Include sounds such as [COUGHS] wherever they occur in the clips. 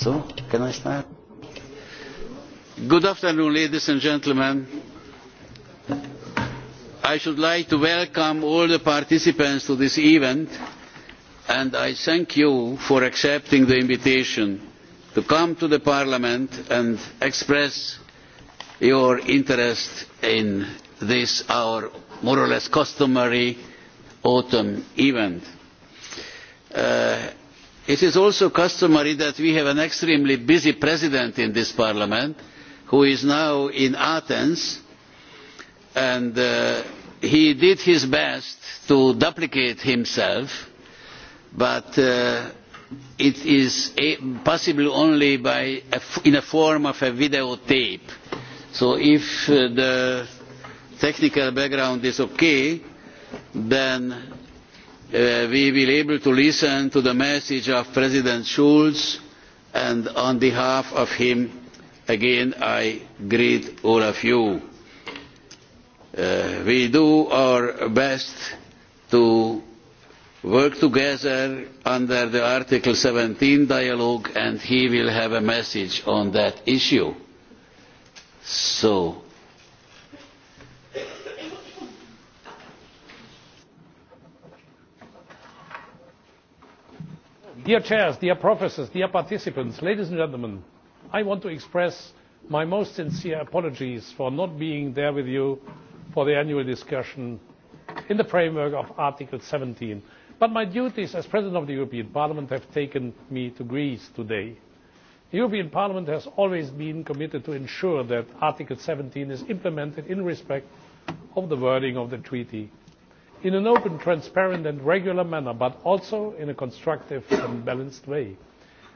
So, can I start? Good afternoon, ladies and gentlemen. I should like to welcome all the participants to this event, and I thank you for accepting the invitation to come to the Parliament and express your interest in this, our more or less customary autumn event. Uh, it is also customary that we have an extremely busy president in this parliament who is now in athens and uh, he did his best to duplicate himself but uh, it is possible only a, in the form of a videotape so if uh, the technical background is ok, then Uh, we will be able to listen to the message of President Schulz and on behalf of him again I greet all of you. Uh, we do our best to work together under the Article 17 dialogue and he will have a message on that issue. So dear chairs dear professors dear participants ladies and gentlemen i want to express my most sincere apologies for not being there with you for the annual discussion in the framework of article seventeen but my duties as president of the european parliament have taken me to greece today. the european parliament has always been committed to ensuring that article seventeen is implemented in respect of the wording of the treaty in an open transparent and regular manner but also in a constructive and balanced way.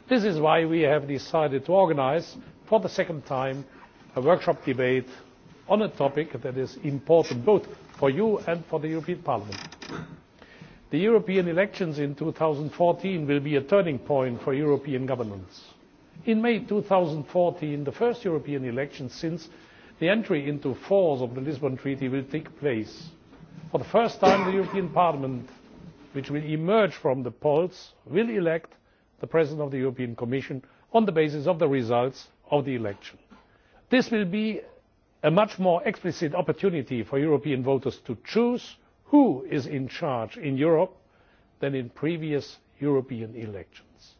this is why we have decided to organise for the second time a workshop debate on a topic that is important both for you and for the european parliament. the european elections in two thousand and fourteen will be a turning point for european governance. in may two thousand and fourteen the first european elections since the entry into force of the lisbon treaty will take place for the first time the european parliament which will emerge from the polls will elect the president of the european commission on the basis of the results of the election. this will be a much more explicit opportunity for european voters to choose who is in charge in europe than in previous european elections.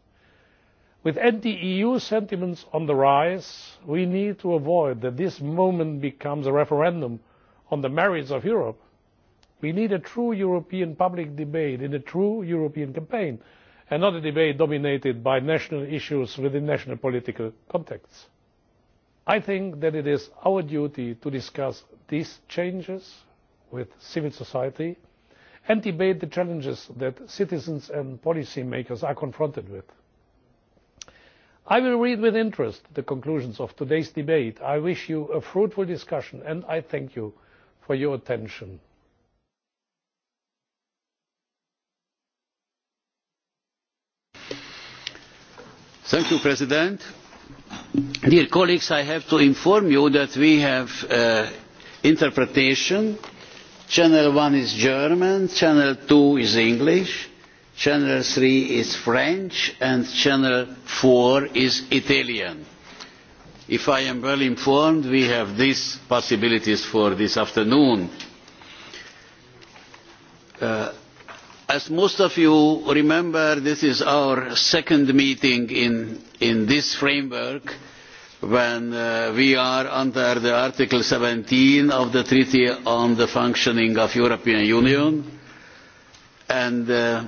with anti eu sentiments on the rise we need to avoid this moment becoming a referendum on the merits of Europe. We need a true European public debate in a true European campaign, and not a debate dominated by national issues within national political contexts. I think that it is our duty to discuss these changes with civil society and debate the challenges that citizens and policymakers are confronted with. I will read with interest the conclusions of today's debate. I wish you a fruitful discussion and I thank you for your attention. Thank you, President. Dear colleagues, I have to inform you that we have unu uh, interpretation. Channel 1 is German, Channel 2 is English, Channel 3 is French, and Channel 4 is Italian. If I am well informed, we have these possibilities for this afternoon. Uh, as most of you remember this is our second meeting in, in this framework when uh, we are under the article 17 of the treaty on the functioning of european union and uh,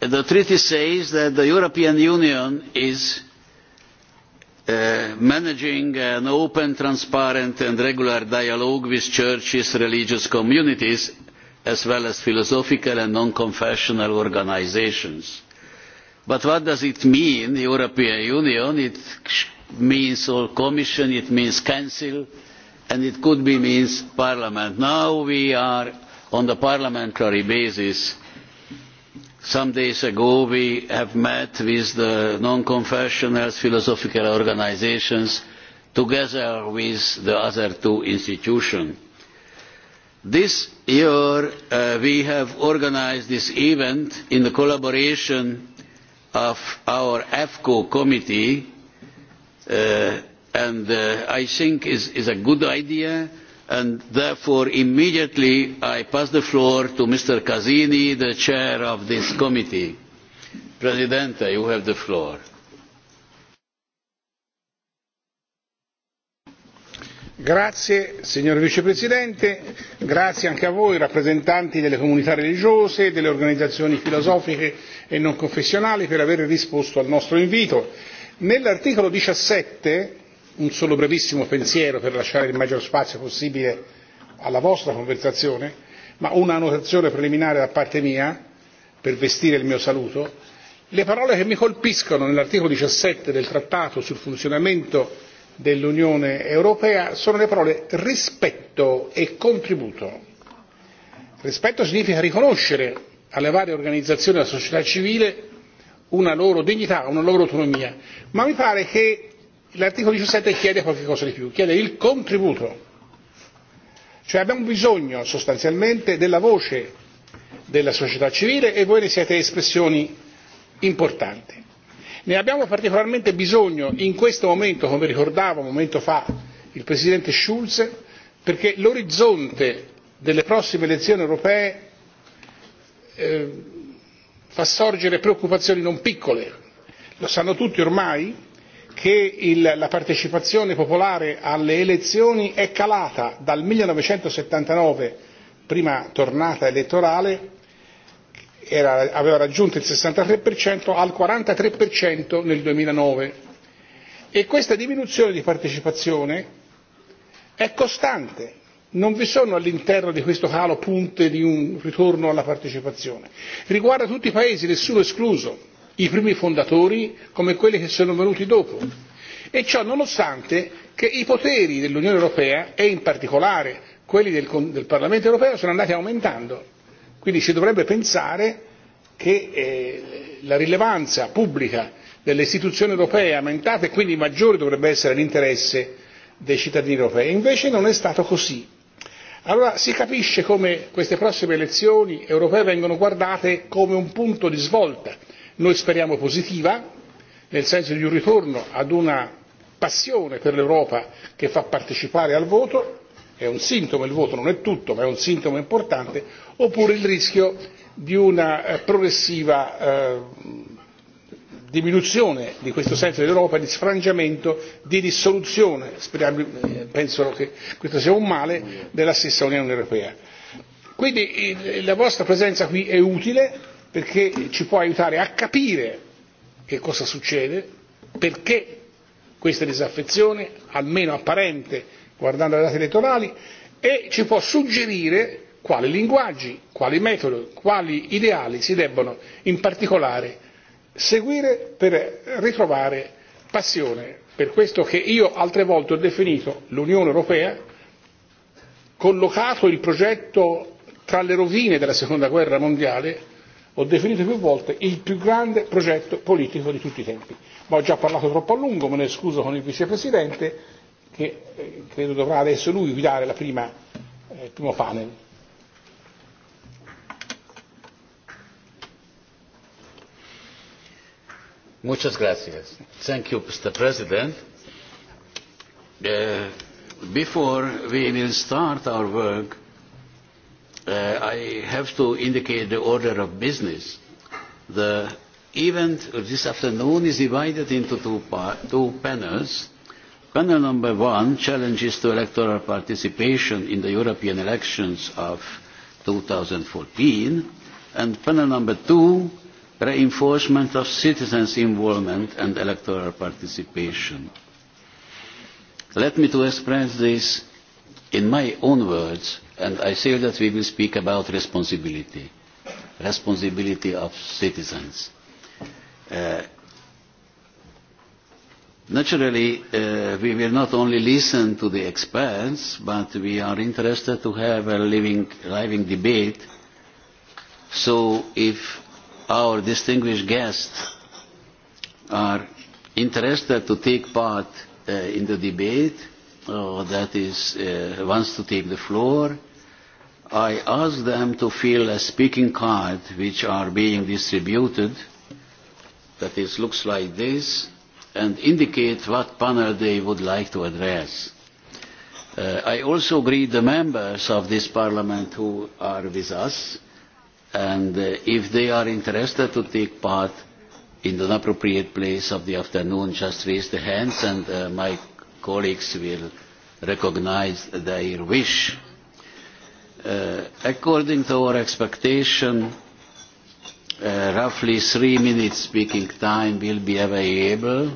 the treaty says that the european union is Uh, managing an open transparent and regular dialogue with churches religious communities as well as philosophical and non-confessional organisations. But what does it mean, The European Union? It means all Commission, it means Council, and it could be means Parliament. Now we are on the parliamentary basis. Some days ago we have met with the non confessional philosophical organisations, together with the other two institutions. This Year, uh, we have organised this event in the collaboration of our AFCO committee uh, and uh, I think is, is a good idea and therefore immediately I pass the floor to Mr. Casini, the chair of this committee. Presidente, you have the floor. Grazie signor vicepresidente, grazie anche a voi rappresentanti delle comunità religiose, delle organizzazioni filosofiche e non confessionali per aver risposto al nostro invito. Nell'articolo 17, un solo brevissimo pensiero per lasciare il maggior spazio possibile alla vostra conversazione, ma una notazione preliminare da parte mia per vestire il mio saluto, le parole che mi colpiscono nell'articolo 17 del trattato sul funzionamento dell'Unione Europea sono le parole rispetto e contributo. Rispetto significa riconoscere alle varie organizzazioni della società civile una loro dignità, una loro autonomia, ma mi pare che l'articolo 17 chiede qualche cosa di più, chiede il contributo. Cioè abbiamo bisogno sostanzialmente della voce della società civile e voi ne siete espressioni importanti ne abbiamo particolarmente bisogno in questo momento come ricordava un momento fa il presidente schulz perché l'orizzonte delle prossime elezioni europee eh, fa sorgere preoccupazioni non piccole lo sanno tutti ormai che la partecipazione popolare alle elezioni è calata dal millenovecentosettantanove prima tornata elettorale era, aveva raggiunto il 63% al 43% nel 2009 e questa diminuzione di partecipazione è costante non vi sono all'interno di questo calo punte di un ritorno alla partecipazione riguarda tutti i paesi nessuno escluso i primi fondatori come quelli che sono venuti dopo e ciò nonostante che i poteri dell'unione europea e in particolare quelli del, del parlamento europeo sono andati aumentando Quindi si dovrebbe pensare che eh, la rilevanza pubblica delle istituzioni europee è aumentata e quindi maggiore dovrebbe essere l'interesse dei cittadini europei. Invece non è stato così. Allora si capisce come queste prossime elezioni europee vengono guardate come un punto di svolta. Noi speriamo positiva, nel senso di un ritorno ad una passione per l'Europa che fa partecipare al voto, è un sintomo il voto non è tutto ma è un sintomo importante oppure il rischio di una eh, progressiva eh, diminuzione di questo senso dell'europa di sfrangiamento di dissoluzione eh, penso che questo sia un male della stessa unione europea. quindi la vostra presenza qui è utile perché ci può aiutare a capire che cosa succede perché questa disaffezione almeno apparente guardando alle date elettorali, e ci può suggerire quali linguaggi, quali metodi, quali ideali si debbono in particolare seguire per ritrovare passione per questo che io altre volte ho definito l'Unione Europea collocato il progetto tra le rovine della Seconda Guerra Mondiale ho definito più volte il più grande progetto politico di tutti i tempi. Ma ho già parlato troppo a lungo, me ne scuso con il vicepresidente che eh, credo dovrà adesso lui guidare la prima, eh, il primo panel. Muchas gracias. Thank you, Mr. President. Uh, before we will start our work, uh, I have to indicate the order of business. The event this afternoon is divided into two, pa two panels Panel number one, challenges to electoral participation in the European elections of 2014. And panel number two, reinforcement of citizens' involvement and electoral participation. Let me to express this in my own words, and I say that we will speak about responsibility, responsibility of citizens. Uh, Naturally, uh, we will not only listen to the experts, but we are interested to have a living, living debate. So if our distinguished guests are interested to take part uh, in the debate, or uh, that is, uh, wants to take the floor, I ask them to fill a speaking card which are being distributed, that is, looks like this, and indicate what panel they would like to address. Uh, I also greet the members of this parliament who are with us and uh, if they are interested to take part in an appropriate place of the afternoon, just raise the hands and uh, my colleagues will recognize their wish. Uh, according to our expectation, Uh, roughly three minutes speaking time will be available.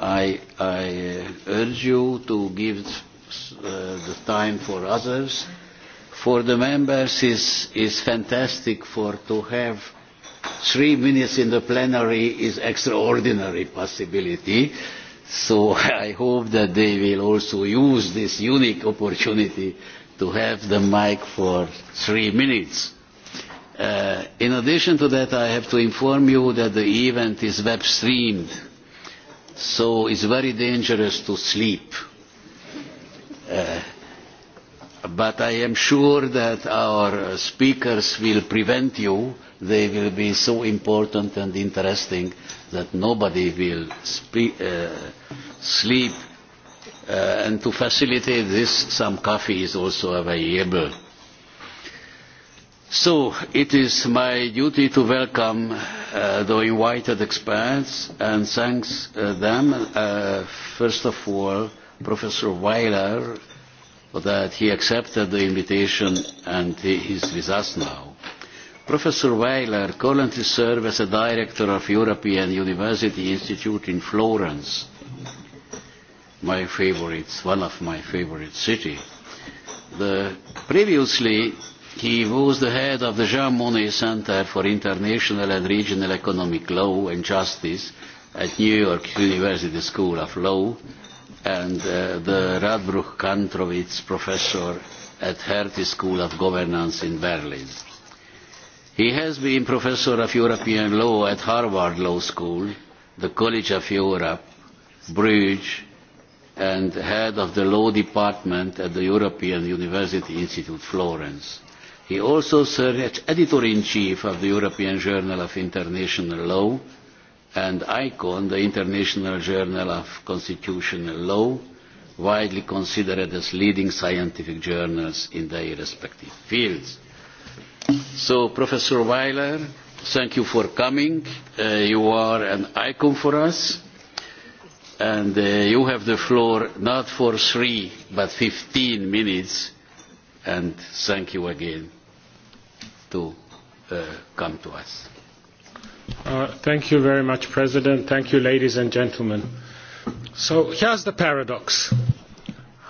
I, I uh, urge you to give uh, the time for others. For the members, is is fantastic for to have three minutes in the plenary is extraordinary possibility. So [LAUGHS] I hope that they will also use this unique opportunity to have the mic for three minutes. Uh, in addition to that, I have to inform you that the event is web streamed, so it's very dangerous to sleep. Uh, but I am sure that our speakers will prevent you. They will be so important and interesting that nobody will uh, sleep. Uh, and to facilitate this, some coffee is also available. So it is my duty to welcome uh, the invited experts and thank uh, them, uh, first of all, Professor Weiler, that he accepted the invitation and he is with us now. Professor Weiler currently serves as a director of European University Institute in Florence, my favorite, one of my favorite cities. The previously He was the head of the Jean Monnet Center for International and Regional Economic Law and Justice at New York University School of Law and uh, the Radbruch Kantrowitz Professor at Hertie School of Governance in Berlin. He has been Professor of European Law at Harvard Law School, the College of Europe, Bruges, and head of the Law Department at the European University Institute Florence. He also served as editor-in-chief of the European Journal of International Law and ICON, the International Journal of Constitutional Law, widely considered as leading scientific journals in their respective fields. So, Professor Weiler, thank you for coming. Uh, you are an icon for us. And uh, you have the floor not for three, but 15 minutes. And thank you again to come to us. Uh, thank you very much, President. Thank you, ladies and gentlemen. So here's the paradox.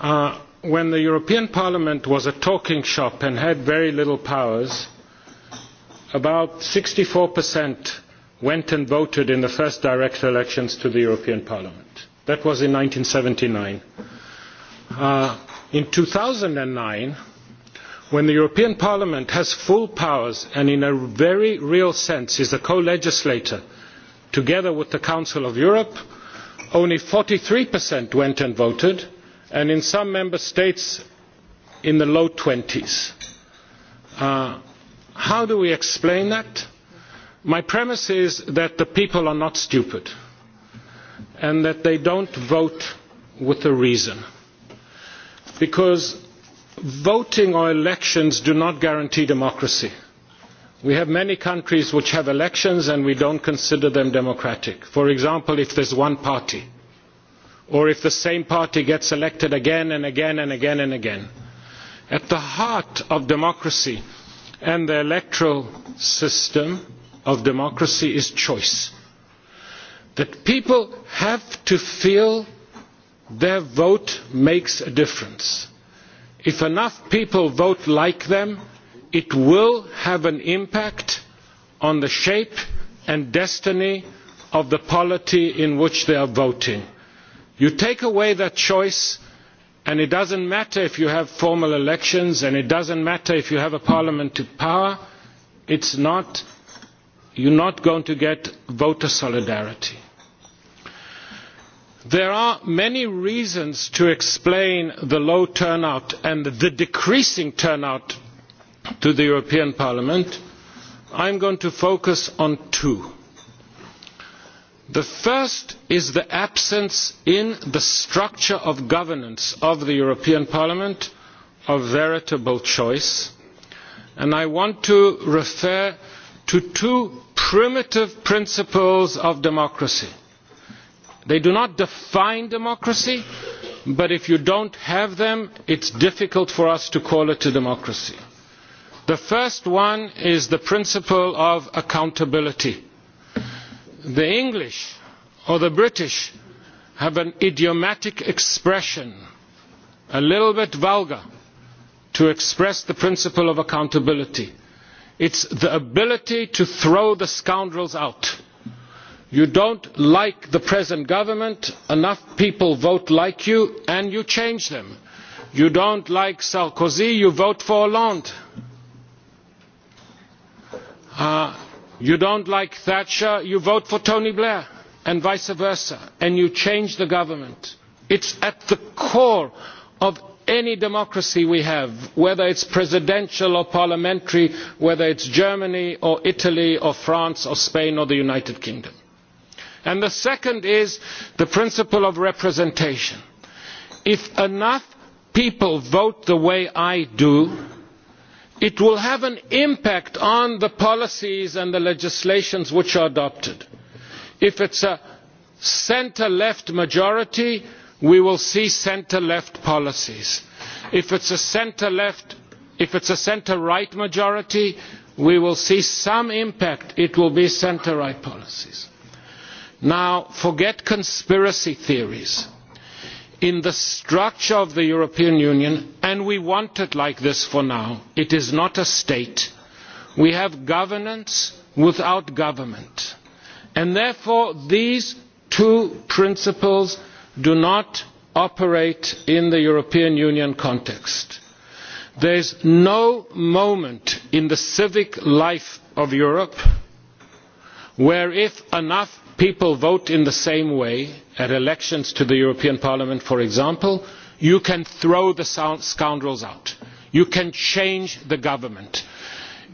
Uh, when the European Parliament was a talking shop and had very little powers, about 64% went and voted in the first direct elections to the European Parliament. That was in 1979. Uh, in 2009, when the european parliament has full powers and in a very real sense is a co legislator together with the council of europe only forty three went and voted and in some member states in the low twenties. Uh, how do we explain that? my premise is that the people are not stupid and that they don't vote with a reason because voting or elections do not guarantee democracy. We have many countries which have elections and we don't consider them democratic. For example, if there's one party, or if the same party gets elected again and again and again and again. At the heart of democracy and the electoral system of democracy is choice. That people have to feel their vote makes a difference if enough people vote like them it will have an impact on the shape and destiny of the polity in which they are voting. you take away that choice and it does not matter if you have formal elections and it does not matter if you have a parliament in power you are not going to get voter solidarity there are many reasons to explain the low turnout and the decreasing turnout to the european parliament. i am going to focus on two. the first is the absence in the structure of governance of the european parliament of veritable choice and i want to refer to two primitive principles of democracy they do not define democracy but if you do not have them it is difficult for us to call it a democracy. the first one is the principle of accountability. the english or the british have an idiomatic expression a little bit vulgar to express the principle of accountability it is the ability to throw the scoundrels out you do not like the present government enough people vote like you and you change them. you do not like sarkozy you vote for hollande. Uh, you do not like thatcher you vote for tony blair and vice versa and you change the government. it is at the core of any democracy we have whether it is presidential or parliamentary whether it is germany or italy or france or spain or the united kingdom And the second is the principle of representation. If enough people vote the way I do, it will have an impact on the policies and the legislations which are adopted. If it's a centre-left majority, we will see centre-left policies. If it's a centre-left, if it's a centre-right majority, we will see some impact. It will be centre-right policies. Now, forget conspiracy theories. In the structure of the European Union, and we want it like this for now, it is not a state. We have governance without government. And therefore, these two principles do not operate in the European Union context. There is no moment in the civic life of Europe where if enough people vote in the same way at elections to the european parliament for example you can throw the scoundrels out you can change the government.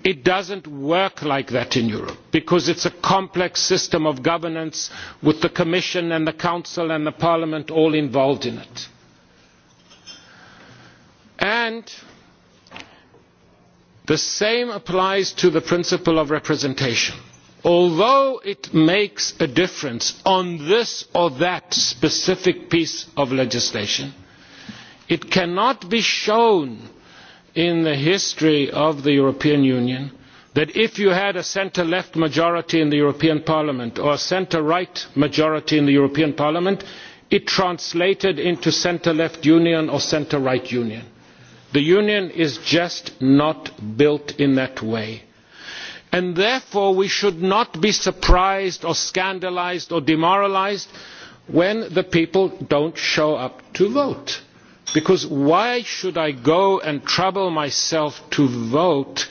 it does not work like that in europe because it is a complex system of governance with the commission and the council and the parliament all involved in it. and the same applies to the principle of representation although it makes a difference on this or that specific piece of legislation it cannot be shown in the history of the european union that if you had a centre left majority in the european parliament or a centre right majority in the european parliament it translated into centre left union or centre right union. the union is just not built in that way and therefore we should not be surprised or scandalised or demoralised when the people do not show up to vote because why should i go and trouble myself to vote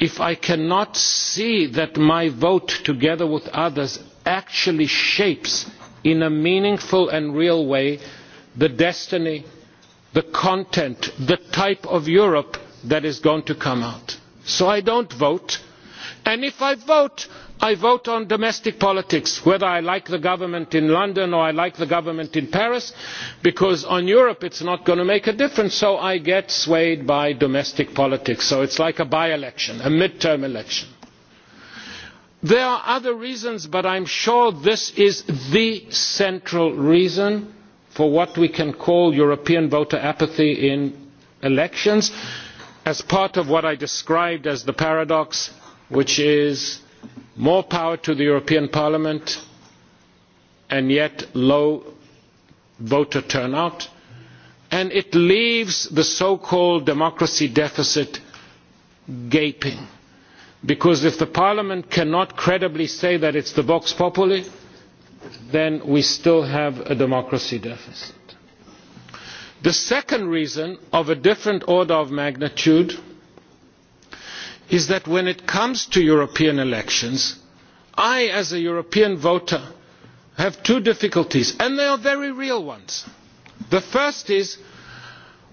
if i cannot see that my vote together with others actually shapes in a meaningful and real way the destiny the content the type of europe that is going to come out so i don't vote and if i vote i vote on domestic politics whether i like the government in london or i like the government in paris because on europe it is not going to make a difference so i get swayed by domestic politics so it is like a by election a mid term election. there are other reasons but i am sure this is the central reason for what we can call european voter apathy in elections as part of what i described as the paradox which is more power to the European Parliament and yet low voter turnout. And it leaves the so-called democracy deficit gaping. Because if the Parliament cannot credibly say that it's the Vox Populi, then we still have a democracy deficit. The second reason of a different order of magnitude is that when it comes to European elections, I, as a European voter, have two difficulties, and they are very real ones. The first is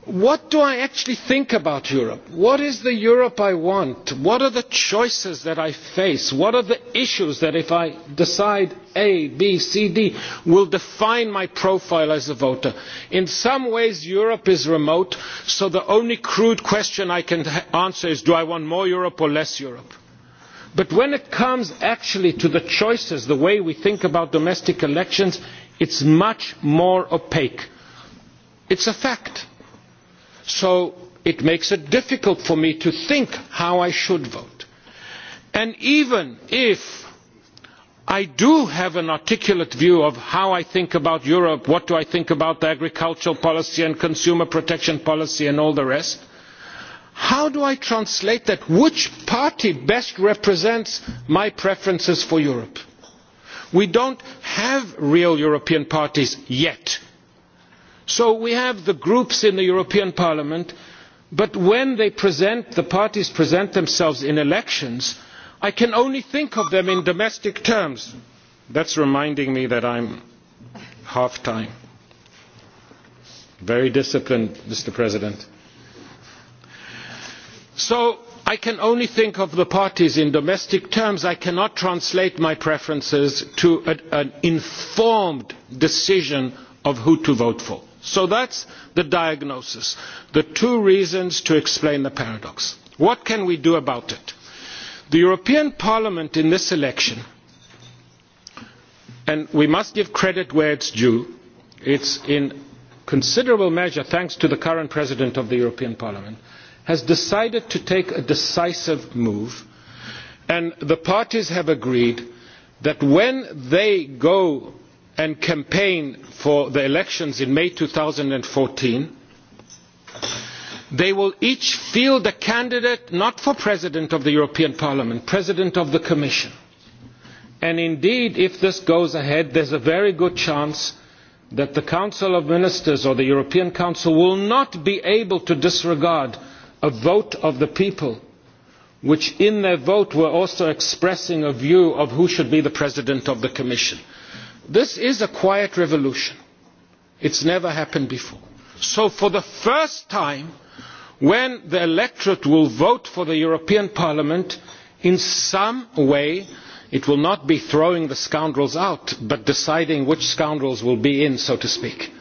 what do I actually think about Europe? What is the Europe I want? What are the choices that I face? What are the issues that if I decide A, B, C, D will define my profile as a voter? In some ways Europe is remote, so the only crude question I can answer is do I want more Europe or less Europe? But when it comes actually to the choices, the way we think about domestic elections, it's much more opaque. It's a fact so it makes it difficult for me to think how I should vote. And even if I do have an articulate view of how I think about Europe, what do I think about the agricultural policy and consumer protection policy and all the rest, how do I translate that? Which party best represents my preferences for Europe? We don't have real European parties yet so we have the groups in the european parliament but when present, the parties present themselves in elections i can only think of them in domestic terms. that is reminding me that i am half time. very disciplined mr president. so i can only think of the parties in domestic terms. i cannot translate my preferences to an informed decision of who to vote for so that is the diagnosis the two reasons to explain the paradox. what can we do about it? the european parliament in this election and we must give credit where it is due it is in considerable measure thanks to the current president of the european parliament has decided to take a decisive move and the parties have agreed that when they go and campaign for the elections in may two thousand and fourteen they will each field a candidate not for president of the european parliament but president of the commission and indeed if this goes ahead there is a very good chance that the council of ministers or the european council will not be able to disregard a vote of the people which in their vote were also expressing a view of who should be the president of the commission. This is a quiet revolution. It's never happened before. So for the first time, when the electorate will vote for the European Parliament, in some way, it will not be throwing the scoundrels out, but deciding which scoundrels will be in, so to speak.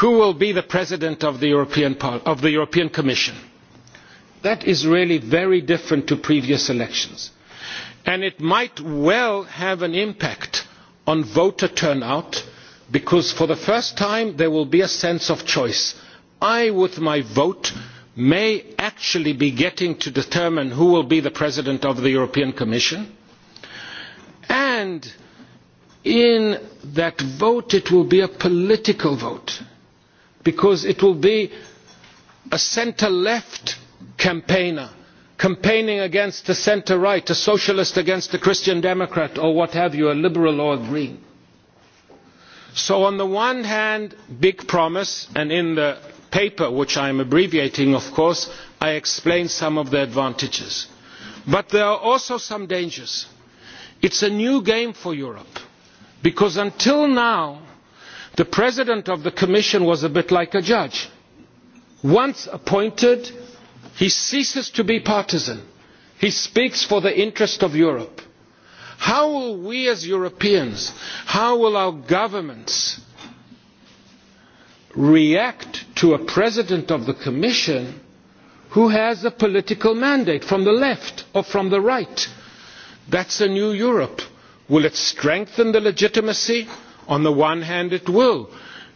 Who will be the president of the European, of the European Commission? That is really very different to previous elections. And it might well have an impact on voter turnout because for the first time there will be a sense of choice. I, with my vote, may actually be getting to determine who will be the President of the European Commission. And in that vote it will be a political vote because it will be a centre-left campaigner campaigning against the centre right, a socialist against a Christian Democrat, or what have you, a liberal or a green. So, on the one hand, big promise, and in the paper, which I am abbreviating, of course, I explain some of the advantages. But there are also some dangers. It's a new game for Europe, because until now, the president of the Commission was a bit like a judge. Once appointed, he ceases to be partisan. He speaks for the interest of Europe. How will we as Europeans, how will our governments react to a president of the Commission who has a political mandate from the left or from the right? That's a new Europe. Will it strengthen the legitimacy? On the one hand, it will,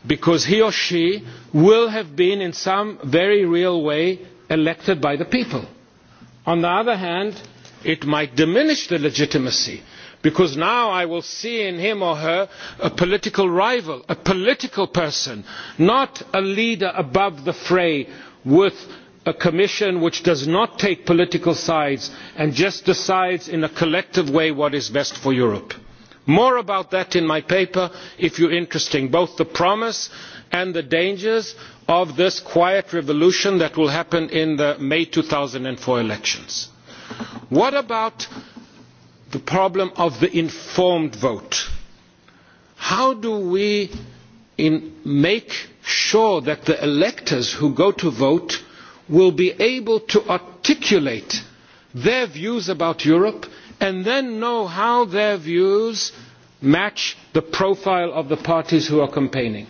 because he or she will have been in some very real way elected by the people. On the other hand, it might diminish the legitimacy because now I will see in him or her a political rival, a political person, not a leader above the fray with a commission which does not take political sides and just decides in a collective way what is best for Europe more about that in my paper if you are interested both the promise and the dangers of this quiet revolution that will happen in the may two thousand and four elections. what about the problem of the informed vote? how do we make sure that the electors who go to vote will be able to articulate their views about europe and then know how their views match the profile of the parties who are campaigning.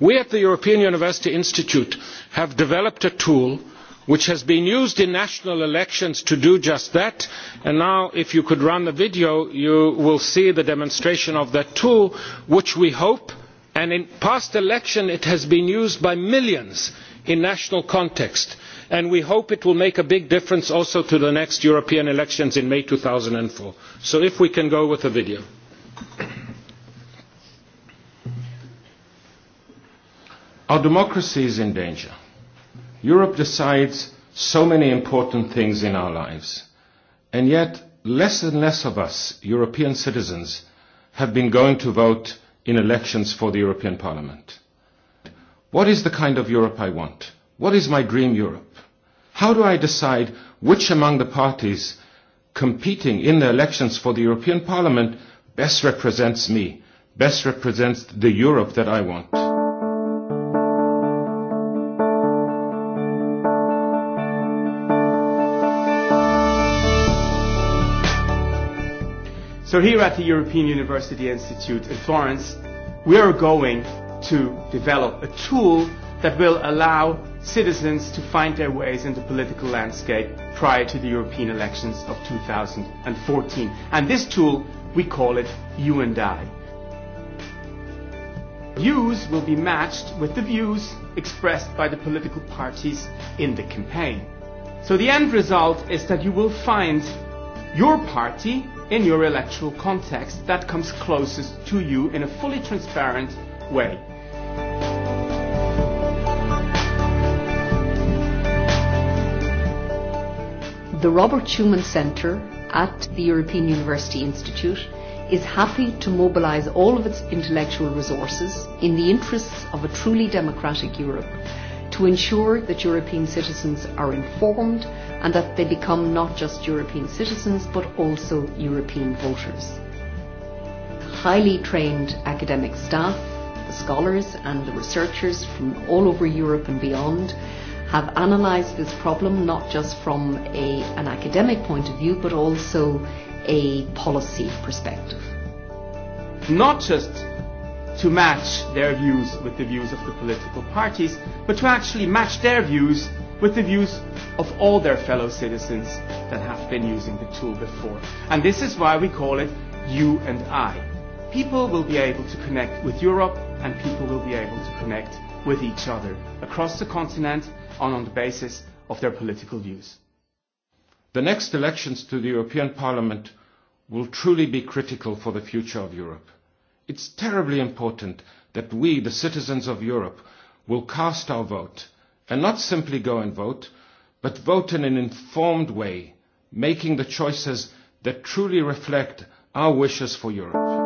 We at the European University Institute have developed a tool which has been used in national elections to do just that and now if you could run the video you will see the demonstration of that tool which we hope and in past elections it has been used by millions in national context and we hope it will make a big difference also to the next european elections in may. two thousand and four so if we can go with the video. our democracy is in danger. europe decides so many important things in our lives and yet less and less of us european citizens have been going to vote in elections for the european parliament. what is the kind of europe i want? what is my dream europe? How do I decide which among the parties competing in the elections for the European Parliament best represents me, best represents the Europe that I want? So here at the European University Institute in Florence, we are going to develop a tool that will allow citizens to find their ways in the political landscape prior to the European elections of 2014. And this tool, we call it You and I. Views will be matched with the views expressed by the political parties in the campaign. So the end result is that you will find your party in your electoral context that comes closest to you in a fully transparent way. the Robert Schuman Centre at the European University Institute is happy to mobilise all of its intellectual resources in the interests of a truly democratic Europe to ensure that European citizens are informed and that they become not just European citizens but also European voters. Highly trained academic staff, the scholars and the researchers from all over Europe and beyond have analysed this problem not just from a, an academic point of view but also a policy perspective. Not just to match their views with the views of the political parties, but to actually match their views with the views of all their fellow citizens that have been using the tool before. And this is why we call it You and I. People will be able to connect with Europe and people will be able to connect with each other across the continent and on the basis of their political views. The next elections to the European Parliament will truly be critical for the future of Europe. It's terribly important that we, the citizens of Europe, will cast our vote and not simply go and vote, but vote in an informed way, making the choices that truly reflect our wishes for Europe.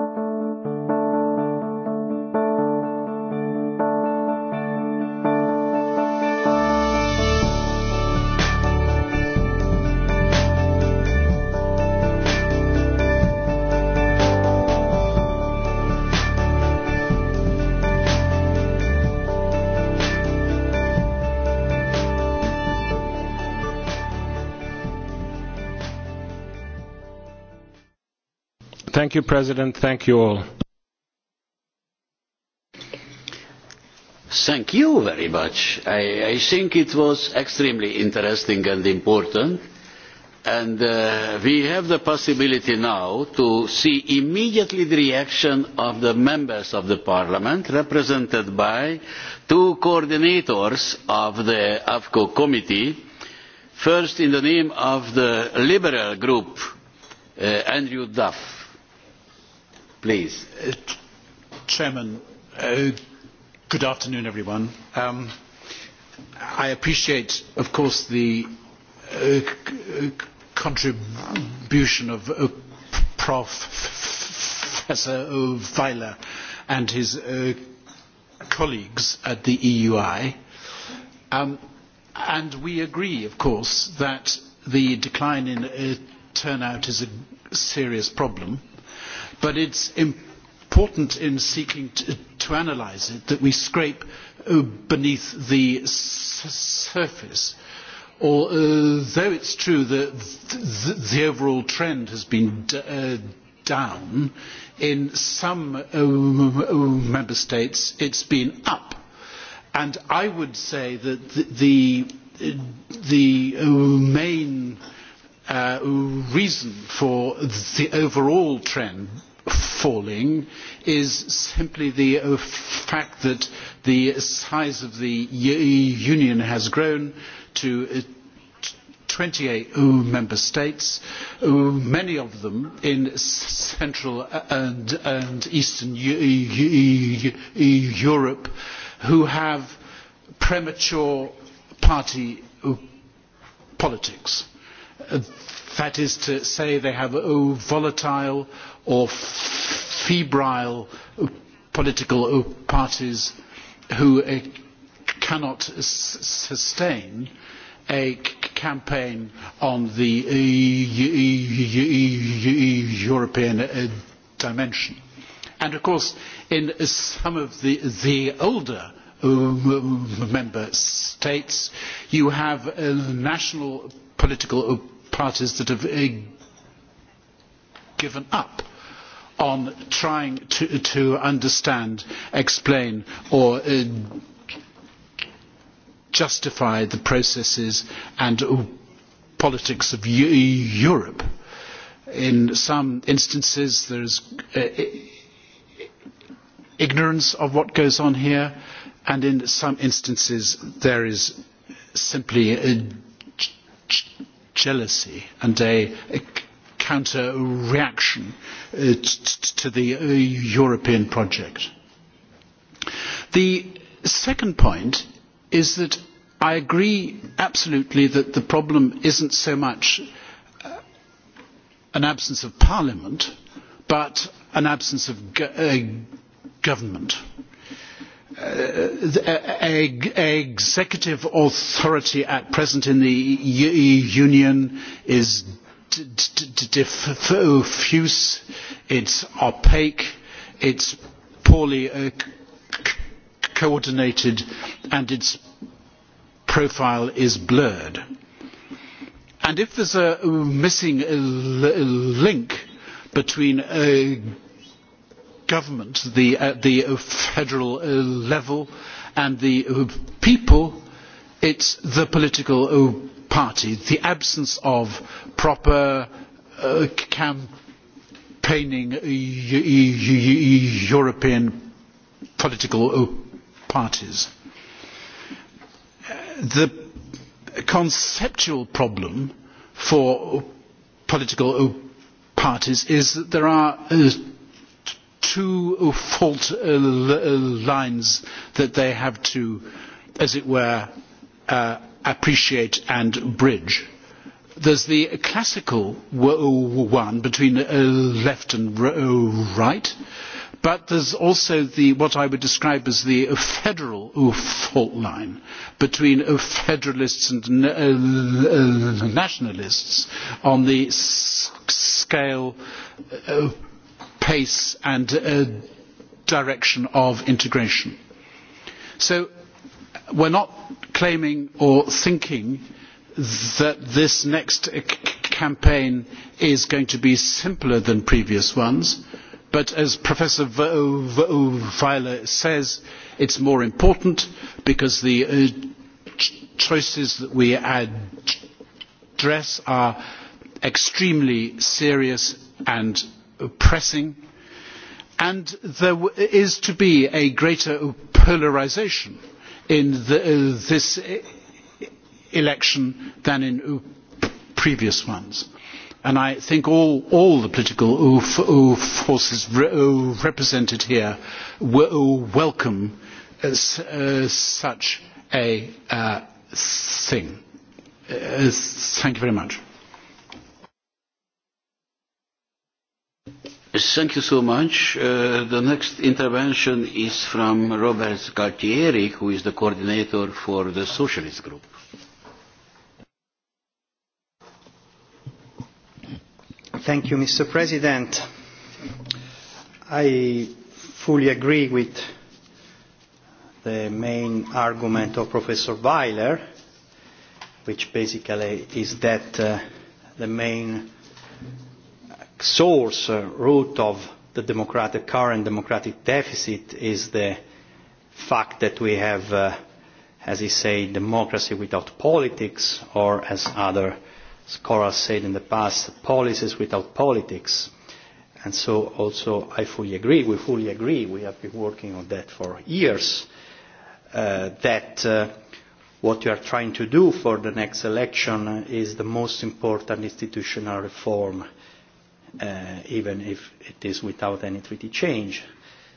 Thank you, President. Thank you all. Thank you very much. I, I think it was extremely interesting and important. And uh, we have the possibility now to see immediately the reaction of the members of the parliament, represented by two coordinators of the AFCO committee. First, in the name of the Liberal group, uh, Andrew Duff Uh, Chairman, uh, good afternoon, everyone. Um, I appreciate, of course, the uh, contribution of Professor Weiler and his colleagues at the EUI. Um, and we agree, of course, that the decline in turnout is a serious problem but it is important in seeking to, analyse it that we scrape uh, beneath the surface. Although uh, it is true that the, overall trend has been uh, down, in some member states it has been up. And I would say that the, the, main reason for the overall trend falling is simply the uh, fact that the size of the union has grown to uh, twenty eight uh, member states many of them in central and eastern europe who have premature party politics that is to say they have volatile or febrile political parties who uh, cannot sustain a campaign on the uh, European uh, dimension. And of course, in some of the, the older member states, you have national political parties that have given up on trying to, to understand, explain or uh, justify the processes and politics of Europe. In some instances there is uh, ignorance of what goes on here and in some instances there is simply jealousy and a, a counter-reaction uh, to the uh, European project. The second point is that I agree absolutely that the problem isn't so much uh, an absence of parliament, but an absence of uh, government. executive authority at present in the union is diffuse, it's opaque, it's poorly uh, coordinated, and its profile is blurred. And if there's a missing link between a uh, government, the, at the federal uh, level, and the uh, people, it's the political oh, party, the absence of proper uh, campaigning uh, European political oh, parties. The conceptual problem for political oh, parties is that there are uh, two fault lines that they have to, as it were, Uh, appreciate and bridge. There's the classical one between uh, left and uh, right, but there's also the, what I would describe as the federal fault line between federalists and nationalists on the scale, pace and direction of integration. So we are not claiming or thinking that this next campaign is going to be simpler than previous ones but as professor weiler says it is more important because the uh, choices that we address are extremely serious and pressing and there is to be a greater polarisation in uh, this election than in previous ones. And I think all, all the political forces represented here welcome such a uh, thing. Uh, thank you very much. Thank you so much. Uh, the next intervention is from Robert Galtieri, who is the coordinator for the Socialist Group. Thank you, Mr. President. I fully agree with the main argument of Professor Weiler, which basically is that uh, the main source, uh, root of the democratic current democratic deficit is the fact that we have, uh, as he said, democracy without politics, or as other scholars said in the past, policies without politics. And so also I fully agree, we fully agree, we have been working on that for years, uh, that uh, what you are trying to do for the next election is the most important institutional reform uh, even if it is without any treaty change,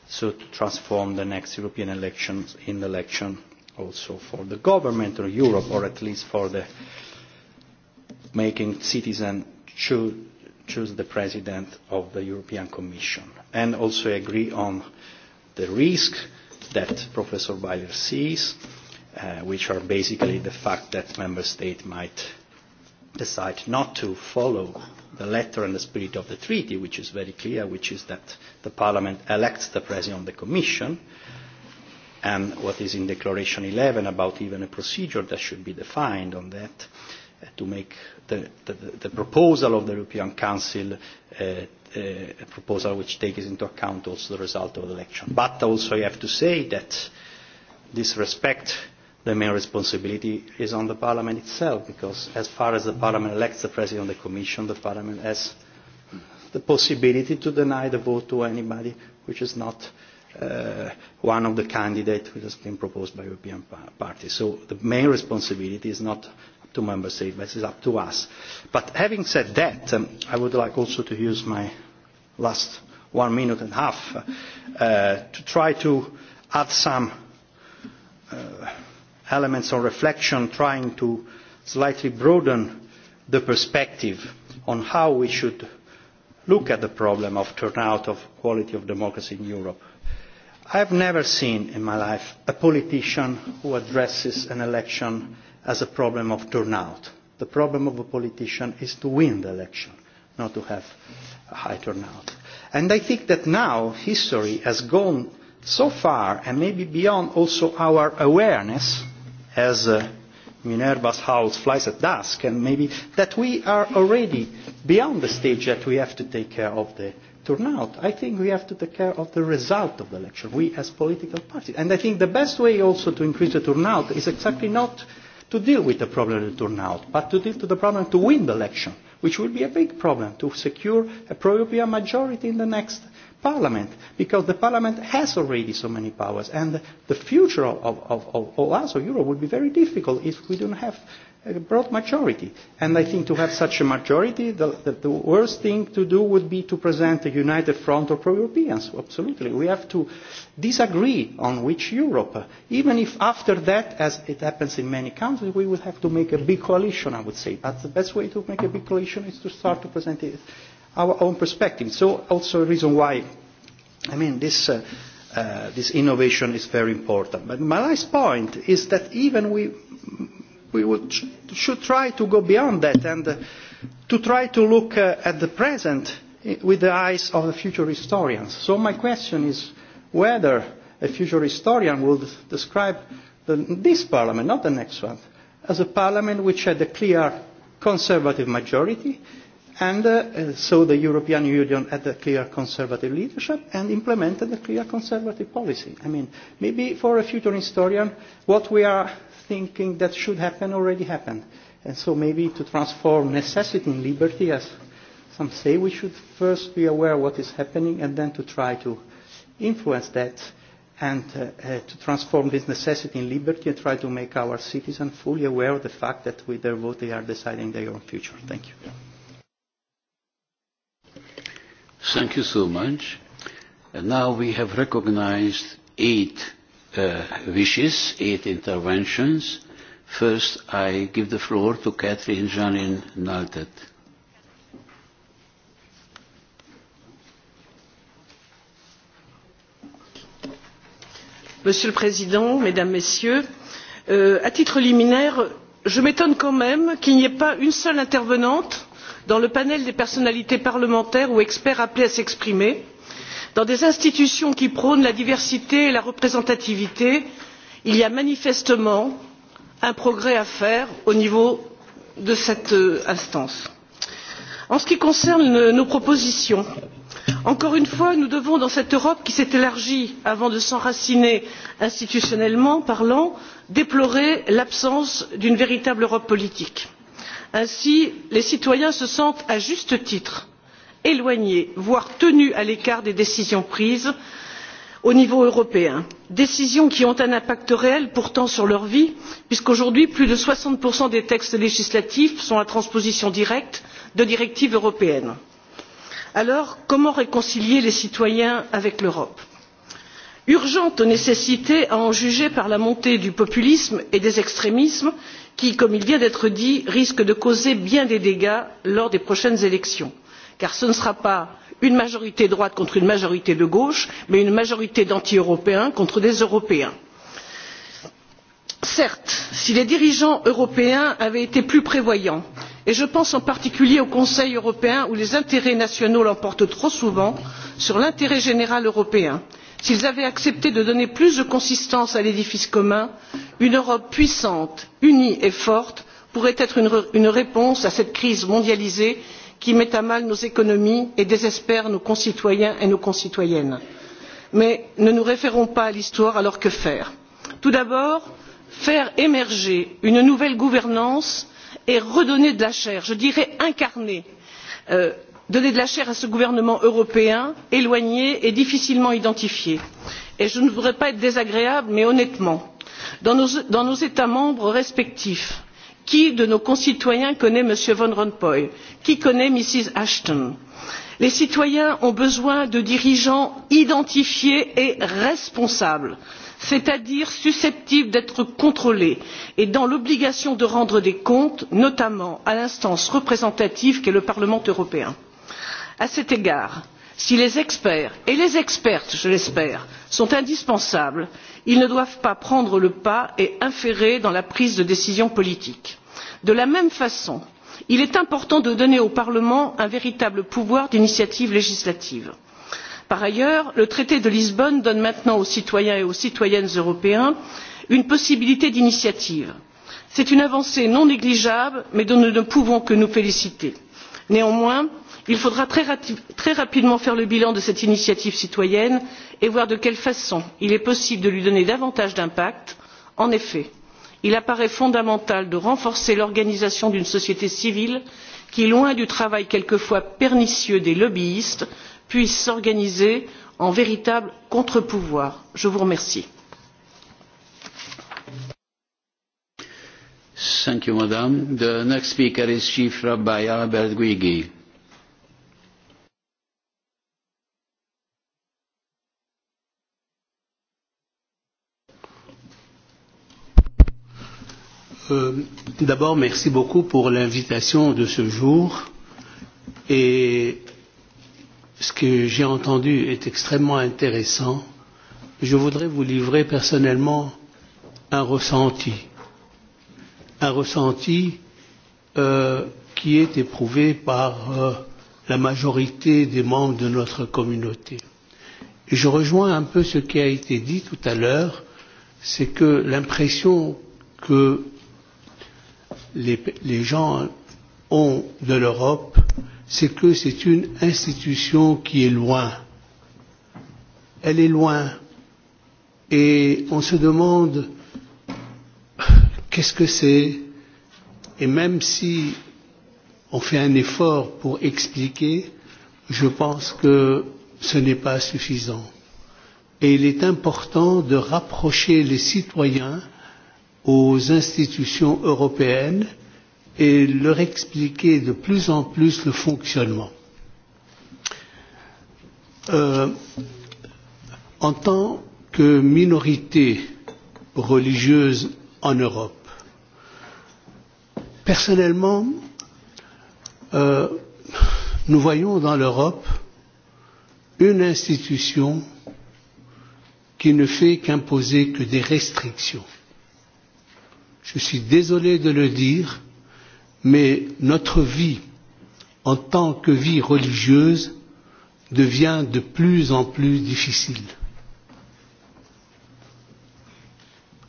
so to transform the next European elections in the election also for the government of Europe, or at least for the making citizens cho choose the president of the European Commission. And also agree on the risk that Professor Weiler sees, uh, which are basically the fact that member states might decide not to follow the letter and the spirit of the treaty, which is very clear, which is that the Parliament elects the President of the Commission, and what is in Declaration 11 about even a procedure that should be defined on that uh, to make the, the, the proposal of the European Council uh, Uh, a proposal which takes into account also the result of the election. But also I have to say that this respect the main responsibility is on the Parliament itself, because as far as the Parliament elects the President of the Commission, the Parliament has the possibility to deny the vote to anybody which is not uh, one of the candidates which has been proposed by European parties. So the main responsibility is not up to Member States, but it's up to us. But having said that, um, I would like also to use my last one minute and a half uh, to try to add some uh, elements of reflection trying to slightly broaden the perspective on how we should look at the problem of turnout of quality of democracy in Europe. I have never seen in my life a politician who addresses an election as a problem of turnout. The problem of a politician is to win the election, not to have a high turnout. And I think that now history has gone so far and maybe beyond also our awareness as uh, Minerva's house flies at dusk, and maybe that we are already beyond the stage that we have to take care of the turnout. I think we have to take care of the result of the election, we as political parties. And I think the best way also to increase the turnout is exactly not to deal with the problem of the turnout, but to deal with the problem to win the election, which will be a big problem to secure a pro-European majority in the next Parliament, because the Parliament has already so many powers, and the future of, of, of, of us, of Europe, would be very difficult if we don't have a broad majority. And I think to have such a majority, the, the, the worst thing to do would be to present a united front of pro-Europeans. Absolutely. We have to disagree on which Europe. Even if after that, as it happens in many countries, we would have to make a big coalition, I would say. But the best way to make a big coalition is to start to present it our own perspective. So also a reason why, I mean, this, uh, uh, this innovation is very important. But my last point is that even we, we would sh should try to go beyond that and uh, to try to look uh, at the present eh, with the eyes of the future historians. So my question is whether a future historian will describe the, this parliament, not the next one, as a parliament which had a clear conservative majority, uh, and uh, so the European Union had a clear conservative leadership and implemented a clear conservative policy. I mean, maybe for a future historian, what we are thinking that should happen already happened. And so maybe to transform necessity in liberty, as some say, we should first be aware what is happening and then to try to influence that and uh, uh, to transform this necessity in liberty and try to make our citizens fully aware of the fact that with their vote they are deciding their own future. Thank you. Yeah. Thank you so much. And now we have recognized eight uh, wishes, eight interventions. First, I give the floor to Catherine Janin Naltet. Monsieur le Président, Mesdames, Messieurs, euh, à titre liminaire, je m'étonne quand même qu'il n'y ait pas une seule intervenante dans le panel des personnalités parlementaires ou experts appelés à s'exprimer dans des institutions qui prônent la diversité et la représentativité il y a manifestement un progrès à faire au niveau de cette euh, instance. en ce qui concerne euh, nos propositions encore une fois nous devons dans cette europe qui s'est élargie avant de s'enraciner institutionnellement parlant déplorer l'absence d'une véritable europe politique ainsi les citoyens se sentent à juste titre éloignés voire tenus à l'écart des décisions prises au niveau européen décisions qui ont un impact réel pourtant sur leur vie puisqu'aujourd'hui plus de soixante des textes législatifs sont la transposition directe de directives européennes. alors comment réconcilier les citoyens avec l'europe? urgente nécessité à en juger par la montée du populisme et des extrémismes qui comme il vient d'être dit risque de causer bien des dégâts lors des prochaines élections car ce ne sera pas une majorité de droite contre une majorité de gauche mais une majorité d'anti européens contre des européens. certes si les dirigeants européens avaient été plus prévoyants et je pense en particulier au conseil européen où les intérêts nationaux l'emportent trop souvent sur l'intérêt général européen s'ils avaient accepté de donner plus de consistance à l'édifice commun une europe puissante unie et forte pourrait être une réponse à cette crise mondialisée qui met à mal nos économies et désespère nos concitoyens et nos concitoyennes. mais ne nous référons pas à l'histoire alors que faire? tout d'abord faire émerger une nouvelle gouvernance et redonner de la chair je dirais incarner euh, donner de la chair à ce gouvernement européen éloigné et difficilement identifié et je ne voudrais pas être désagréable mais honnêtement dans nos, états membres respectifs qui de nos concitoyens connaît m. van rompuy qui connaît mrs ashton? les citoyens ont besoin de dirigeants identifiés et responsables c'est à dire susceptibles d'être contrôlés et dans l'obligation de rendre des comptes notamment à l'instance représentative qu'est le parlement européen à cet égard si les experts et les expertes je l'espère sont indispensables ils ne doivent pas prendre le pas et interférer dans la prise de décision politique. de la même façon il est important de donner au parlement un véritable pouvoir d'initiative législative. par ailleurs le traité de lisbonne donne maintenant aux citoyens et aux citoyennes européens une possibilité d'initiative. c'est une avancée non négligeable mais dont nous ne pouvons que nous féliciter. néanmoins il faudra très, rapidement faire le bilan de cette initiative citoyenne et voir de quelle façon il est possible de lui donner davantage d'impact. en effet il apparaît fondamental de renforcer l'organisation d'une société civile qui loin du travail quelquefois pernicieux des lobbyistes puisse s'organiser en véritable contre pouvoir. je vous remercie. Euh, d'abord, merci beaucoup pour l'invitation de ce jour. Et ce que j'ai entendu est extrêmement intéressant. Je voudrais vous livrer personnellement un ressenti. Un ressenti euh, qui est éprouvé par euh, la majorité des membres de notre communauté. Et je rejoins un peu ce qui a été dit tout à l'heure, c'est que l'impression que les, les gens ont de l'Europe, c'est que c'est une institution qui est loin. Elle est loin. Et on se demande qu'est-ce que c'est. Et même si on fait un effort pour expliquer, je pense que ce n'est pas suffisant. Et il est important de rapprocher les citoyens aux institutions européennes et leur expliquer de plus en plus le fonctionnement. Euh, en tant que minorité religieuse en Europe, personnellement, euh, nous voyons dans l'Europe une institution qui ne fait qu'imposer que des restrictions je suis désolé de le dire, mais notre vie en tant que vie religieuse devient de plus en plus difficile.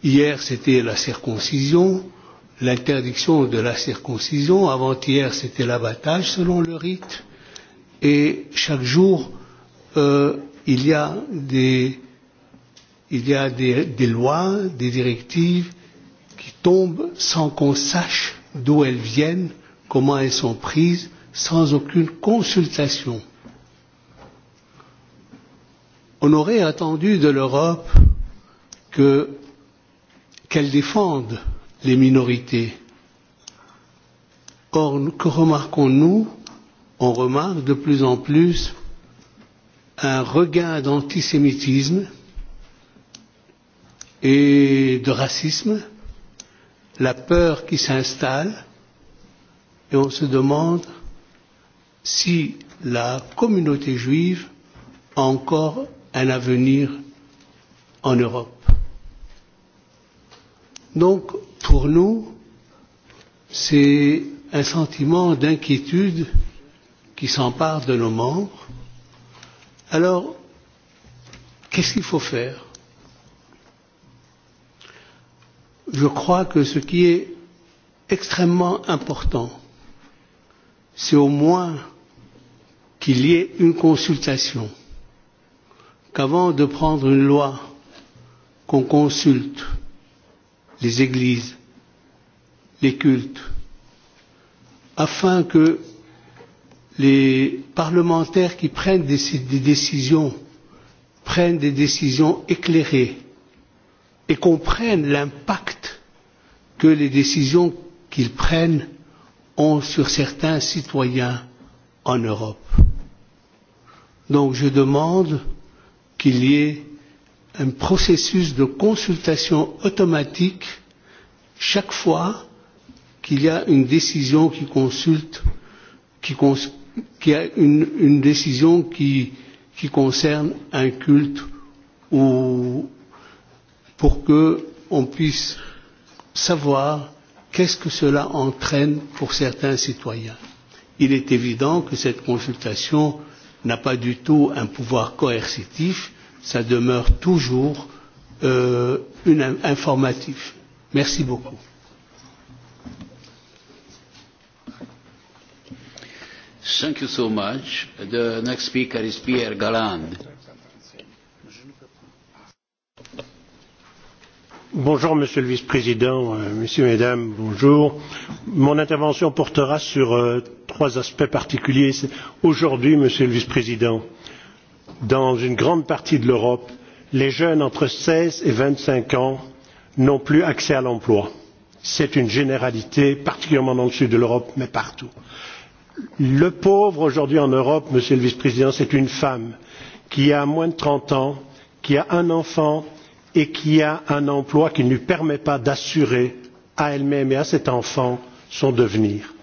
Hier, c'était la circoncision, l'interdiction de la circoncision. Avant-hier, c'était l'abattage selon le rite. Et chaque jour, euh, il y a, des, il y a des, des lois, des directives tombent sans qu'on sache d'où elles viennent, comment elles sont prises, sans aucune consultation. On aurait attendu de l'Europe qu'elle qu défende les minorités. Or, que remarquons-nous On remarque de plus en plus un regain d'antisémitisme et de racisme la peur qui s'installe et on se demande si la communauté juive a encore un avenir en Europe. Donc, pour nous, c'est un sentiment d'inquiétude qui s'empare de nos membres. Alors, qu'est-ce qu'il faut faire je crois que ce qui est extrêmement important, c'est au moins qu'il y ait une consultation, qu'avant de prendre une loi, qu'on consulte les églises, les cultes, afin que les parlementaires qui prennent des, des décisions prennent des décisions éclairées et comprennent l'impact que les décisions qu'ils prennent ont sur certains citoyens en Europe. Donc je demande qu'il y ait un processus de consultation automatique chaque fois qu'il y a une décision qui consulte, qui, cons qui a une, une décision qui, qui concerne un culte ou pour que on puisse savoir qu'est-ce que cela entraîne pour certains citoyens. Il est évident que cette consultation n'a pas du tout un pouvoir coercitif, ça demeure toujours euh, une, informatif. Merci beaucoup. Thank you so much. The next speaker is Pierre Galland. Monsieur le Vice-président, euh, Messieurs, Mesdames, bonjour. Mon intervention portera sur euh, trois aspects particuliers. Aujourd'hui, Monsieur le Vice-président, dans une grande partie de l'Europe, les jeunes entre seize et vingt cinq ans n'ont plus accès à l'emploi. C'est une généralité, particulièrement dans le sud de l'Europe, mais partout. Le pauvre aujourd'hui en Europe, Monsieur le Vice-président, c'est une femme qui a moins de trente ans, qui a un enfant, et qui a un emploi qui ne lui permet pas d'assurer à elle même et à cet enfant son devenir.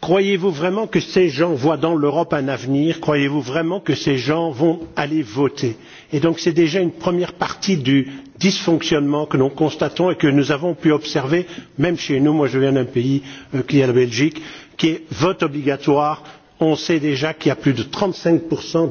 croyez vous vraiment que ces gens voient dans l'europe un avenir? croyez vous vraiment que ces gens vont aller voter? c'est donc déjà une première partie du dysfonctionnement que nous constatons et que nous avons pu observer même chez nous moi je viens d'un pays euh, qui est la belgique qui est vote obligatoire on sait déjà qu'il y a plus de trente cinq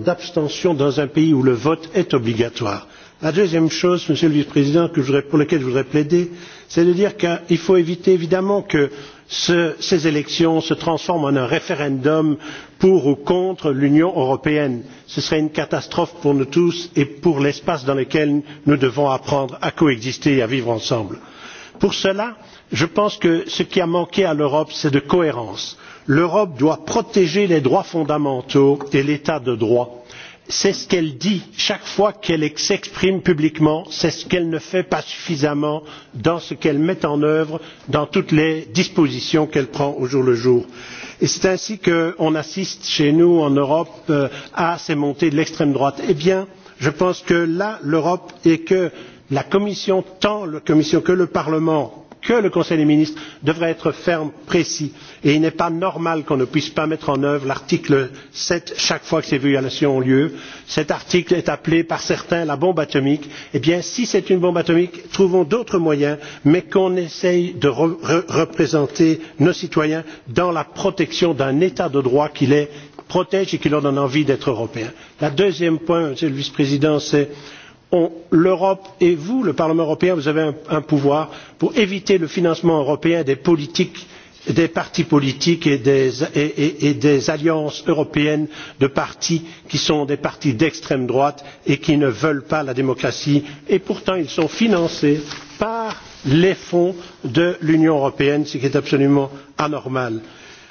d'abstention dans un pays où le vote est obligatoire la deuxième chose, Monsieur le Vice-président, pour laquelle je voudrais plaider, c'est de dire qu'il faut éviter évidemment que ce, ces élections se transforment en un référendum pour ou contre l'Union européenne. Ce serait une catastrophe pour nous tous et pour l'espace dans lequel nous devons apprendre à coexister et à vivre ensemble. Pour cela, je pense que ce qui a manqué à l'Europe, c'est de cohérence. L'Europe doit protéger les droits fondamentaux et l'état de droit c'est ce qu'elle dit chaque fois qu'elle s'exprime publiquement c'est ce qu'elle ne fait pas suffisamment dans ce qu'elle met en œuvre dans toutes les dispositions qu'elle prend au jour le jour. c'est ainsi qu'on assiste chez nous en europe euh, à ces montées de l'extrême droite. eh bien je pense que là l'europe et que la commission tant la commission que le parlement que le conseil des ministres devrait être ferme précis et il n'est pas normal qu'on ne puisse pas mettre en œuvre l'article sept chaque fois que ces violations ont lieu. cet article est appelé par certains la bombe atomique. eh bien si c'est une bombe atomique trouvons d'autres moyens mais qu'on essaie de représenter nos citoyens dans la protection d'un état de droit qui les protège et qui leur donne envie d'être européens. le deuxième point monsieur le vice président c'est l'europe et vous le parlement européen vous avez un, pouvoir pour éviter le financement européen des politiques des partis politiques et des, alliances européennes de partis qui sont des partis d'extrême droite et qui ne veulent pas la démocratie et pourtant ils sont financés par les fonds de l'union européenne ce qui est absolument anormal.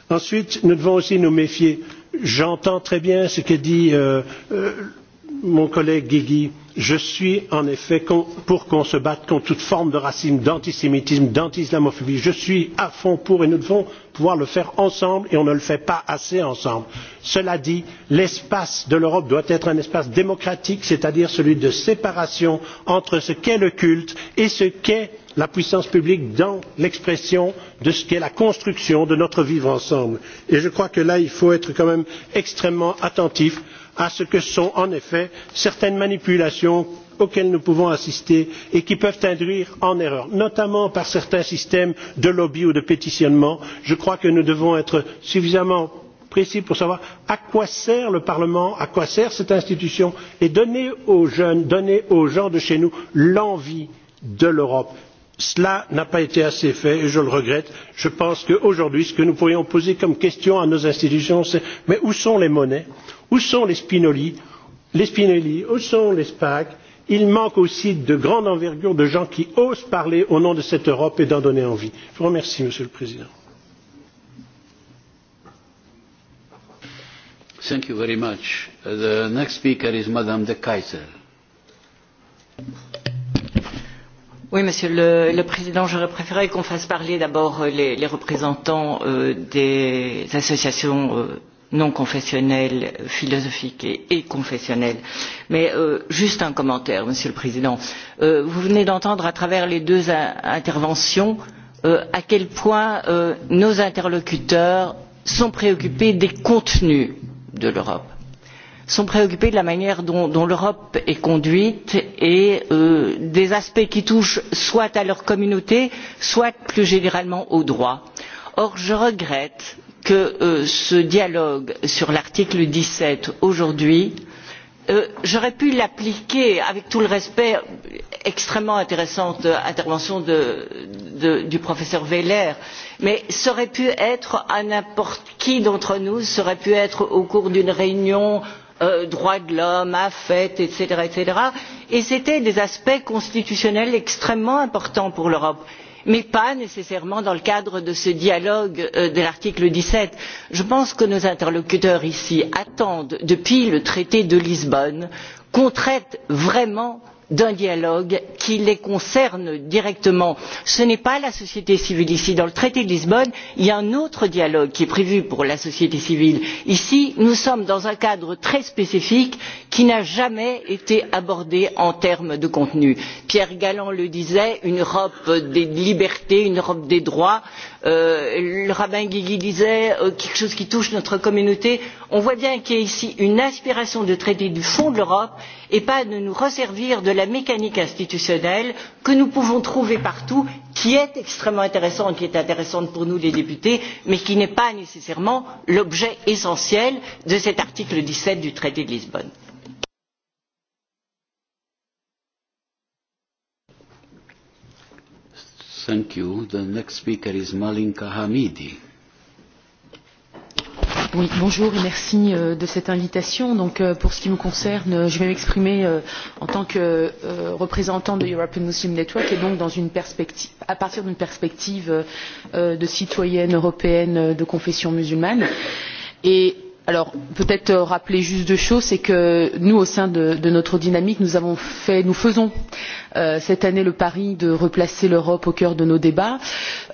ensuite nous devons aussi nous méfier j'entends très bien ce que dit euh, euh, mon collègue guy je suis en effet pour qu'on se batte contre toute forme de racisme d'antisémitisme d'anti je suis à fond pour et nous devons pouvoir le faire ensemble et on ne le fait pas assez ensemble. cela dit l'espace de l'europe doit être un espace démocratique c'est à dire celui de séparation entre ce qu'est le culte et ce qu'est la puissance publique dans l'expression de ce qu'est la construction de notre vivre ensemble et je crois que là il faut être quand même extrêmement attentif à ce que sont en effet certaines manipulations auxquelles nous pouvons assister et qui peuvent induire en erreur notamment par certains systèmes de lobby ou de pétitionnement. je crois que nous devons être suffisamment précis pour savoir à quoi sert le parlement à quoi sert cette institution et donner aux jeunes donner aux gens de chez nous l'envie de l'europe. cela n'a pas été assez fait et je le regrette. je pense qu'aujourd'hui ce que nous pourrions poser comme question à nos institutions c'est mais où sont les monnaies? Où sont les Spinelli, les Spinelli Où sont les SPAC Il manque aussi de grande envergure de gens qui osent parler au nom de cette Europe et d'en donner envie. Je vous remercie, Monsieur le Président. Thank you very much. The next speaker is Madame de Kaiser. Oui, monsieur le, le président j'aurais préféré qu'on fasse parler d'abord euh, les, les représentants euh, des associations euh, non confessionnelle philosophique et, et mais euh, juste un commentaire monsieur le président euh, vous venez d'entendre à travers les deux interventions euh, à quel point nos interlocuteurs sont préoccupés des contenus de l'europe sont préoccupés de la manière dont, dont l'europe est conduite et des aspects qui touchent soit à leur communauté soit plus généralement au droit. or je regrette que euh, ce dialogue sur l'article dix sept aujourd'hui euh, j'aurais pu l'appliquer avec tout le respect l'extrêmement intéressante euh, intervention du professeur Weller, mais ça aurait pu être à n'importe qui d'entre nous, ça aurait pu être au cours d'une réunion droits de l'homme, AFET, etc., etc. Et c'était des aspects constitutionnels extrêmement importants pour l'Europe mais pas nécessairement dans le cadre de ce dialogue euh, de l'article. dix sept je pense que nos interlocuteurs ici attendent depuis le traité de lisbonne qu'on traite vraiment d'un dialogue qui les concerne directement. ce n'est pas la société civile ici. dans le traité de lisbonne il y a un autre dialogue qui est prévu pour la société civile. ici nous sommes dans un cadre très spécifique qui n'a jamais été abordé en termes de contenu. pierre galland le disait une europe des libertés une europe des droits. Euh, le rabbin guigui disait euh, quelque chose qui touche notre communauté on voit bien qu'il y a ici une aspiration de traiter du fond de l'europe et pas de nous resservir de la mécanique institutionnelle que nous pouvons trouver partout qui est extrêmement intéressante qui est intéressante pour nous les députés mais qui n'est pas nécessairement l'objet essentiel de cet article dix sept du traité de lisbonne. Thank you. The next speaker is Malinka Hamidi. Oui, bonjour et merci euh, de cette invitation. Donc, euh, pour ce qui me concerne, euh, je vais m'exprimer euh, en tant que euh, représentant de European Muslim Network et donc dans une perspective, à partir d'une perspective euh, de citoyenne européenne de confession musulmane. Et alors peut être rappeler juste deux choses c'est que nous au sein de, de notre dynamique nous, avons fait, nous faisons euh, Euh, cette année le pari de replacer l'europe au cœur de nos débats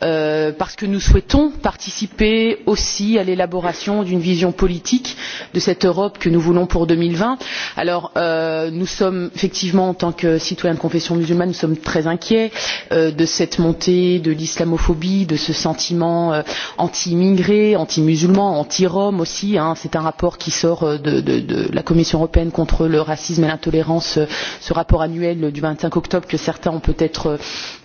euh, parce que nous souhaitons participer aussi à l'élaboration d'une vision politique de cette europe que nous voulons pour. deux mille vingt alors euh, nous sommes effectivement en tant que citoyens de confession musulmane très inquiets de cette montée de l'islamophobie de ce sentiment anti immigré anti musulman anti rom aussi c'est un rapport qui sort de, de, de la commission européenne contre le racisme et l'intolérance ce rapport annuel du vingt cinq octobre que certains ont peut être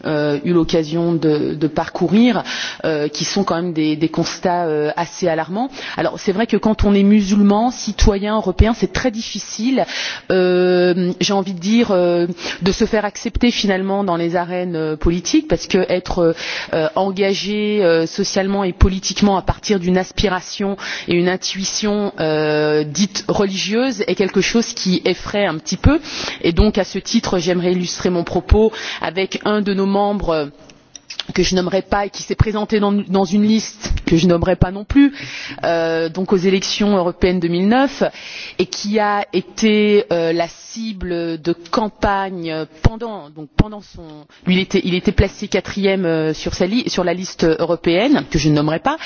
euh, eu l'occasion de, de parcourir euh, qui sont quand même des, des constats euh, assez alarmants. alors c'est vrai que quand on est musulman citoyen européen c'est très difficile euh, j'ai envie de dire euh, de se faire accepter finalement dans les arènes euh, politiques parce que être euh, engagé euh, socialement et politiquement à partir d'une aspiration et une intuition euh, dite religieuse est quelque chose qui effraie un petit peu et donc à ce titre j'aimerais illustrer mon propos avec un de nos membres que je nommerai pas et qui s'est présenté dans, une liste que je nommerai pas non plus euh, donc aux élections européennes deux mille neuf et qui a été euh, la cible de campagnes pendant donc pendant son lui il était, il était placé quatrième euh, sur, sa li, sur la liste européenne que je ne nommerai pas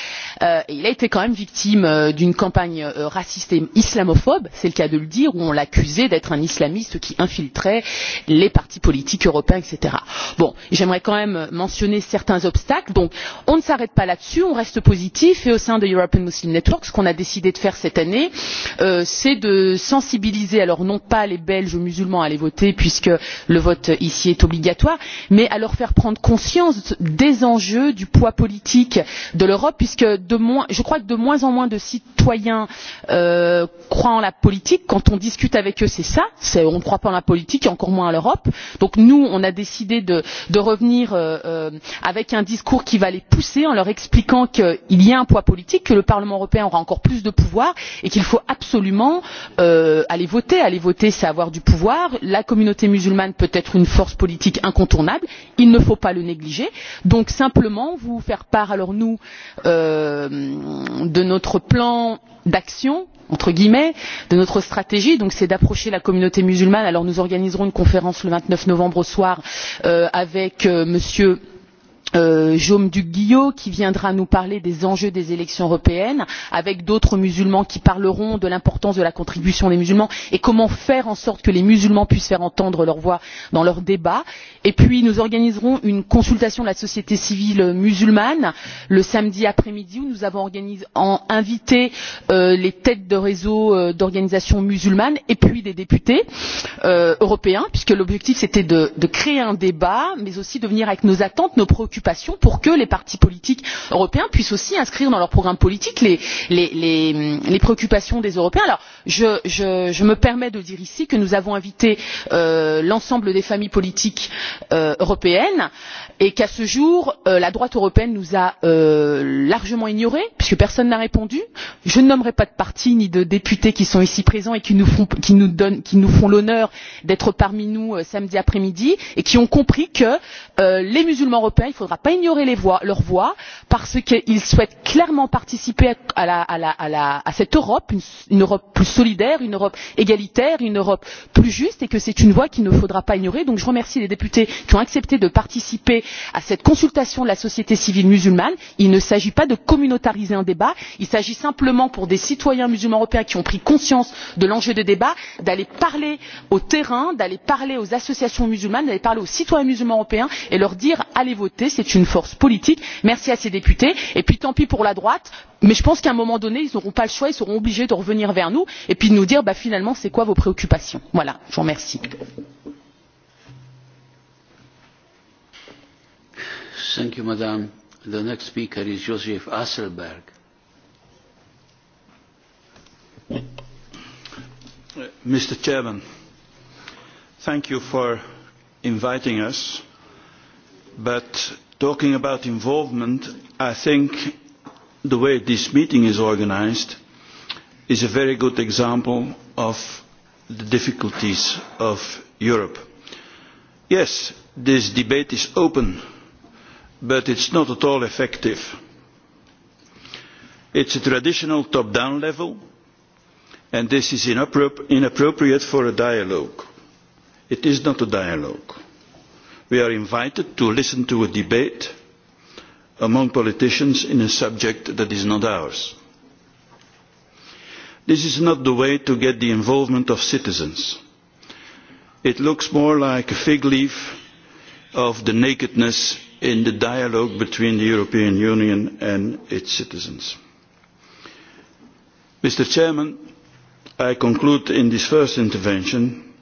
et il a été quand même victime d'une campagne raciste et islamophobe c'est le cas de le dire où on l'accusait d'être un islamiste qui infiltrait les partis politiques européens etc. bon j'aimerais quand même mentionner certains obstacles donc on ne s'arrête pas là dessus on reste positif et au sein de european muslim network ce qu'on a décidé de faire cette année euh, c'est de sensibiliser alors non pas les belges musulmans à aller voter puisque le vote ici est obligatoire mais à leur faire prendre conscience des enjeux du poids politique de l'europe puisque je crois que de moins en moins de citoyens euh, croient en la politique quand on discute avec eux c'est ça on ne croit pas en la politique et encore moins en l'europe donc nous on a décidé de, revenir euh, avec un discours qui va les pousser en leur expliquant qu'il y a un poids politique que le parlement européen aura encore plus de pouvoir et qu'il faut absolument euh, aller voter. aller voter c'est avoir du pouvoir la communauté musulmane peut être une force politique incontournable il ne faut pas le négliger. donc simplement vous faire part alors nous euh, de notre plan d'action entre guillemets de notre stratégie donc c'est d'approcher la communauté musulmane alors nous organiserons une conférence le vingt neuf novembre au soir euh, avec euh, m. Euh, jaume duguillot qui viendra nous parler des enjeux des élections européennes avec d'autres musulmans qui parleront de l'importance de la contribution des musulmans et de comment faire en sorte que les musulmans puissent faire entendre leur voix dans leurs débats et puis nous organiserons une consultation de la société civile musulmane le samedi après midi où nous avons invité euh, les têtes de réseau euh, d'organisations musulmanes et puis des députés européens puisque l'objectif c'était de créer un débat mais aussi de venir avec nos attentes nos préoccupations pour que les partis politiques européens puissent aussi inscrire dans leur programme politique les, les, les, les préoccupations des européens. Alors, je, je, je me permets de dire ici que nous avons invité euh, l'ensemble des familles politiques euh, européennes et qu'à ce jour euh, la droite européenne nous a euh, largement ignorés puisque personne n'a répondu. je ne nommerai pas de parti ni de députés qui sont ici présents et qui nous font, qui nous donnent, qui nous font l'honneur d'être parmi nous euh, samedi après midi et qui ont compris que euh, les musulmans européens faudra pas ignorer leur voix parce qu'ils souhaitent clairement participer à, cette europe une, europe plus solidaire une europe égalitaire une europe plus juste et que c'est une voix qu'il ne faudra pas ignorer. donc je remercie les députés qui ont accepté de participer à cette consultation de la société civile musulmane. il ne s'agit pas de communautariser un débat il s'agit simplement pour des citoyens musulmans européens qui ont pris conscience de l'enjeu du débat d'aller parler au terrain d'aller parler aux associations musulmanes d'aller parler aux citoyens musulmans européens et de leur dire allez voter c'est une force politique merci à ces députés et puis tant pis pour la droite mais je pense qu'à un moment donné ils n'auront pas le choix ils seront obligés de revenir vers nous et de nous dire finalement c'est quoi vos préoccupations? voilà je vous remercie. Mr. Chairman, thank you for inviting us, but talking about involvement, I think the way this meeting is organised is a very good example of the difficulties of Europe. Yes, this debate is open, but it's not at all effective. It's a traditional top-down level, and this is inappropriate for a dialogue. It is not a dialogue we are invited to listen to a debate among politicians in a subject that is not ours. This is not the way to get the involvement of citizens. It looks more like a fig leaf of the nakedness in the dialogue between the European Union and its citizens. Mr Chairman, I conclude in this first intervention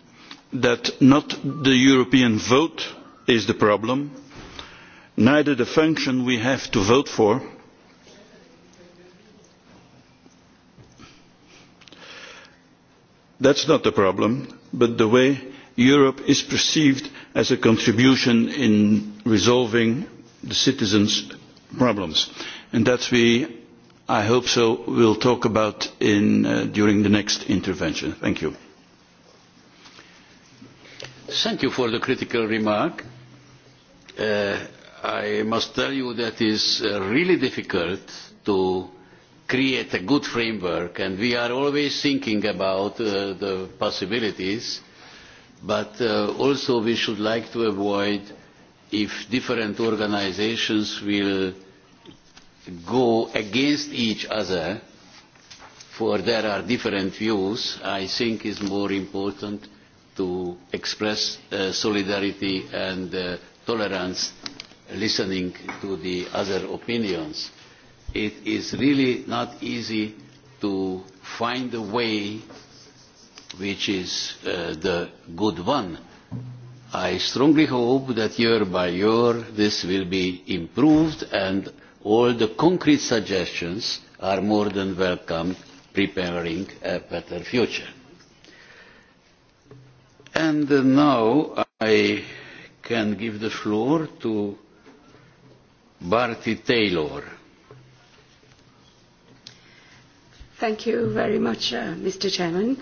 that not the European vote is the problem neither the function we have to vote for that's not the problem but the way europe is perceived as a contribution in resolving the citizens' problems and that we i hope so will talk about in, uh, during the next intervention. thank you. Thank you for the critical remark. Uh, I must tell you that it is uh, really difficult to create a good framework and we are always thinking about uh, the possibilities but uh, also we should like to avoid if different organisations will go against each other for there are different views I think is more important to express uh, solidarity and uh, tolerance, listening to the other opinions. It is really not easy to find a way which is uh, the good one. I strongly hope that year by year this will be improved and all the concrete suggestions are more than welcome preparing a better future. And now I can give the floor to Barty Taylor. Thank you very much, uh, Mr. Chairman.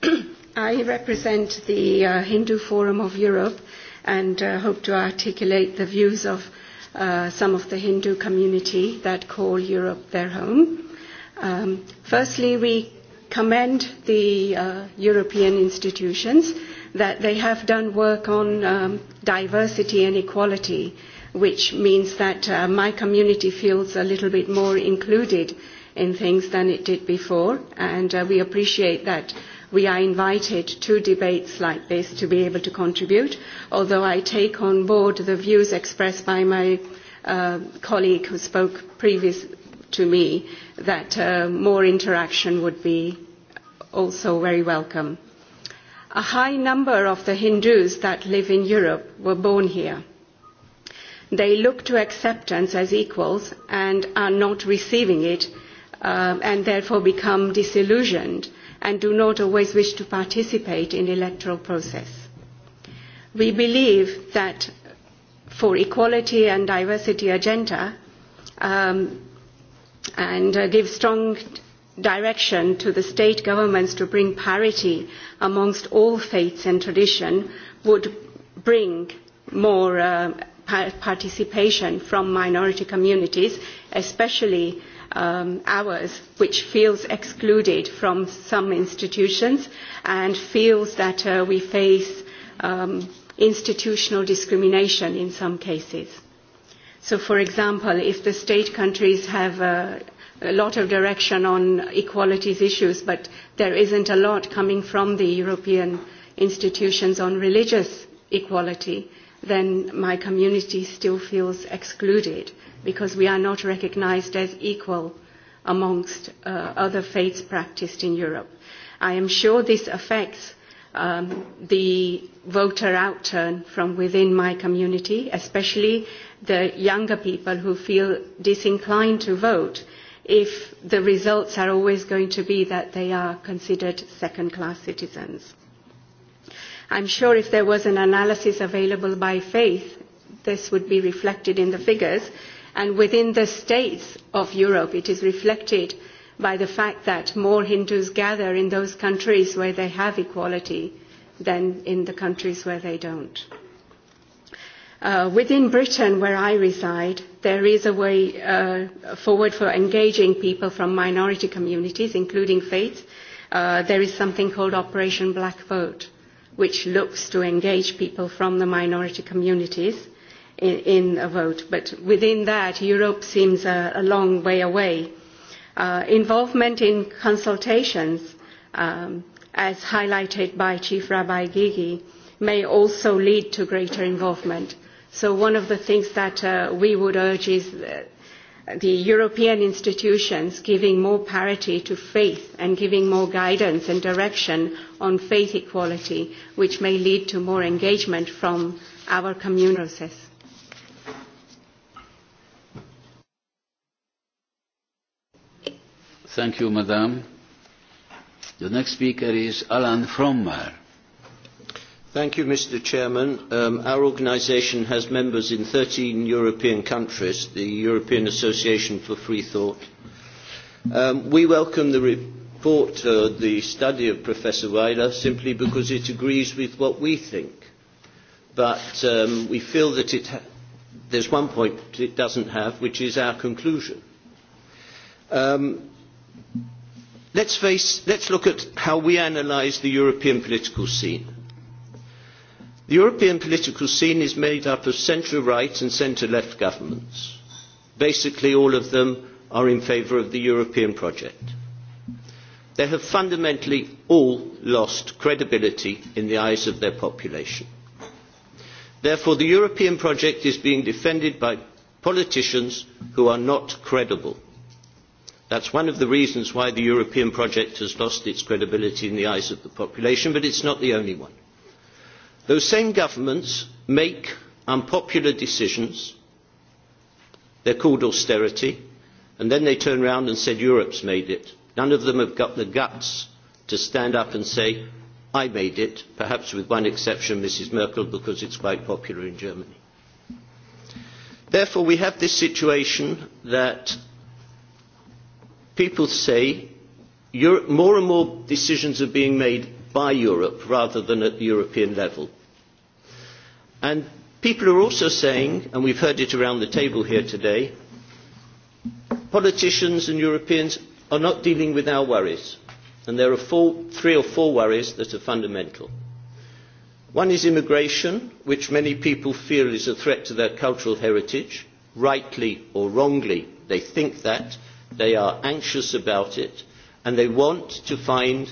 [CLEARS THROAT] I represent the uh, Hindu Forum of Europe and uh, hope to articulate the views of uh, some of the Hindu community that call Europe their home. Um, firstly, we commend the uh, European institutions that they have done work on um, diversity and equality, which means that uh, my community feels a little bit more included in things than it did before, and uh, we appreciate that we are invited to debates like this to be able to contribute, although I take on board the views expressed by my uh, colleague who spoke previous to me that uh, more interaction would be also very welcome. A high number of the Hindus that live in Europe were born here. They look to acceptance as equals and are not receiving it uh, and therefore become disillusioned and do not always wish to participate in the electoral process. We believe that for equality and diversity agenda um, and uh, give strong direction to the state governments to bring parity amongst all faiths and tradition would bring more uh, participation from minority communities, especially um, ours, which feels excluded from some institutions and feels that uh, we face um, institutional discrimination in some cases. So, for example, if the state countries have uh, a lot of direction on equalities issues, but there isn't a lot coming from the European institutions on religious equality, then my community still feels excluded because we are not recognized as equal amongst uh, other faiths practiced in Europe. I am sure this affects um, the voter outturn from within my community, especially the younger people who feel disinclined to vote if the results are always going to be that they are considered second-class citizens. I'm sure if there was an analysis available by faith, this would be reflected in the figures. And within the states of Europe, it is reflected by the fact that more Hindus gather in those countries where they have equality than in the countries where they don't. Uh, within Britain, where I reside, there is a way uh, forward for engaging people from minority communities, including faith. Uh, there is something called Operation Black Vote, which looks to engage people from the minority communities in, in a vote. But within that, Europe seems a, a long way away. Uh, involvement in consultations, um, as highlighted by Chief Rabbi Gigi, may also lead to greater involvement So one of the things that uh, we would urge is the European institutions giving more parity to faith and giving more guidance and direction on faith equality, which may lead to more engagement from our communities. Thank you, Madam. The next speaker is Alan Frommer. Thank you, Mr. Chairman. Um, our organisation has members in 13 European countries, the European Association for Free Thought. Um, we welcome the report, uh, the study of Professor Weiler, simply because it agrees with what we think. But um, we feel that it ha- there's one point it doesn't have, which is our conclusion. Um, let's, face, let's look at how we analyse the European political scene The European political scene is made up of centre right and centre left governments. Basically, all of them are in favour of the European project. They have fundamentally all lost credibility in the eyes of their population. Therefore, the European project is being defended by politicians who are not credible. That's one of the reasons why the European project has lost its credibility in the eyes of the population, but it's not the only one those same governments make unpopular decisions they're called austerity and then they turn around and say europe's made it none of them have got the guts to stand up and say i made it perhaps with one exception mrs merkel because it's quite popular in germany therefore we have this situation that people say Europe, more and more decisions are being made by Europe rather than at the European level. And people are also saying, and we've heard it around the table here today, politicians and Europeans are not dealing with our worries. And there are four, three or four worries that are fundamental. One is immigration, which many people feel is a threat to their cultural heritage. Rightly or wrongly, they think that. They are anxious about it. And they want to find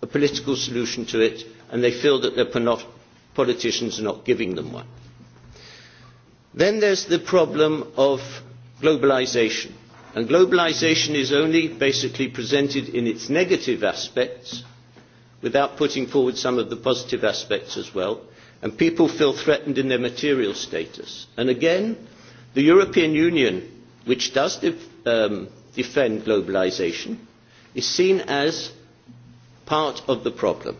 a political solution to it. And they feel that their politicians are not giving them one. Then there is the problem of globalisation. And globalisation is only basically presented in its negative aspects without putting forward some of the positive aspects as well. And people feel threatened in their material status. And again, the European Union, which does def um, defend globalisation, is seen as part of the problem.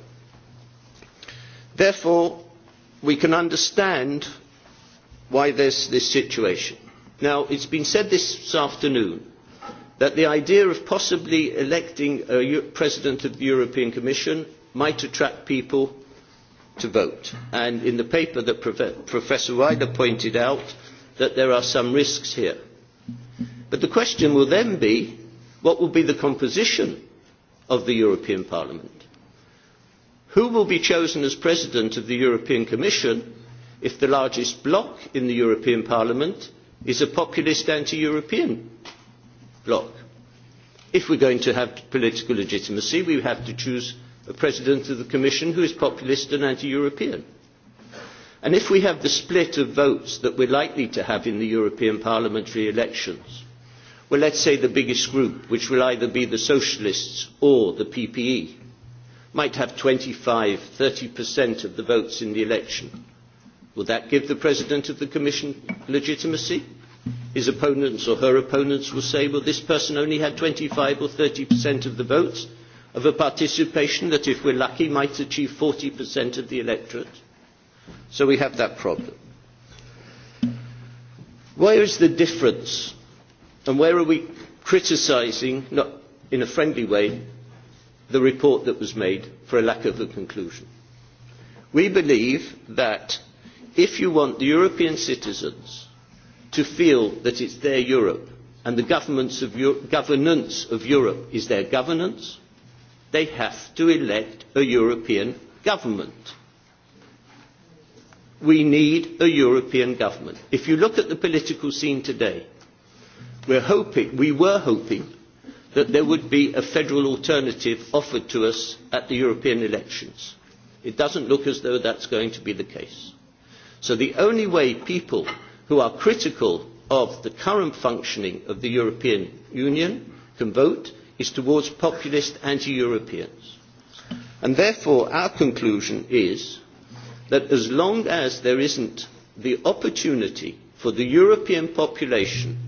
Therefore, we can understand why there's this situation. Now, it's been said this afternoon that the idea of possibly electing a president of the European Commission might attract people to vote. And in the paper that Professor Ryder pointed out, that there are some risks here. But the question will then be, what will be the composition of the European Parliament? who will be chosen as president of the European Commission if the largest bloc in the European Parliament is a populist anti-European bloc? If we're going to have political legitimacy, we have to choose a president of the Commission who is populist and anti-European. And if we have the split of votes that we're likely to have in the European parliamentary elections, well, let's say the biggest group, which will either be the Socialists or the PPE, might have 25, 30% of the votes in the election. Would that give the President of the Commission legitimacy? His opponents or her opponents will say, well, this person only had 25 or 30% of the votes of a participation that, if we're lucky, might achieve 40% of the electorate. So we have that problem. Where is the difference? And where are we criticising, not in a friendly way, the report that was made for a lack of a conclusion. We believe that if you want the European citizens to feel that it's their Europe and the governments of Europe, governance of Europe is their governance, they have to elect a European government. We need a European government. If you look at the political scene today, we're hoping, we were hoping that there would be a federal alternative offered to us at the European elections. It doesn't look as though that's going to be the case. So the only way people who are critical of the current functioning of the European Union can vote is towards populist anti-Europeans. And therefore our conclusion is that as long as there isn't the opportunity for the European population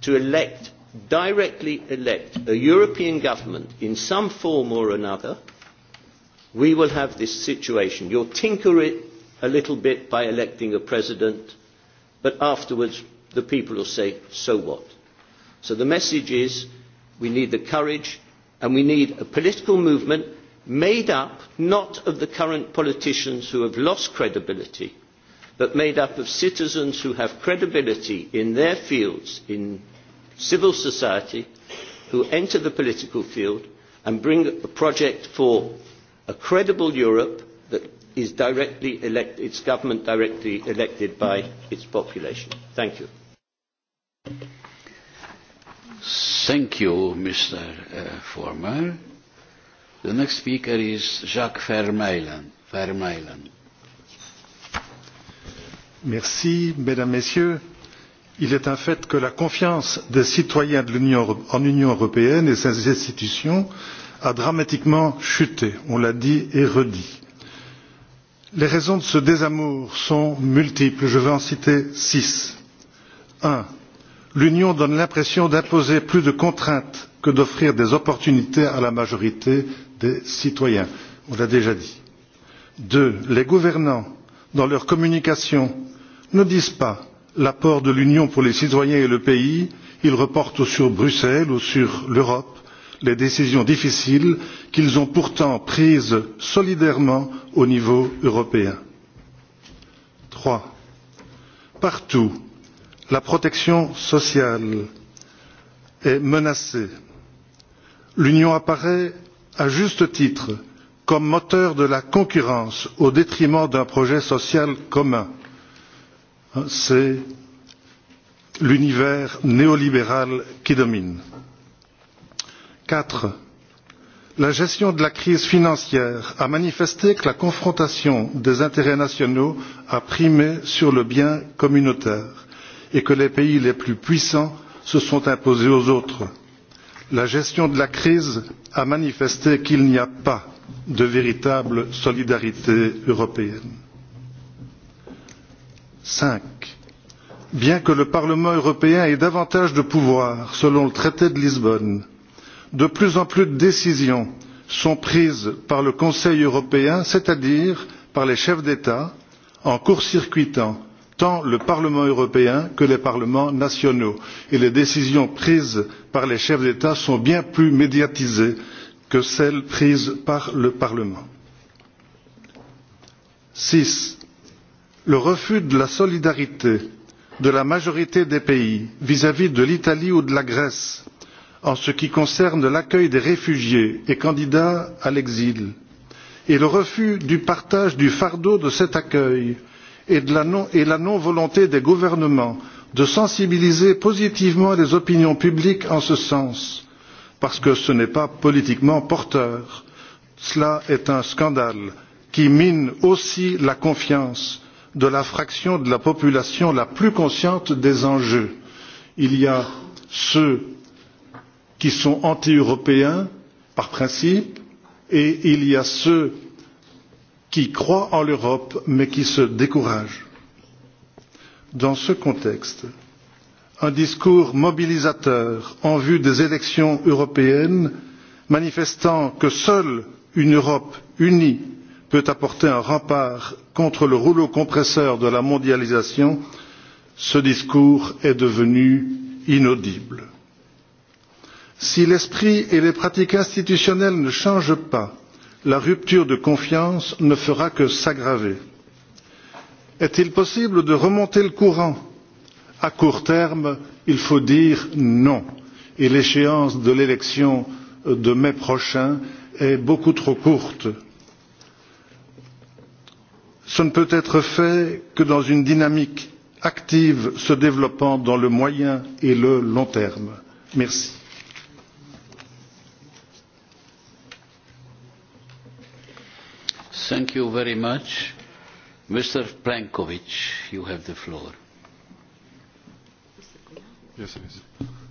to elect directly elect a European government in some form or another, we will have this situation. You'll tinker it a little bit by electing a president, but afterwards the people will say, so what? So the message is we need the courage and we need a political movement made up not of the current politicians who have lost credibility, but made up of citizens who have credibility in their fields, in civil society who enter the political field and bring a project for a credible Europe that is directly elect, its government directly elected by its population. Thank you. Thank you, Mr. Uh, Former. The next speaker is Jacques Vermeulen. Vermeulen. Merci, Mesdames, Messieurs il est un fait que la confiance des citoyens en l'union européenne et ses institutions a dramatiquement chuté on l'a dit et redit. les raisons de ce désamour sont multiples je vais en citer six. premièrement l'union donne l'impression d'imposer plus de contraintes que d'offrir des opportunités à la majorité des citoyens on l'a déjà dit. deuxièmement les gouvernants dans leur communication ne disent pas l'apport de l'union pour les citoyens et le pays ils reportent sur bruxelles ou sur l'europe les décisions difficiles qu'ils ont pourtant prises solidairement au niveau européen. troisièmement partout la protection sociale est menacée. l'union apparaît à juste titre comme moteur de la concurrence au détriment d'un projet social commun c'est l'univers néolibéral qui domine. quatrièmement la gestion de la crise financière a manifesté que la confrontation des intérêts nationaux a primé sur le bien communautaire et que les pays les plus puissants se sont imposés aux autres. la gestion de la crise a manifesté qu'il n'y a pas de véritable solidarité européenne cinq bien que le parlement européen ait davantage de pouvoir selon le traité de lisbonne de plus en plus de décisions sont prises par le conseil européen c'est à dire par les chefs d'état en court circuitant tant le parlement européen que les parlements nationaux et les décisions prises par les chefs d'état sont bien plus médiatisées que celles prises par le parlement. sixièmement le refus de la solidarité de la majorité des pays vis à vis de l'italie ou de la grèce en ce qui concerne l'accueil des réfugiés et candidats à l'exil et le refus du partage du fardeau de cet accueil et la non, volonté des gouvernements de sensibiliser positivement les opinions publiques en ce sens parce que ce n'est pas politiquement porteur. cela est un scandale qui mine aussi la confiance de la fraction de la population la plus consciente des enjeux. il y a ceux qui sont anti européens par principe et il y a ceux qui croient en l'europe mais qui se découragent. dans ce contexte un discours mobilisateur en vue des élections européennes manifestant que seule une europe unie peut apporter un rempart contre le rouleau compresseur de la mondialisation ce discours est devenu inaudible. si l'esprit et les pratiques institutionnelles ne changent pas la rupture de confiance ne fera que s'aggraver. est il possible de remonter le courant? à court terme il faut dire non et l'échéance de l'élection de mai prochain est beaucoup trop courte ce ne peut être fait que dans une dynamique active se développant dans le moyen et le long terme. merci. Thank you very much. Mr. Plenković, you have the floor. Yes, yes.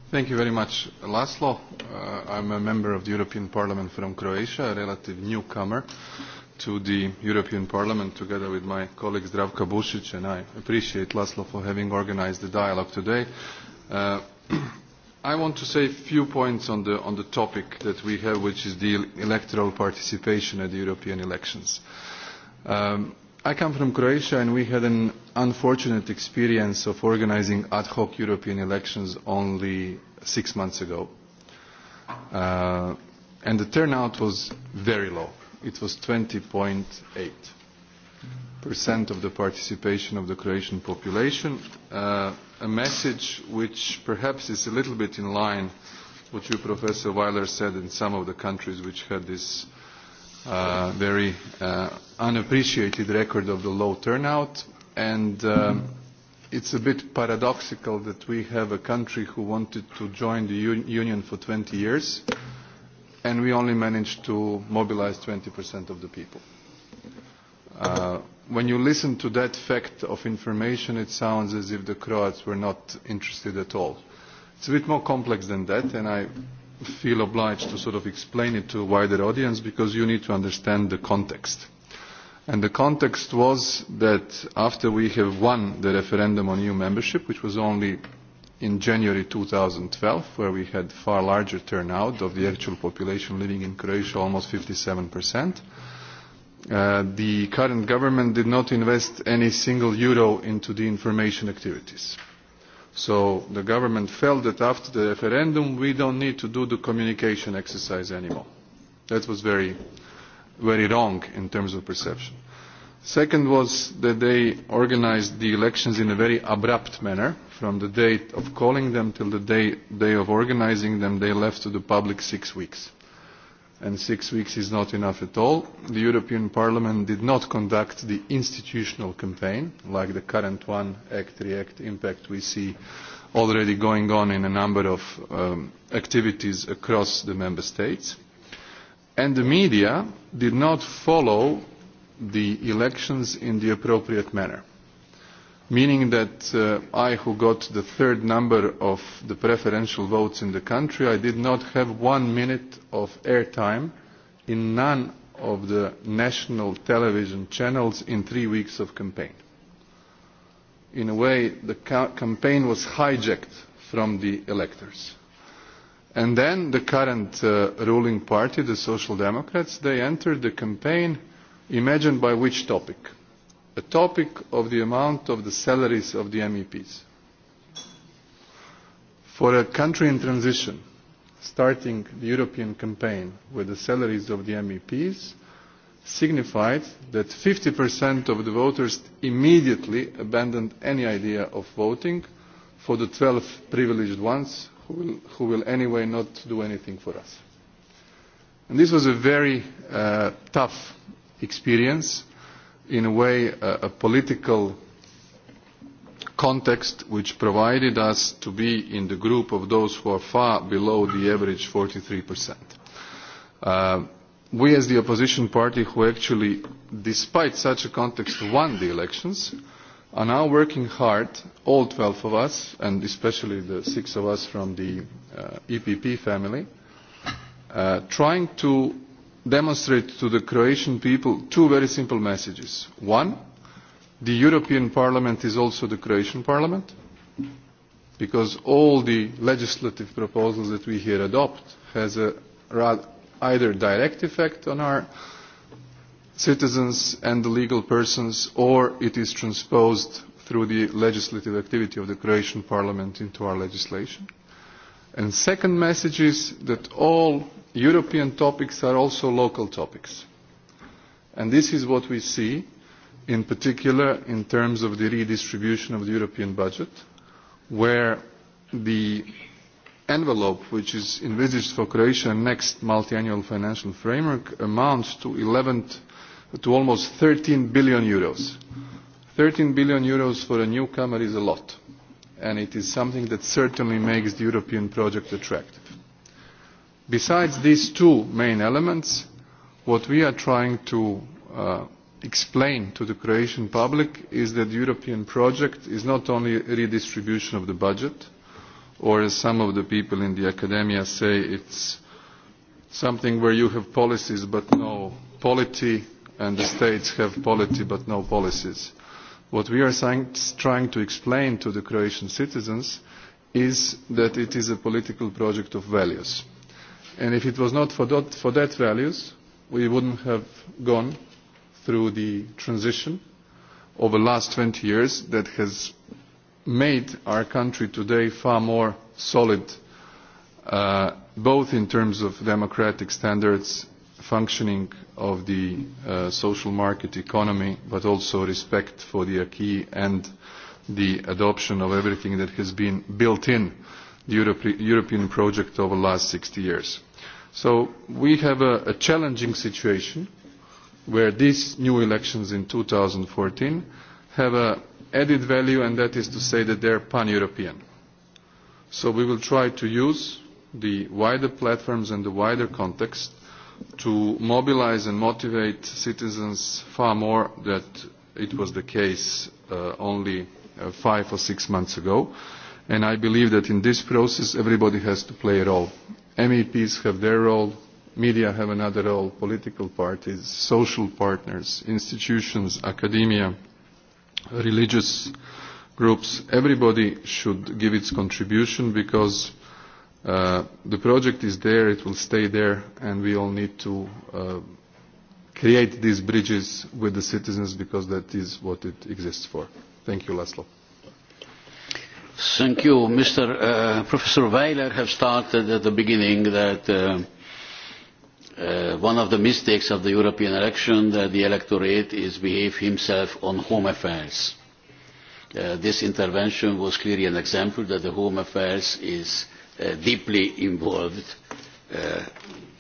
Thank you very much, Laszlo. Uh, I'm a member of the European Parliament from Croatia, a relative newcomer. Uh, to the European Parliament together with my colleague Zdravka Busic and I appreciate Laszlo for having organized the dialogue today. Uh, [CLEARS THROAT] I want to say a few points on the, on the topic that we have which is the electoral participation at the European elections. Um, I come from Croatia and we had an unfortunate experience of organizing ad hoc European elections only six months ago. Uh, and the turnout was very low it was 20.8 of the participation of the Croatian population, uh, a message which perhaps is a little bit in line with what you, Professor Weiler, said in some of the countries which had this uh, very uh, unappreciated record of the low turnout. And um, it's a bit paradoxical that we have a country who wanted to join the un Union for 20 years, uh, and we only managed to mobilize 20% of the people. Uh, when you listen to that fact of information, it sounds as if the Croats were not interested at all. It's a bit more complex than that, and I feel obliged to sort of explain it to a wider audience because you need to understand the context. And the context was that after we have won the referendum on EU membership, which was only in January 2012, where we had far larger turnout of the actual population living in Croatia, almost 57%. Uh, the current government did not invest any single euro into the information activities. So the government felt that after the referendum, we don't need to do the communication exercise anymore. That was very, very wrong in terms of perception. Second was that they organized the elections in a very abrupt manner from the date of calling them till the day, day of organizing them, they left to the public six weeks. And six weeks is not enough at all. The European Parliament did not conduct the institutional campaign, like the current one, Act, React, Impact, we see already going on in a number of um, activities across the member states. And the media did not follow the elections in the appropriate manner meaning that uh, I, who got the third number of the preferential votes in the country, I did not have one minute of airtime in none of the national television channels in three weeks of campaign. In a way, the campaign was hijacked from the electors. And then the current uh, ruling party, the Social Democrats, they entered the campaign, imagined by which topic? the topic of the amount of the salaries of the meps. for a country in transition starting the european campaign with the salaries of the meps signified that 50% of the voters immediately abandoned any idea of voting for the 12 privileged ones who will, who will anyway not do anything for us. And this was a very uh, tough experience in a way a, political context which provided us to be in the group of those who are far below the average 43%. three uh, we as the opposition party who actually, despite such a context, won the elections, are now working hard, all 12 of us, and especially the six of us from the uh, EPP family, uh, trying to demonstrate to the Croatian people two very simple messages. One, the European Parliament is also the Croatian Parliament, because all the legislative proposals that we here adopt has a either direct effect on our citizens and the legal persons, or it is transposed through the legislative activity of the Croatian Parliament into our legislation. And second message is that all European topics are also local topics. And this is what we see, in particular, in terms of the redistribution of the European budget, where the envelope which is envisaged for Croatia next multiannual financial framework amounts to, almost eur almost 13 billion euros. 13 billion euros for a newcomer is a lot, and it is something that certainly makes the European project attractive. Besides these two main elements, what we are trying to uh, explain to the Croatian public is that the European project is not only a redistribution of the budget, or as some of the people in the academia say, it's something where you have policies but no polity, and the states have polity but no policies. What we are trying to explain to the Croatian citizens is that it is a political project of values and if it was not for that, for that values, we wouldn't have gone through the transition over the last 20 years that has made our country today far more solid, uh, both in terms of democratic standards, functioning of the uh, social market economy, but also respect for the acquis and the adoption of everything that has been built in the Europe European project over the last 60 years. So we have a, challenging situation where these new elections in 2014 have an added value, and that is to say that they are pan-European. So we will try to use the wider platforms and the wider context to mobilise and motivate citizens far more than it was the case uh, only uh, five or six months ago. And I believe that in this process everybody has to play a role meps have their role media have another role political parties social partners institutions academia religious groups everybody should give its contribution because uh, the project is there it will stay there and we all need to uh, create these bridges with the citizens because that is what it exists for. thank you laszlo. Thank you. Mr. Uh, Professor Weiler have started at the beginning that uh, uh, one of the mistakes of the European election that the electorate is behave himself on home affairs. Uh, this intervention was clearly an example that the home affairs is uh, deeply involved uh,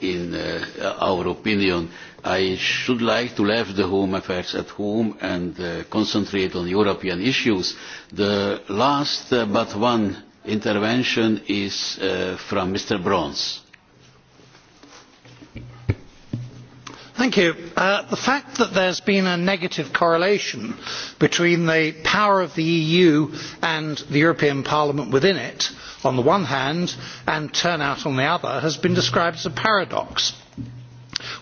in uh, our opinion. I should like to leave the home affairs at home and uh, concentrate on European issues. The last uh, but one intervention is uh, from Mr. Bronze. president uh, the fact that there has been a negative correlation between the power of the eu and the european parliament within it on the one hand and turnout on the other has been described as a paradox.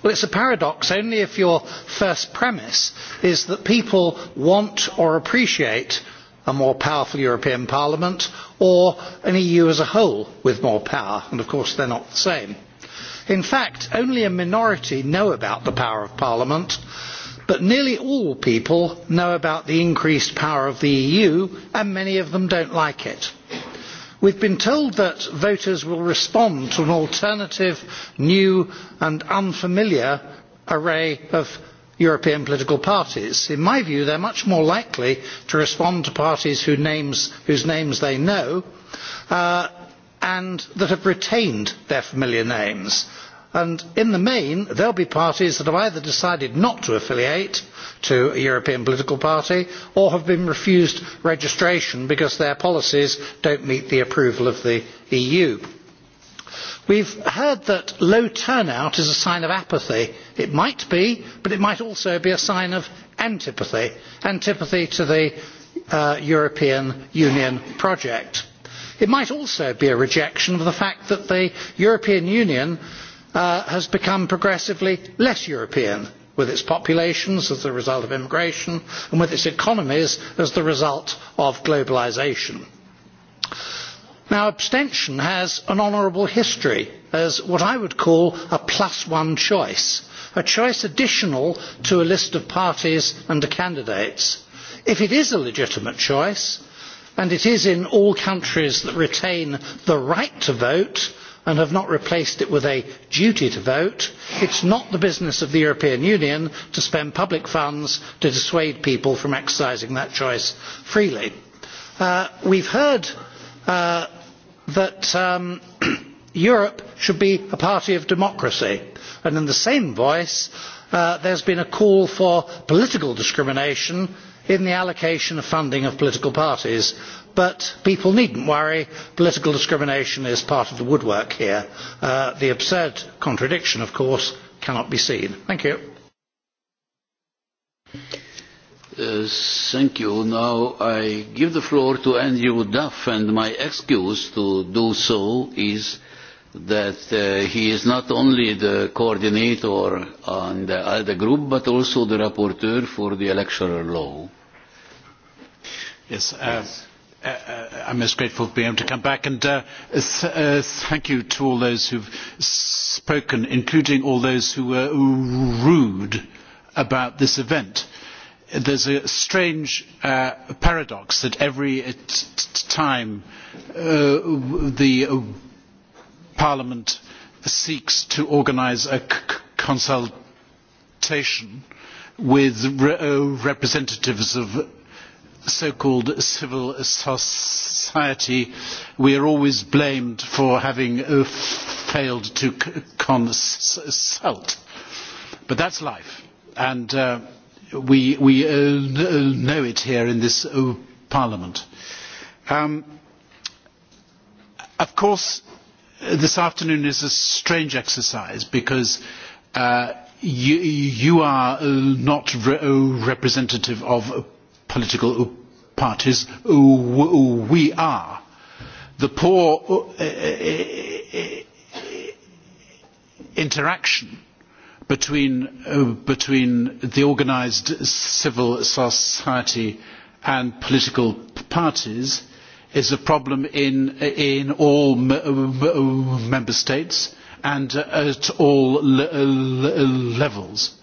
well it is a paradox only if your first premise is that people want or appreciate a more powerful european parliament or an eu as a whole with more power and of course they are not the same. In fact, only a minority know about the power of Parliament, but nearly all people know about the increased power of the EU, and many of them don't like it. We've been told that voters will respond to an alternative, new and unfamiliar array of European political parties. In my view, they're much more likely to respond to parties names, whose names they know uh, and that have retained their familiar names and in the main they will be parties that have either decided not to affiliate to a european political party or have been refused registration because their policies do not meet the approval of the eu. we have heard that low turnout is a sign of apathy. it might be but it might also be a sign of antipathy antipathy to the uh, european union project it might also be a rejection of the fact that the european union uh, has become progressively less european with its populations as a result of immigration and with its economies as the result of globalisation. Now, abstention has an honourable history as what I would call a plus one choice, a choice additional to a list of parties and candidates. If it is a legitimate choice, and it is in all countries that retain the right to vote and have not replaced it with a duty to vote it is not the business of the european union to spend public funds to dissuade people from exercising that choice freely. Uh, we have heard uh, that um, [CLEARS THROAT] europe should be a party of democracy and in the same voice uh, there has been a call for political discrimination in the allocation of funding of political parties but people need not worry political discrimination is part of the woodwork here. Uh, the absurd contradiction of course cannot be seen. Thank you. Uh, thank you. Now I give the floor to Andrew Duff and my excuse to do so is that uh, he is not only the coordinator on the ALDE group, but also the rapporteur for the electoral law. Yes. Uh, uh, uh, I'm most grateful for being able to come back, and uh, th uh, thank you to all those who've spoken, including all those who were rude about this event. There's a strange paradox that every time the Parliament seeks to organise a consultation with re representatives of so-called civil society, we are always blamed for having uh, failed to consult. But that's life, and uh, we, we uh, know it here in this Parliament. Um, of course, this afternoon is a strange exercise because you, are not representative of political parties we are. The poor uh, uh, uh, interaction between, between the organised civil society and political parties is a problem in, in all member states and at all levels.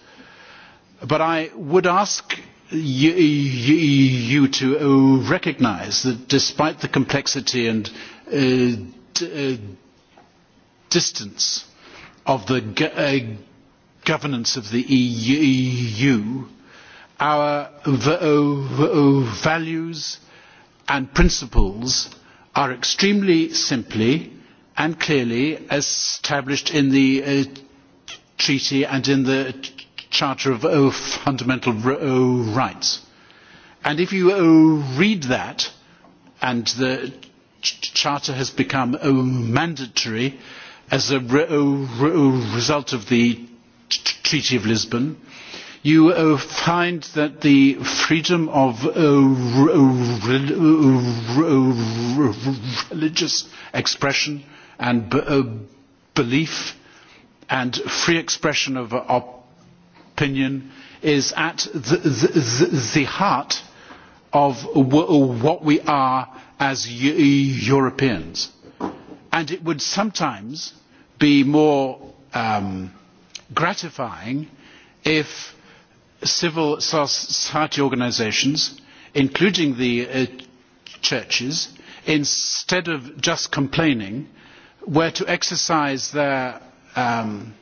But I would ask you, to uh, recognise that despite the complexity and uh, uh, distance of the governance of the EU, our values and principles are extremely simply and clearly established in the treaty and in the Charter of Fundamental Rights. And if you read that, and the Charter has become mandatory as a result of the Treaty of Lisbon, you uh, find that the freedom of religious expression and belief and free expression of op opinion is at the, heart of what we are as Europeans. And it would sometimes be more um, gratifying if civil society organisations, including the uh, churches, instead of just complaining, were to exercise their um,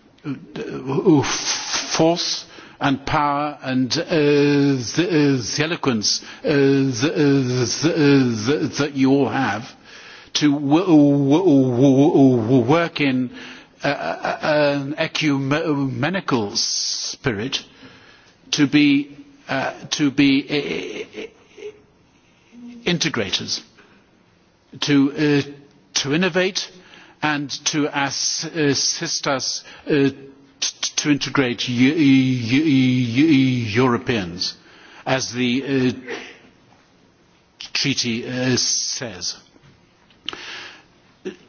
force and power and the, uh, uh, eloquence uh, that you all have to work in an ecumenical spirit to be, uh, to be integrators, to, uh, to innovate and to assist us uh, to integrate Europeans, as the uh, treaty uh, says.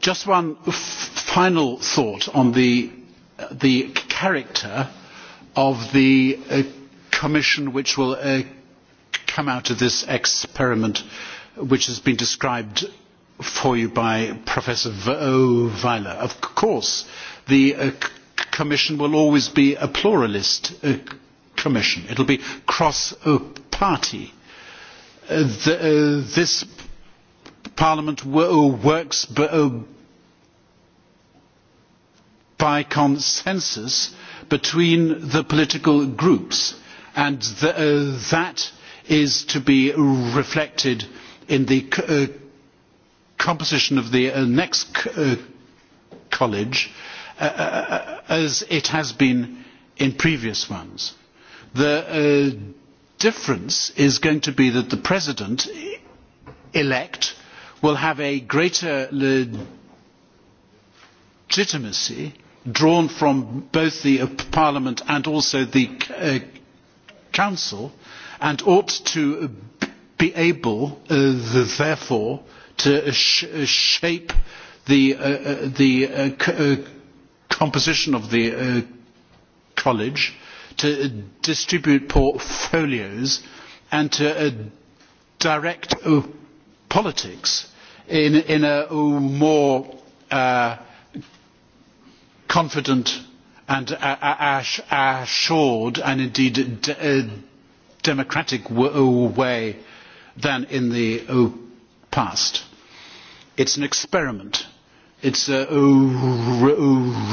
Just one final thought on the, the character of the uh, Commission which will come out of this experiment which has been described for you by Professor Weiler. Of course, the commission will always be a pluralist uh, commission. It will be cross-party. Uh, uh, the, uh, this Parliament works by consensus between the political groups and the, uh, that is to be reflected in the uh, composition of the uh, next college Uh, uh, uh, as it has been in previous ones. The uh, difference is going to be that the president elect will have a greater legitimacy drawn from both the uh, parliament and also the uh, council and ought to be able uh, therefore to sh shape the, the composition of the uh, college, to uh, distribute portfolios and to uh, direct uh, politics in, in a uh, more uh, confident and assured and indeed democratic way than in the past. It's an experiment it's a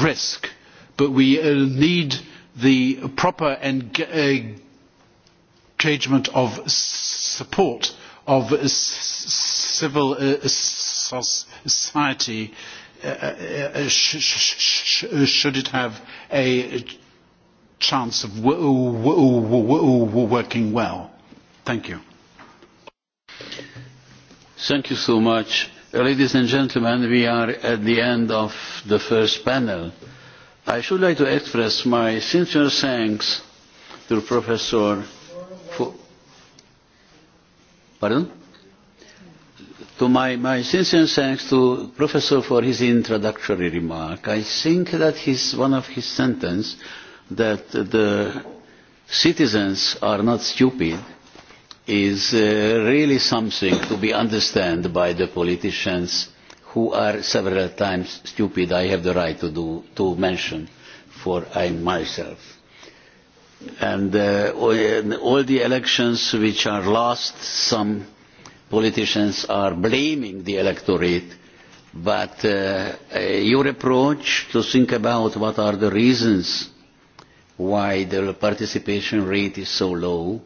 risk, but we uh, need the proper uh, engagement of support of civil society should it have a chance of working well. Thank you. Thank you so much. Ladies and gentlemen, we are at the end of the first panel. I should like to express my sincere thanks to Professor F Pardon? To my, my sincere thanks to Professor for his introductory remark. I think that his, one of his sentences that the citizens are not stupid is uh, really something to be understood by the politicians who are several times stupid, I have the right to, do, to mention, for I myself. And uh, all the elections which are lost, some politicians are blaming the electorate but uh, your approach to think about what are the reasons why the participation rate is so low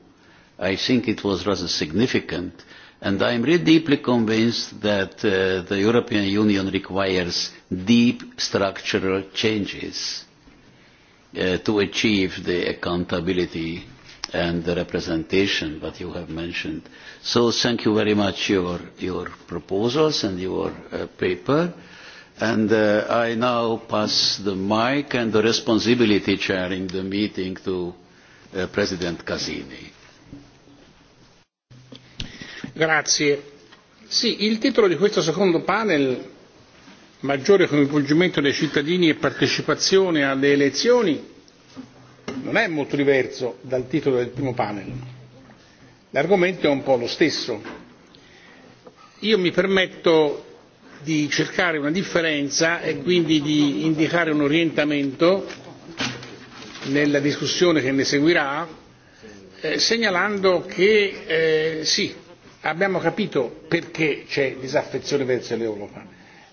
I think it was rather significant. And I am really deeply convinced that uh, the European Union requires deep structural changes uh, to achieve the accountability and the representation that you have mentioned. So thank you very much your your proposals and your uh, paper. And uh, I now pass the mic and the responsibility chairing the meeting to uh, President Casini. Grazie. Sì, il titolo di questo secondo panel, maggiore coinvolgimento dei cittadini e partecipazione alle elezioni, non è molto diverso dal titolo del primo panel. L'argomento è un po' lo stesso. Io mi permetto di cercare una differenza e quindi di indicare un orientamento nella discussione che ne seguirà, eh, segnalando che eh, sì, abbiamo capito perché c'è disaffezione verso l'Europa.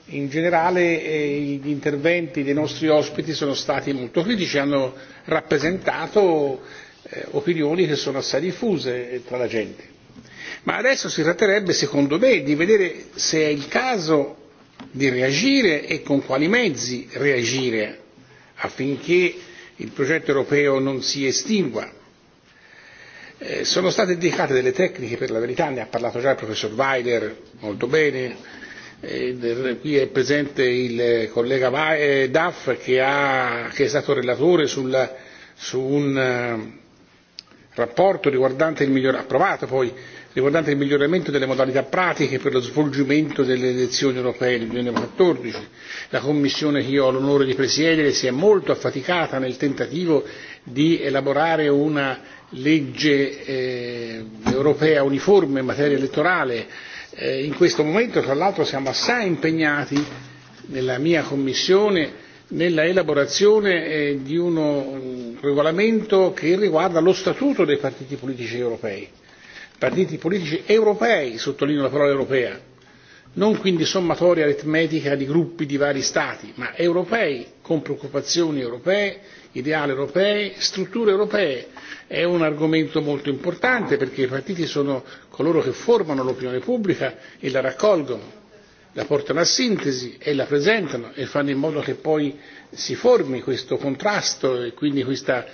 In generale eh, gli interventi dei nostri ospiti sono stati molto critici, hanno rappresentato eh, opinioni che sono assai diffuse eh, tra la gente. Ma adesso si tratterebbe, secondo me, di vedere se è il caso di reagire e con quali mezzi reagire affinché il progetto europeo non si estingua Eh, sono state indicate delle tecniche, per la verità ne ha parlato già il professor Weiler molto bene, eh, qui è presente il collega eh, Duff che, è stato relatore su un rapporto riguardante il miglior, approvato poi riguardante il miglioramento delle modalità pratiche per lo svolgimento delle elezioni europee del 2014. La Commissione che io ho l'onore di presiedere si è molto affaticata nel tentativo di elaborare una legge eh, europea uniforme in materia elettorale. Eh, in questo momento, tra l'altro, siamo assai impegnati nella mia Commissione nella eh, di un regolamento che riguarda lo statuto dei partiti politici europei partiti politici europei sottolineo la parola europea non quindi sommatoria aritmetica di gruppi di vari stati ma europei con preoccupazioni europee ideali europei strutture europee è un argomento molto importante perché i partiti sono coloro che formano l'opinione pubblica e la raccolgono la portano a sintesi e la presentano e fanno in modo che poi si formi questo contrasto e quindi questa,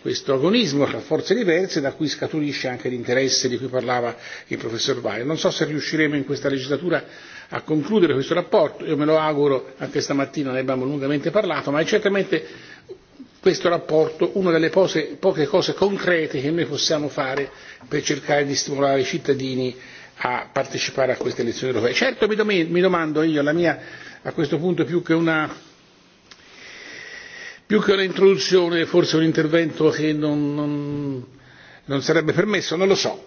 questo agonismo tra forze diverse da cui scaturisce anche l'interesse di cui parlava il professor Valle. Non so se riusciremo in questa legislatura a concludere questo rapporto, io me lo auguro, anche stamattina ne abbiamo lungamente parlato, ma è certamente questo rapporto una delle pose, poche cose concrete che noi possiamo fare per cercare di stimolare i cittadini a partecipare a queste elezioni europee. Certo mi, domando io, la mia a questo punto più che una più che un'introduzione, forse un intervento che non, non, non sarebbe permesso, non lo so.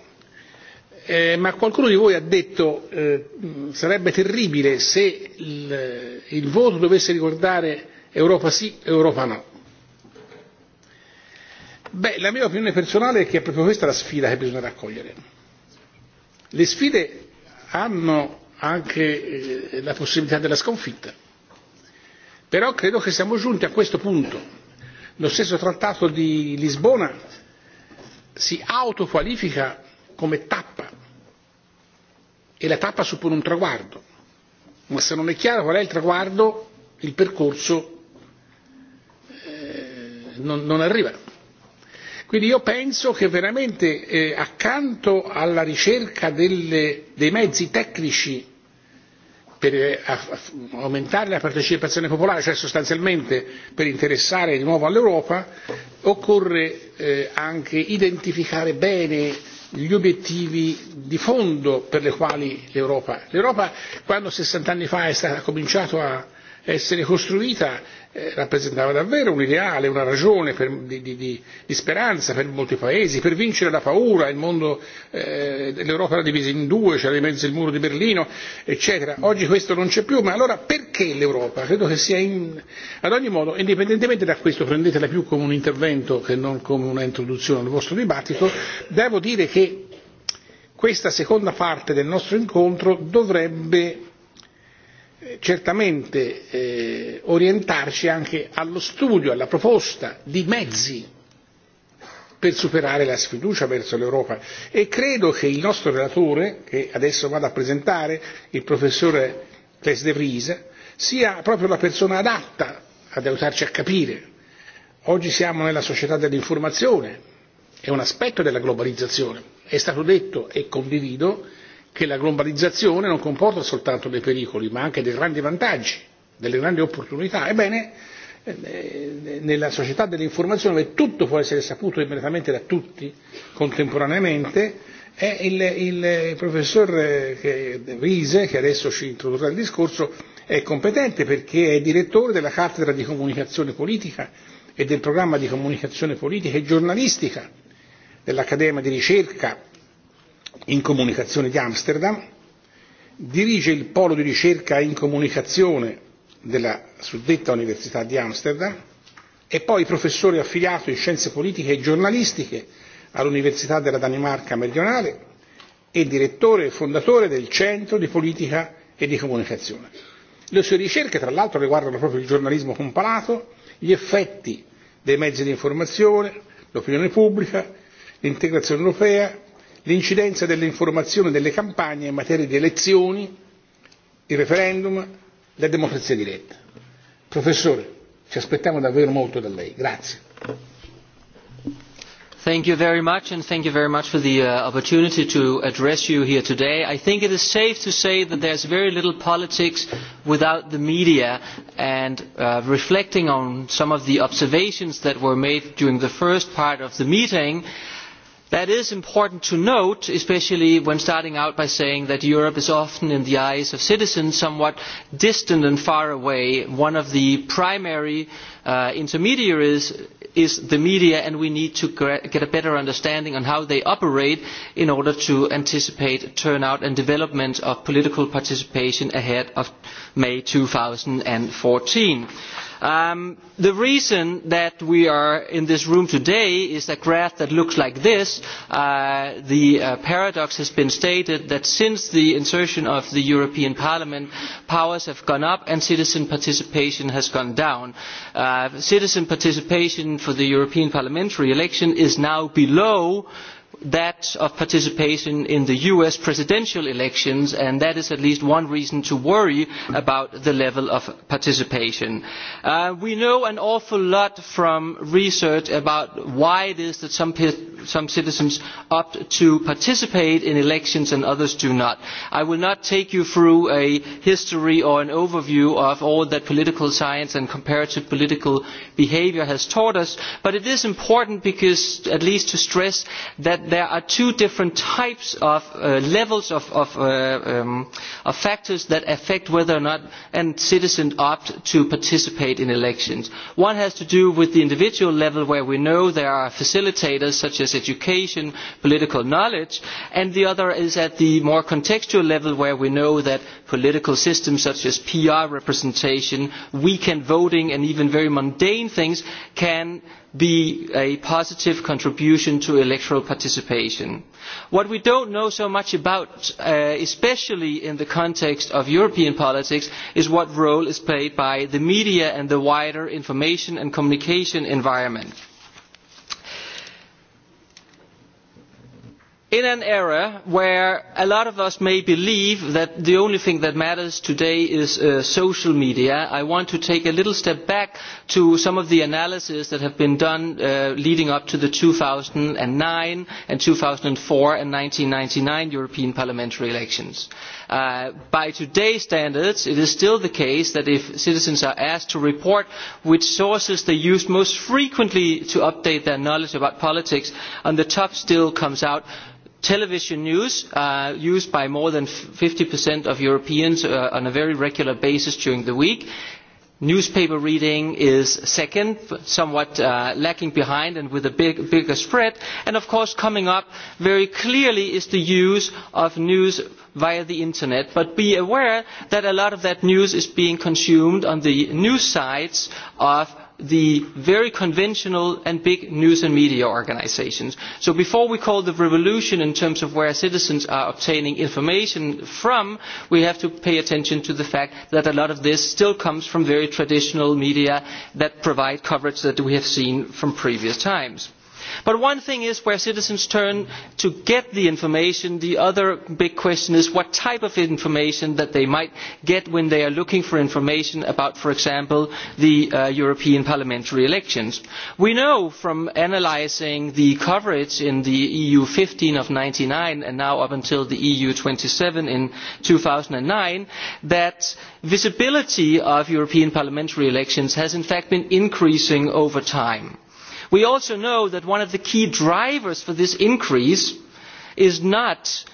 Eh, ma qualcuno di voi ha detto che eh, sarebbe terribile se il, il voto dovesse ricordare Europa sì, Europa no. Beh, la mia opinione personale è che è proprio questa la sfida che bisogna raccogliere le sfide hanno anche eh, la possibilità della sconfitta però credo che siamo giunti a questo punto lo stesso trattato di lisbona si autoqualifica come tappa e la tappa suppone un traguardo ma se non è chiaro qual è il traguardo il percorso eh, non, non arriva. Quindi io penso che veramente eh, accanto alla ricerca dei mezzi tecnici per eh, aumentare la partecipazione popolare, cioè sostanzialmente per interessare di nuovo all'Europa, occorre eh, anche identificare bene gli obiettivi di fondo per le quali l'Europa. L'Europa quando sessant'anni fa ha cominciato a essere costruita rappresentava davvero un ideale, una ragione per, di, di, di, di speranza per molti paesi, per vincere la paura, il mondo, eh, l'Europa era divisa in due, c'era di mezzo il muro di Berlino, eccetera. Oggi questo non c'è più, ma allora perché l'Europa? Credo che sia in... Ad ogni modo, indipendentemente da questo, prendetela più come un intervento che non come una introduzione al vostro dibattito, devo dire che questa seconda parte del nostro incontro dovrebbe certamente eh, orientarci anche allo studio, alla proposta di mezzi per superare la sfiducia verso l'Europa e credo che il nostro relatore, che adesso vado a presentare, il professore Tess De Vries, sia proprio la persona adatta ad aiutarci a capire. Oggi siamo nella società dell'informazione, è un aspetto della globalizzazione, è stato detto e condivido che la globalizzazione non comporta soltanto dei pericoli ma anche dei grandi vantaggi, delle grandi opportunità. Ebbene, eh, nella società dell'informazione dove tutto può essere saputo immediatamente da tutti contemporaneamente è il, il professor eh, Riese che adesso ci introdurrà il discorso è competente perché è direttore della cattedra di comunicazione politica e del programma di comunicazione politica e giornalistica dell'Accademia di ricerca in comunicazione di Amsterdam, dirige il polo di ricerca in comunicazione della suddetta Università di Amsterdam, è poi professore affiliato in scienze politiche e giornalistiche all'Università della Danimarca Meridionale e direttore e fondatore del Centro di Politica e di Comunicazione. Le sue ricerche, tra l'altro, riguardano proprio il giornalismo comparato, gli effetti dei mezzi di informazione, l'opinione pubblica, l'integrazione europea, l'incidenza dell'informazione delle campagne in materia di elezioni il referendum la democrazia diretta. professore ci aspettiamo davvero molto da lei grazie. Thank you very much, and thank you very much for the uh, opportunity to address you here today. I think it is safe to say that there's very little politics without the media, and uh, reflecting on some of the observations that were made during the first part of the meeting, that is important to note especially when starting out by saying that europe is often in the eyes of citizens somewhat distant and far away. one of the primary uh, intermediaries is the media and we need to get a better understanding on how they operate in order to anticipate turnout and development of political participation ahead of may. two thousand and fourteen Um, the reason that we are in this room today is that graph that looks like this. Uh, the uh, paradox has been stated that since the insertion of the European Parliament, powers have gone up and citizen participation has gone down. Uh, citizen participation for the European parliamentary election is now below that of participation in the us presidential elections and that is at least one reason to worry about the level of participation. Uh, we know an awful lot from research about why it is that some, some citizens opt to participate in elections and others do not. i will not take you through a history or an overview of all that political science and comparative political behaviour has taught us but it is important because, at least to stress that there are two different types of uh, levels of, of, uh, um, of factors that affect whether or not a citizen opts to participate in elections. One has to do with the individual level where we know there are facilitators such as education, political knowledge, and the other is at the more contextual level where we know that political systems such as PR representation, weekend voting and even very mundane things can be a positive contribution to electoral participation. What we don't know so much about, uh, especially in the context of European politics, is what role is played by the media and the wider information and communication environment in an era where a lot of us may believe that the only thing that matters today is uh, social media i want to take a little step back to some of the analyses that have been done uh, leading up to the two thousand and nine two thousand and four and one thousand nine hundred and ninety nine european parliamentary elections. Uh, by today's standards it is still the case that if citizens are asked to report which sources they use most frequently to update their knowledge about politics on the top still comes out television news uh, used by more than 50% of Europeans uh, on a very regular basis during the week. Newspaper reading is second, somewhat uh, lacking behind and with a big, bigger spread. And of course, coming up very clearly is the use of news via the internet. But be aware that a lot of that news is being consumed on the news sites of the very conventional and big news and media organisations. So before we call the revolution in terms of where citizens are obtaining information from, we have to pay attention to the fact that a lot of this still comes from very traditional media that provide coverage that we have seen from previous times but one thing is where citizens turn to get the information the other big question is what type of information that they might get when they are looking for information about for example the uh, european parliamentary elections. we know from analysing the coverage in the eu fifteen of one thousand nine hundred and ninety nine and now up until the eu twenty seven in two thousand and nine that visibility of european parliamentary elections has in fact been increasing over time we also know that one of the key drivers for this increase is not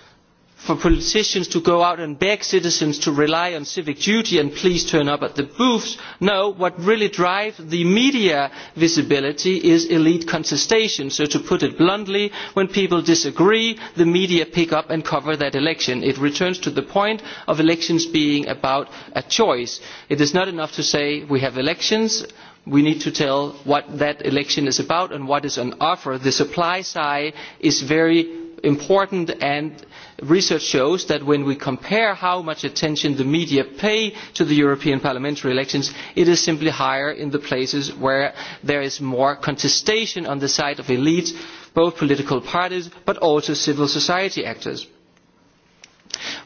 for politicians to go out and beg citizens to rely on civic duty and please turn up at the booths. No, what really drives the media visibility is elite contestation. So to put it bluntly, when people disagree, the media pick up and cover that election. It returns to the point of elections being about a choice. It is not enough to say we have elections, we need to tell what that election is about and what is on offer. The supply side is very important and research shows that when we compare how much attention the media pay to the European parliamentary elections, it is simply higher in the places where there is more contestation on the side of elites, both political parties but also civil society actors.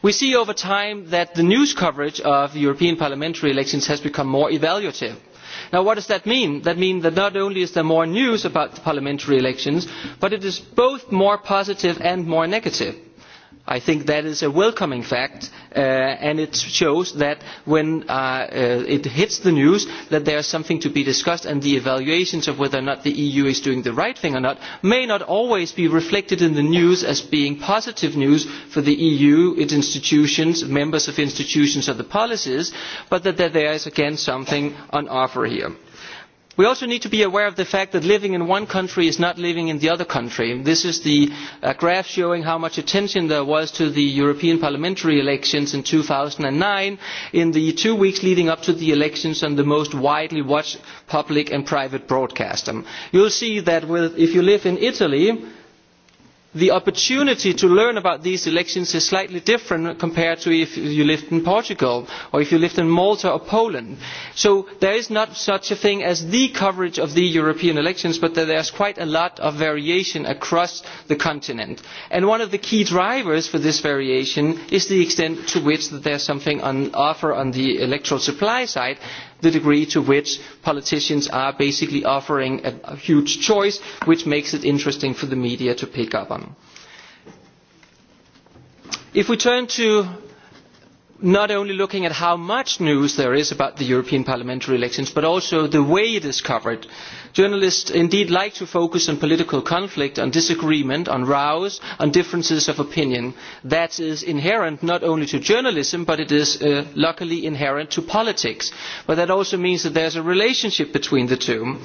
We see over time that the news coverage of European parliamentary elections has become more evaluative Now, what does that mean? That means that not only is there more news about the parliamentary elections, but it is both more positive and more negative I think that is a welcoming fact uh, and it shows that when uh, uh, it hits the news that there is something to be discussed and the evaluations of whether or not the EU is doing the right thing or not may not always be reflected in the news as being positive news for the EU, its institutions, members of institutions or the policies, but that, that there is again something on offer here we also need to be aware of the fact that living in one country is not living in the other country. this is the uh, graph showing how much attention there was to the european parliamentary elections in two thousand and nine in the two weeks leading up to the elections on the most widely watched public and private broadcaster. Um, you will see that with, if you live in italy the opportunity to learn about these elections is slightly different compared to if you lived in Portugal or if you lived in Malta or Poland. So there is not such a thing as the coverage of the European elections, but there is quite a lot of variation across the continent. And one of the key drivers for this variation is the extent to which there is something on offer on the electoral supply side the degree to which politicians are basically offering a, a huge choice, which makes it interesting for the media to pick up on. If we turn to not only looking at how much news there is about the European parliamentary elections, but also the way it is covered, uh, journalists indeed like to focus on political conflict on disagreement on rows on differences of opinion. that is inherent not only to journalism but it is uh, luckily inherent to politics. but that also means that there is a relationship between the two.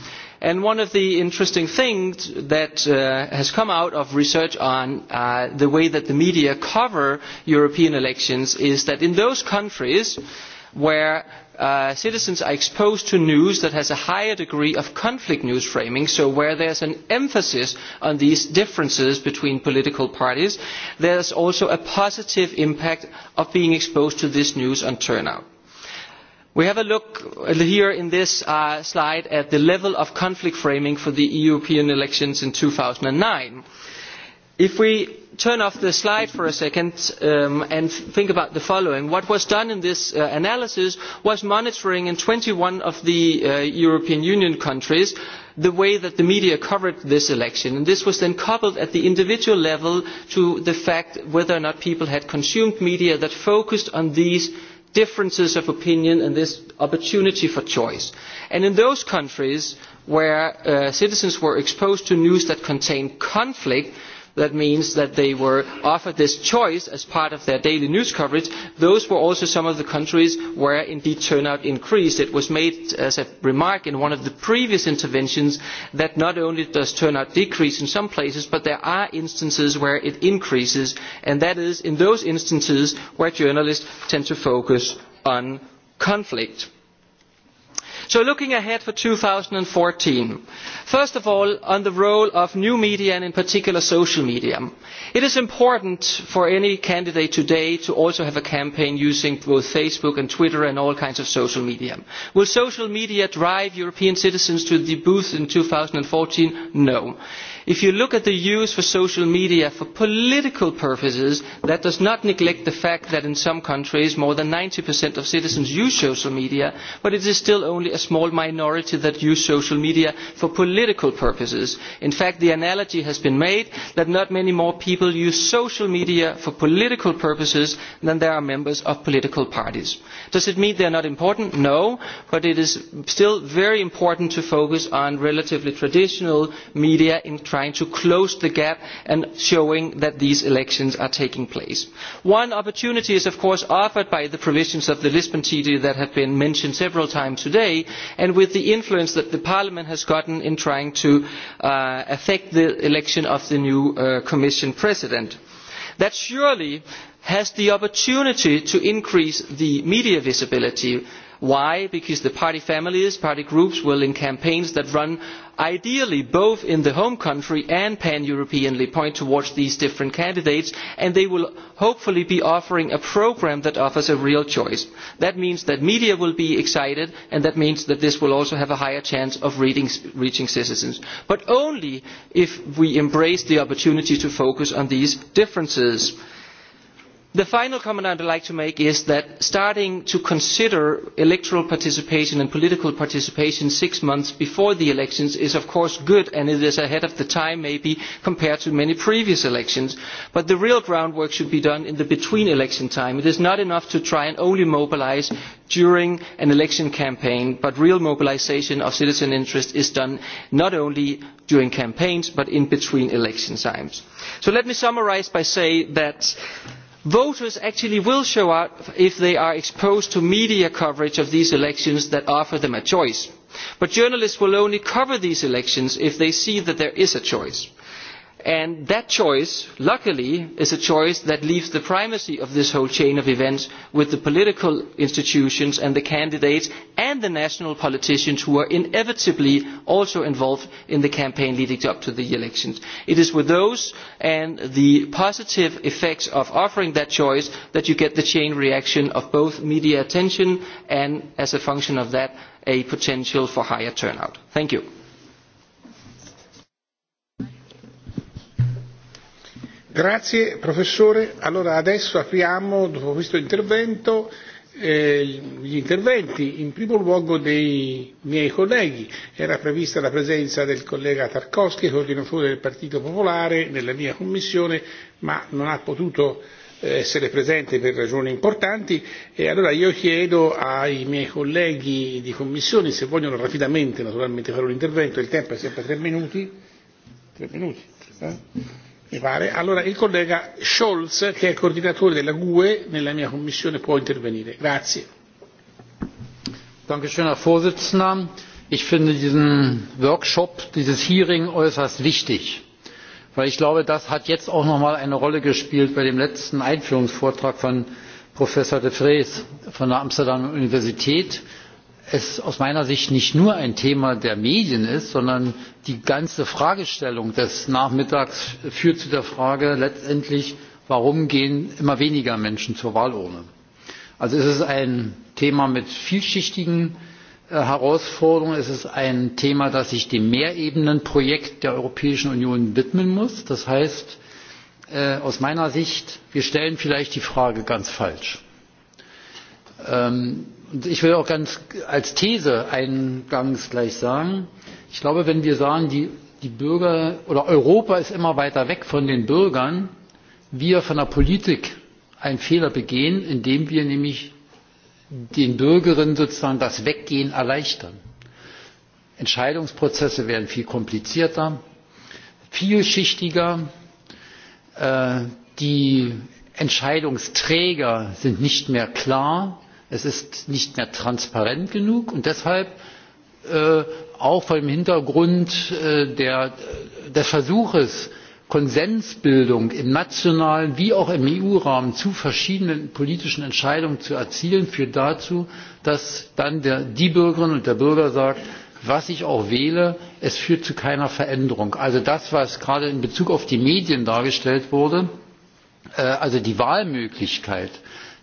And one of the interesting things that uh, has come out of research on uh, the way that the media cover European elections is that in those countries where Uh, citizens are exposed to news that has a higher degree of conflict news framing so where there is an emphasis on these differences between political parties there is also a positive impact of being exposed to this news on turnout. We have a look here in this uh, slide at the level of conflict framing for the European elections in 2009. If we turn off the slide for a second um, and think about the following. What was done in this uh, analysis was monitoring in 21 of the uh, European Union countries the way that the media covered this election. And this was then coupled at the individual level to the fact whether or not people had consumed media that focused on these differences of opinion and this opportunity for choice. And in those countries where uh, citizens were exposed to news that contained conflict, that means that they were offered this choice as part of their daily news coverage. Those were also some of the countries where indeed turnout increased. It was made as a remark in one of the previous interventions that not only does turnout decrease in some places, but there are instances where it increases, and that is in those instances where journalists tend to focus on conflict so looking ahead for two thousand and fourteen first of all on the role of new media and in particular social media it is important for any candidate today to also have a campaign using both facebook and twitter and all kinds of social media. will social media drive european citizens to the booth in two thousand and fourteen? no. If you look at the use for social media for political purposes, that does not neglect the fact that in some countries more than 90% of citizens use social media, but it is still only a small minority that use social media for political purposes. In fact, the analogy has been made that not many more people use social media for political purposes than there are members of political parties. Does it mean they are not important? No, but it is still very important to focus on relatively traditional media in trying to close the gap and showing that these elections are taking place. One opportunity is of course offered by the provisions of the Lisbon Treaty that have been mentioned several times today and with the influence that the Parliament has gotten in trying to uh, affect the election of the new uh, Commission President. That surely has the opportunity to increase the media visibility why? because the party families party groups will in campaigns that run ideally both in the home country and pan europeanly point towards these different candidates and they will hopefully be offering a programme that offers a real choice. that means that media will be excited and that means that this will also have a higher chance of reaching citizens but only if we embrace the opportunity to focus on these differences the final comment i would like to make is that starting to consider electoral participation and political participation six months before the elections is of course good and it is ahead of the time maybe compared to many previous elections but the real groundwork should be done in the between election time. it is not enough to try and only mobilise during an election campaign but real mobilisation of citizen interest is done not only during campaigns but in between election times. so let me summarise by saying that voters actually will show up if they are exposed to media coverage of these elections that offer them a choice but journalists will only cover these elections if they see that there is a choice and that choice luckily is a choice that leaves the primacy of this whole chain of events with the political institutions and the candidates and the national politicians who are inevitably also involved in the campaign leading up to the elections. it is with those and the positive effects of offering that choice that you get the chain reaction of both media attention and as a function of that a potential for higher turnout. thank you. Grazie professore. Allora adesso apriamo, dopo questo intervento, eh, gli interventi, in primo luogo dei miei colleghi. Era prevista la presenza del collega Tarkovsky, coordinatore del Partito Popolare, nella mia commissione, ma non ha potuto eh, essere presente per ragioni importanti e allora io chiedo ai miei colleghi di commissione se vogliono rapidamente naturalmente fare un intervento, il tempo è sempre tre minuti, tre minuti, eh? mi pare. Allora il collega Scholz, che è coordinatore della GUE nella mia commissione, può intervenire. Grazie. Dankeschön, Herr Vorsitzender. Ich finde diesen Workshop, dieses Hearing äußerst wichtig, weil ich glaube, das hat jetzt auch noch mal eine Rolle gespielt bei dem letzten Einführungsvortrag von Professor de Vries von der Amsterdamer Universität es aus meiner sicht nicht nur ein thema der medien ist sondern die ganze fragestellung des nachmittags führt zu der frage letztendlich warum gehen immer weniger menschen zur wahlurne? also es ist ein thema mit vielschichtigen äh, herausforderungen es ist ein thema das sich dem mehrebenenprojekt der europäischen union widmen muss. das heißt äh, aus meiner sicht wir stellen vielleicht die frage ganz falsch. Ähm, ich will auch ganz als these eingangs gleich sagen ich glaube wenn wir sagen die, bürger oder europa ist immer weiter weg von den bürgern wir von der politik einen fehler begehen indem wir nämlich den bürgerinnen sozusagen das weggehen erleichtern. entscheidungsprozesse werden viel komplizierter vielschichtiger äh, die entscheidungsträger sind nicht mehr klar es ist nicht mehr transparent genug und deshalb äh, auch vor dem hintergrund äh, des versuches konsensbildung im nationalen wie auch im eu rahmen zu verschiedenen politischen entscheidungen zu erzielen führt dazu dass dann die bürgerin und der bürger sagt was ich auch wähle es führt zu keiner veränderung. also das was gerade in bezug auf die medien dargestellt wurde äh, also die wahlmöglichkeit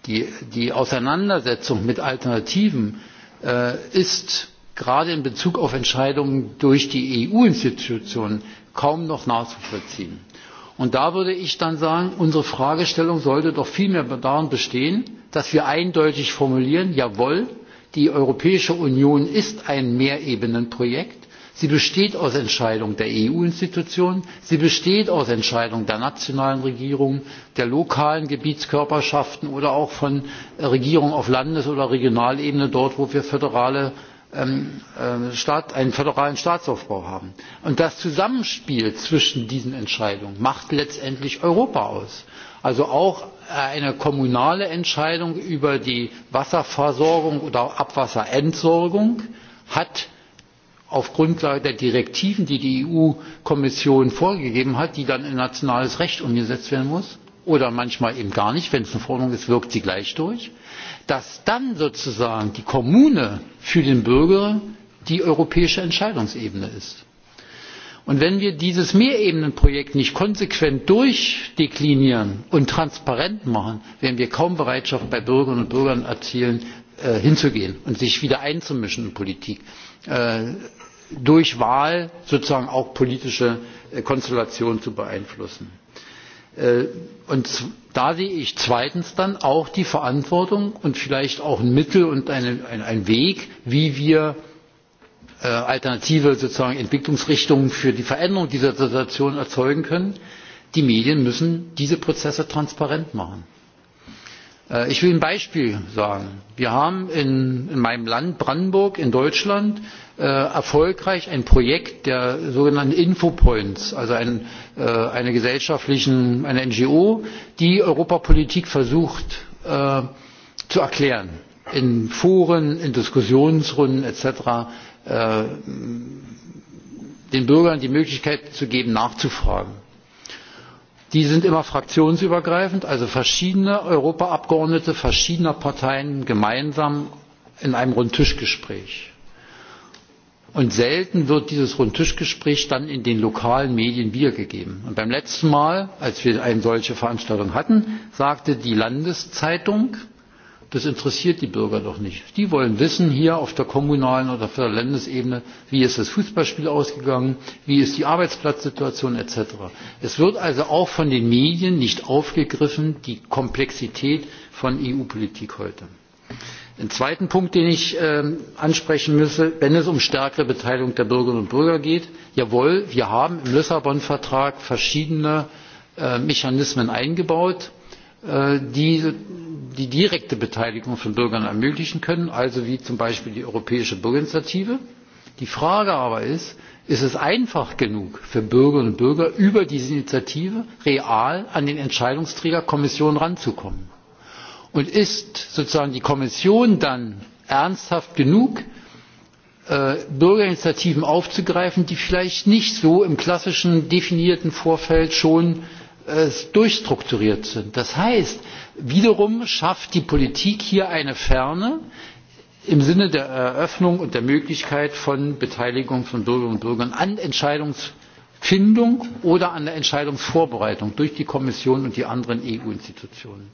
die, auseinandersetzung mit alternativen äh, ist gerade in bezug auf entscheidungen durch die eu institutionen kaum noch nachzuvollziehen. da würde ich dann sagen unsere fragestellung sollte doch vielmehr darin bestehen dass wir eindeutig formulieren jawohl die europäische union ist ein mehrebenenprojekt sie besteht aus entscheidungen der eu institutionen sie besteht aus entscheidungen der nationalen regierungen der lokalen gebietskörperschaften oder auch von regierungen auf landes oder regionalebene dort wo wir ähm, ähm, einen föderalen staatsaufbau haben. und das zusammenspiel zwischen diesen entscheidungen macht letztendlich europa aus also auch eine kommunale entscheidung über die wasserversorgung oder abwasserentsorgung hat auf grundlage der direktiven die die eu kommission vorgegeben hat die dann in nationales recht umgesetzt werden muss oder manchmal eben gar nicht wenn es eine verordnung ist wirkt sie gleich durch dass dann sozusagen die kommune für den bürger die europäische entscheidungsebene ist. Und wenn wir dieses mehrebenenprojekt nicht konsequent durchdeklinieren und transparent machen werden wir kaum bereitschaft bei bürgerinnen und bürgern erzielen äh, hinzugehen und sich wieder einzumischen in politik. Äh, durch wahl sozusagen auch politische äh, konstellationen zu beeinflussen. Äh, und da sehe ich zweitens dann auch die verantwortung und vielleicht auch ein mittel und einen weg wie wir äh, alternative sozusagen entwicklungsrichtungen für die veränderung dieser situation erzeugen können die medien müssen diese prozesse transparent machen. Äh, ich will ein beispiel sagen wir haben in, meinem land brandenburg in deutschland äh, erfolgreich ein projekt der sogenannten infopoints also äh, einer gesellschaftlichen ngo die europapolitik versucht zu erklären in foren in diskussionsrunden etc. den bürgern die möglichkeit zu geben nachzufragen die sind immer fraktionsübergreifend also verschiedene europaabgeordnete verschiedener parteien gemeinsam in einem rundtischgespräch. Und selten wird dieses rundtischgespräch dann in den lokalen medien wiedergegeben. beim letzten mal als wir eine solche veranstaltung hatten sagte die landeszeitung das interessiert die bürger doch nicht. die wollen wissen hier auf der kommunalen oder auf der landesebene wie ist das fußballspiel ausgegangen wie ist die arbeitsplatzsituation etc. es wird also auch von den medien nicht aufgegriffen die komplexität von eu politik heute. ein zweiter punkt den ich äh, ansprechen müsse wenn es um stärkere beteiligung der bürgerinnen und bürger geht jawohl wir haben im lissabon vertrag verschiedene äh, mechanismen eingebaut Äh, die die direkte beteiligung von bürgern ermöglichen können also wie zum beispiel die europäische bürgerinitiative. die frage aber ist ist es einfach genug für bürgerinnen und bürger über diese initiative real an den entscheidungsträger kommission heranzukommen? und ist sozusagen die kommission dann ernsthaft genug äh, bürgerinitiativen aufzugreifen die vielleicht nicht so im klassischen definierten vorfeld schon durchstrukturiert sind. das heißt wiederum schafft die politik hier eine ferne im sinne der eröffnung und der möglichkeit von beteiligung von bürgerinnen und bürgern an entscheidungsfindung oder an der entscheidungsvorbereitung durch die kommission und die anderen eu institutionen.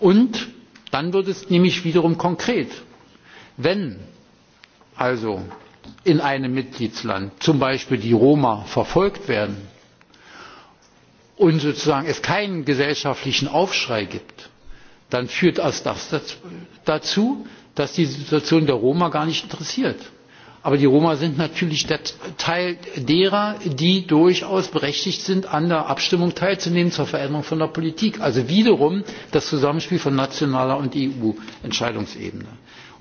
und dann wird es nämlich wiederum konkret wenn also in einem mitgliedsland zum beispiel die roma verfolgt werden und es sozusagen keinen gesellschaftlichen aufschrei gibt dann führt das dazu dass die situation der roma gar nicht interessiert. aber die roma sind natürlich teil derer die durchaus berechtigt sind an der abstimmung teilzunehmen zur veränderung von der politik also wiederum das zusammenspiel von nationaler und eu entscheidungsebene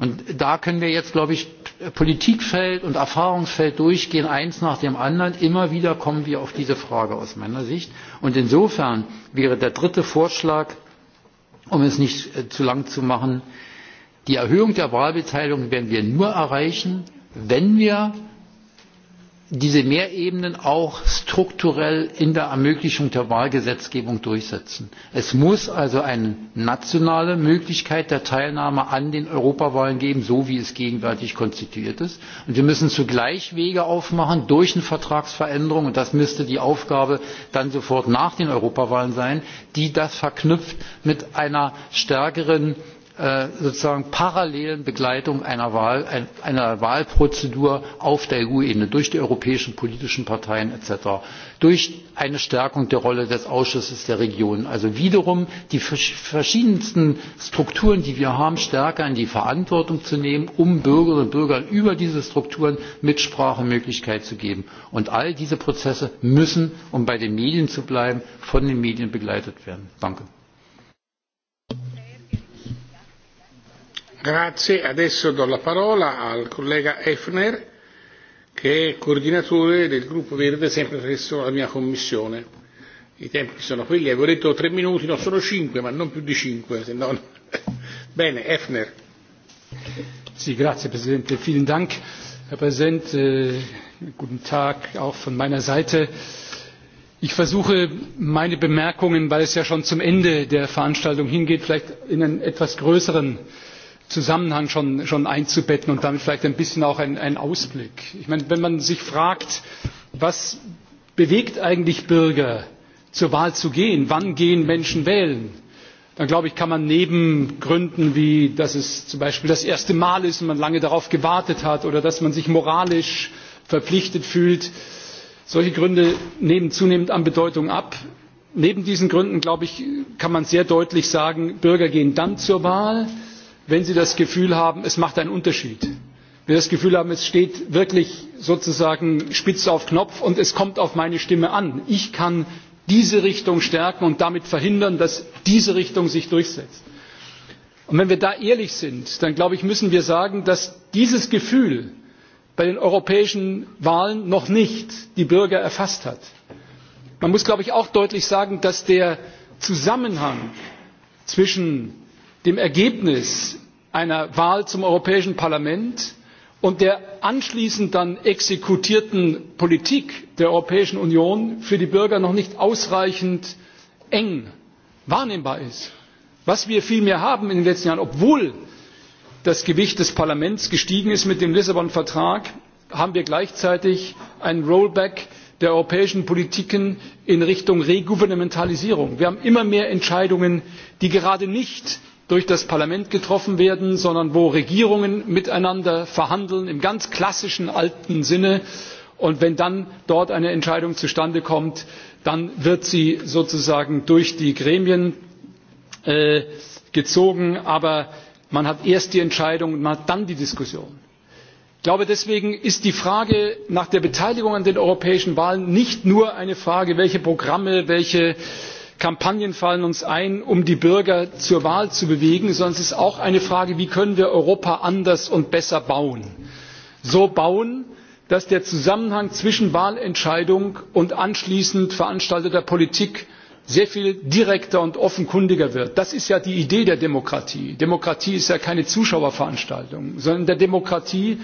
und da können wir jetzt glaube ich politikfeld und erfahrungsfeld durchgehen eins nach dem anderen immer wieder kommen wir auf diese frage aus meiner sicht und insofern wäre der dritte vorschlag um es nicht äh, zu lang zu machen die erhöhung der wahlbeteiligung werden wir nur erreichen wenn wir diese mehrebenen auch strukturell in der ermöglichung der wahlgesetzgebung durchsetzen. es muss also eine nationale möglichkeit der teilnahme an den europawahlen geben so wie es gegenwärtig konstituiert ist und wir müssen zugleich wege aufmachen durch eine vertragsveränderung und das müsste die aufgabe dann sofort nach den europawahlen sein die das verknüpft mit einer stärkeren Äh, sozusagen parallelen begleitung einer, wahlprozedur auf der eu ebene durch die europäischen politischen parteien etc. durch eine stärkung der rolle des ausschusses der regionen also wiederum die verschiedensten strukturen die wir haben stärker in die verantwortung zu nehmen um bürgerinnen und bürgern über diese strukturen mitsprachemöglichkeit zu geben. und all diese prozesse müssen um bei den medien zu bleiben von den medien begleitet werden. Grazie, adesso do la parola al collega Efner che è coordinatore del gruppo Verde sempre presso la mia commissione. I tempi sono quelli, avevo detto tre minuti, no sono cinque, ma non più di cinque, se no... [LAUGHS] Bene, Efner. Sì, grazie Presidente, vielen Dank. Herr Präsident, äh, guten Tag auch von meiner Seite. Ich versuche meine Bemerkungen, weil es ja schon zum Ende der Veranstaltung hingeht, vielleicht in einen etwas größeren Zusammenhang schon, schon einzubetten und damit vielleicht ein bisschen auch ein, ein Ausblick. Ich meine, wenn man sich fragt, was bewegt eigentlich Bürger, zur Wahl zu gehen, wann gehen Menschen wählen, dann glaube ich, kann man neben Gründen wie, dass es zum Beispiel das erste Mal ist und man lange darauf gewartet hat oder dass man sich moralisch verpflichtet fühlt, solche Gründe nehmen zunehmend an Bedeutung ab. Neben diesen Gründen, glaube ich, kann man sehr deutlich sagen, Bürger gehen dann zur Wahl, wenn sie das gefühl haben es macht einen unterschied wenn sie das gefühl haben es steht wirklich sozusagen spitz auf knopf und es kommt auf meine stimme an ich kann diese richtung stärken und damit verhindern dass diese richtung sich durchsetzt. Und wenn wir da ehrlich sind dann glaube ich müssen wir sagen dass dieses gefühl bei den europäischen wahlen noch nicht die bürger erfasst hat. man muss glaube ich auch deutlich sagen dass der zusammenhang zwischen dem ergebnis einer wahl zum europäischen parlament und der anschließend dann exekutierten politik der europäischen union für die bürger noch nicht ausreichend eng wahrnehmbar ist. was wir vielmehr haben in den letzten jahren obwohl das gewicht des parlaments gestiegen ist mit dem lissabon vertrag haben wir gleichzeitig ein rollback der europäischen politiken in richtung regouvernementalisierung. wir haben immer mehr entscheidungen die gerade nicht durch das parlament getroffen werden sondern wo regierungen miteinander verhandeln im ganz klassischen alten sinne und wenn dann dort eine entscheidung zustande kommt dann wird sie sozusagen durch die gremien äh, gezogen aber man hat erst die entscheidung und dann die diskussion. ich glaube deswegen ist die frage nach der beteiligung an den europäischen wahlen nicht nur eine frage welche programme welche kampagnen fallen uns ein um die bürger zur wahl zu bewegen sondern es ist auch eine frage wie können wir europa anders und besser bauen so bauen dass der zusammenhang zwischen wahlentscheidung und anschließend veranstalteter politik sehr viel direkter und offenkundiger wird. das ist ja die idee der demokratie. demokratie ist ja keine zuschauerveranstaltung sondern in der demokratie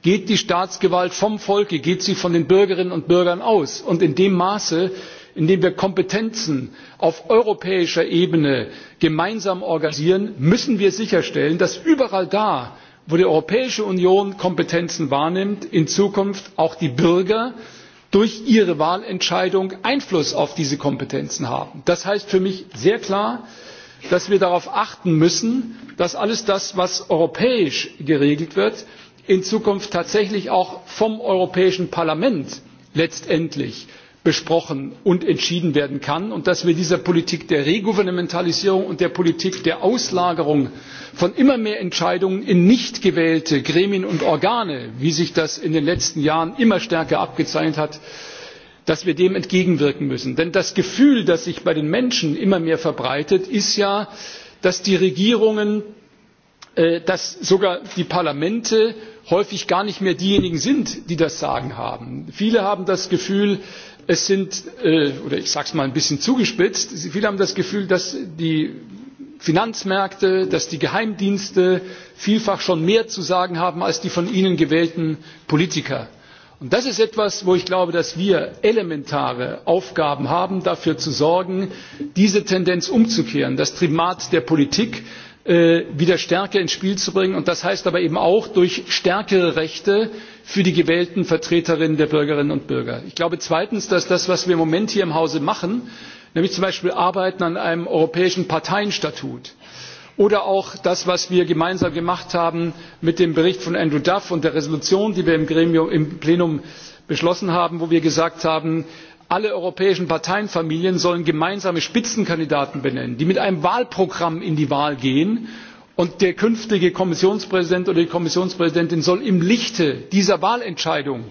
geht die staatsgewalt vom volke geht sie von den bürgerinnen und bürgern aus und in dem maße indem wir kompetenzen auf europäischer ebene gemeinsam organisieren müssen wir sicherstellen dass überall da wo die europäische union kompetenzen wahrnimmt in zukunft auch die bürger durch ihre wahlentscheidung einfluss auf diese kompetenzen haben. das heißt für mich sehr klar dass wir darauf achten müssen dass alles das was europäisch geregelt wird in zukunft tatsächlich auch vom europäischen parlament letztendlich besprochen und entschieden werden kann und dass wir dieser politik der regouvernementalisierung und der politik der auslagerung von immer mehr entscheidungen in nicht gewählte gremien und organe wie sich das in den letzten jahren immer stärker abgezeichnet hat entgegenwirken müssen. denn das gefühl das sich bei den menschen immer mehr verbreitet ist ja dass die regierungen äh, dass sogar die parlamente häufig gar nicht mehr diejenigen sind die das sagen haben. viele haben das gefühl es sind äh, oder ich sage es mal ein bisschen zugespitzt viele haben das gefühl dass die finanzmärkte dass die geheimdienste vielfach schon mehr zu sagen haben als die von ihnen gewählten politiker. Und das ist etwas wo ich glaube dass wir elementare aufgaben haben dafür zu sorgen diese tendenz umzukehren das primat der politik äh, wieder stärker ins spiel zu bringen und das heißt aber eben auch durch stärkere rechte für die gewählten vertreterinnen der bürgerinnen und bürger. ich glaube zweitens dass das was wir im moment hier im hause machen nämlich zum beispiel arbeiten an einem europäischen parteienstatut oder auch das was wir gemeinsam gemacht haben mit dem bericht von andrew duff und der entschließung die wir im, Gremium, im plenum beschlossen haben wo wir gesagt haben alle europäischen parteienfamilien sollen gemeinsame spitzenkandidaten benennen die mit einem wahlprogramm in die wahl gehen und der künftige kommissionspräsident oder die kommissionspräsidentin soll im lichte dieser wahlentscheidung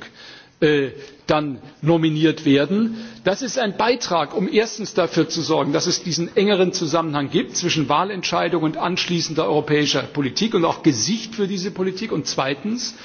äh, dann nominiert werden. das ist ein beitrag um erstens dafür zu sorgen dass es diesen engeren zusammenhang gibt zwischen wahlentscheidung und anschließender europäischer politik und auch gesicht für diese politik und zweitens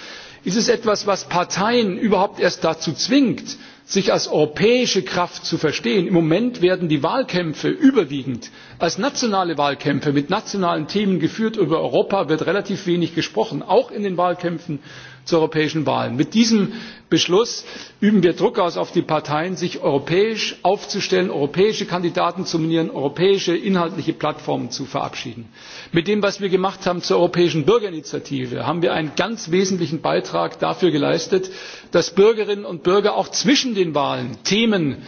ist es etwas was parteien überhaupt erst dazu zwingt sich als europäische kraft zu verstehen. im moment werden die wahlkämpfe überwiegend als nationale wahlkämpfe mit nationalen themen geführt. über europa wird relativ wenig gesprochen auch in den wahlkämpfen zu europäischen wahlen. mit diesem beschluss üben wir druck aus auf die parteien sich europäisch aufzustellen europäische kandidaten zu nominieren europäische inhaltliche plattformen zu verabschieden. mit dem was wir gemacht haben zur europäischen bürgerinitiative haben wir einen ganz wesentlichen beitrag dafür geleistet dass bürgerinnen und bürger auch zwischen den wahlen themen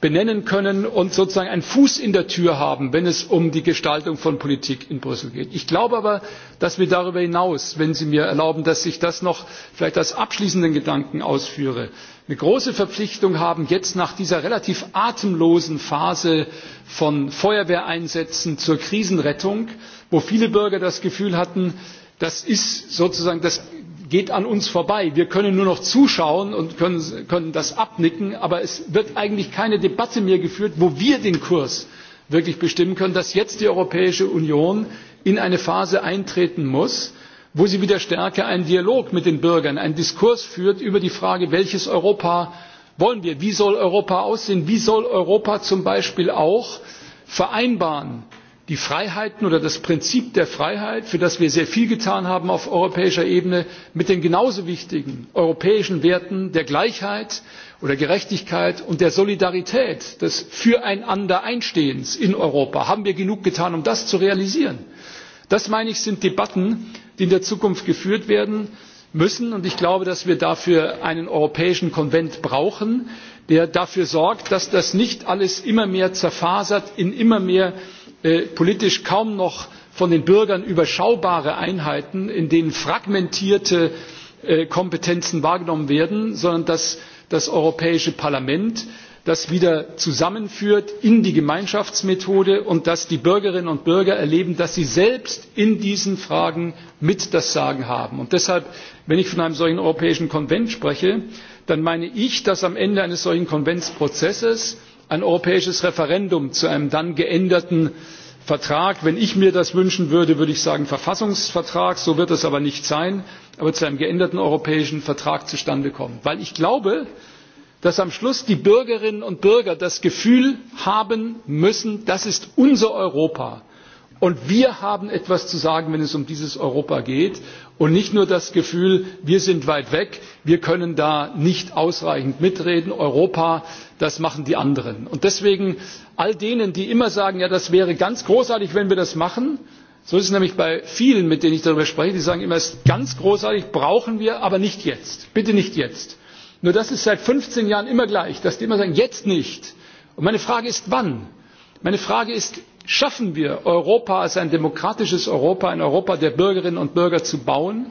benennen können und sozusagen einen fuß in der tür haben wenn es um die gestaltung von politik in brüssel geht. ich glaube aber dass wir darüber hinaus wenn sie mir erlauben dass ich das noch vielleicht als abschließenden gedanken ausführe eine große verpflichtung haben jetzt nach dieser relativ atemlosen phase von feuerwehreinsätzen zur krisenrettung wo viele bürger das gefühl hatten das ist sozusagen geht an uns vorbei. wir können nur noch zuschauen und können, können das abnicken aber es wird eigentlich keine debatte mehr geführt wo wir den kurs wirklich bestimmen können dass jetzt die europäische union in eine phase eintreten muss wo sie wieder stärker einen dialog mit den bürgern einen diskurs führt über die frage welches europa wollen wir wie soll europa aussehen wie soll europa zum beispiel auch vereinbaren die freiheiten oder das prinzip der freiheit für das wir sehr viel getan haben auf europäischer ebene mit den genauso wichtigen europäischen werten der gleichheit oder gerechtigkeit und der solidarität des Füreinander-Einstehens in europa haben wir genug getan um das zu realisieren? das meine ich sind debatten die in der zukunft geführt werden müssen und ich glaube dass wir dafür einen europäischen konvent brauchen der dafür sorgt dass das nicht alles immer mehr zerfasert in immer mehr Äh, politisch kaum noch von den bürgern überschaubare einheiten in denen fragmentierte äh, kompetenzen wahrgenommen werden sondern dass das europäische parlament das wieder zusammenführt in die gemeinschaftsmethode und dass die bürgerinnen und bürger erleben dass sie selbst in diesen fragen mit das sagen haben. Und deshalb wenn ich von einem solchen europäischen konvent spreche dann meine ich dass am ende eines solchen konventsprozesses ein europäisches referendum zu einem dann geänderten vertrag wenn ich mir das wünschen würde würde ich sagen verfassungsvertrag so wird es aber nicht sein aber zu einem geänderten europäischen vertrag zustande kommen weil ich glaube dass am schluss die bürgerinnen und bürger das gefühl haben müssen das ist unser europa und wir haben etwas zu sagen wenn es um dieses europa geht und nicht nur das gefühl wir sind weit weg wir können da nicht ausreichend mitreden europa das machen die anderen. und deswegen all denen die immer sagen ja das wäre ganz großartig wenn wir das machen so ist es nämlich bei vielen mit denen ich darüber spreche die sagen immer es ist ganz großartig brauchen wir aber nicht jetzt bitte nicht jetzt. nur das ist seit fünfzehn jahren immer gleich dass die immer sagen jetzt nicht. und meine frage ist wann? meine frage schaffen wir europa als ein demokratisches europa ein europa der bürgerinnen und bürger zu bauen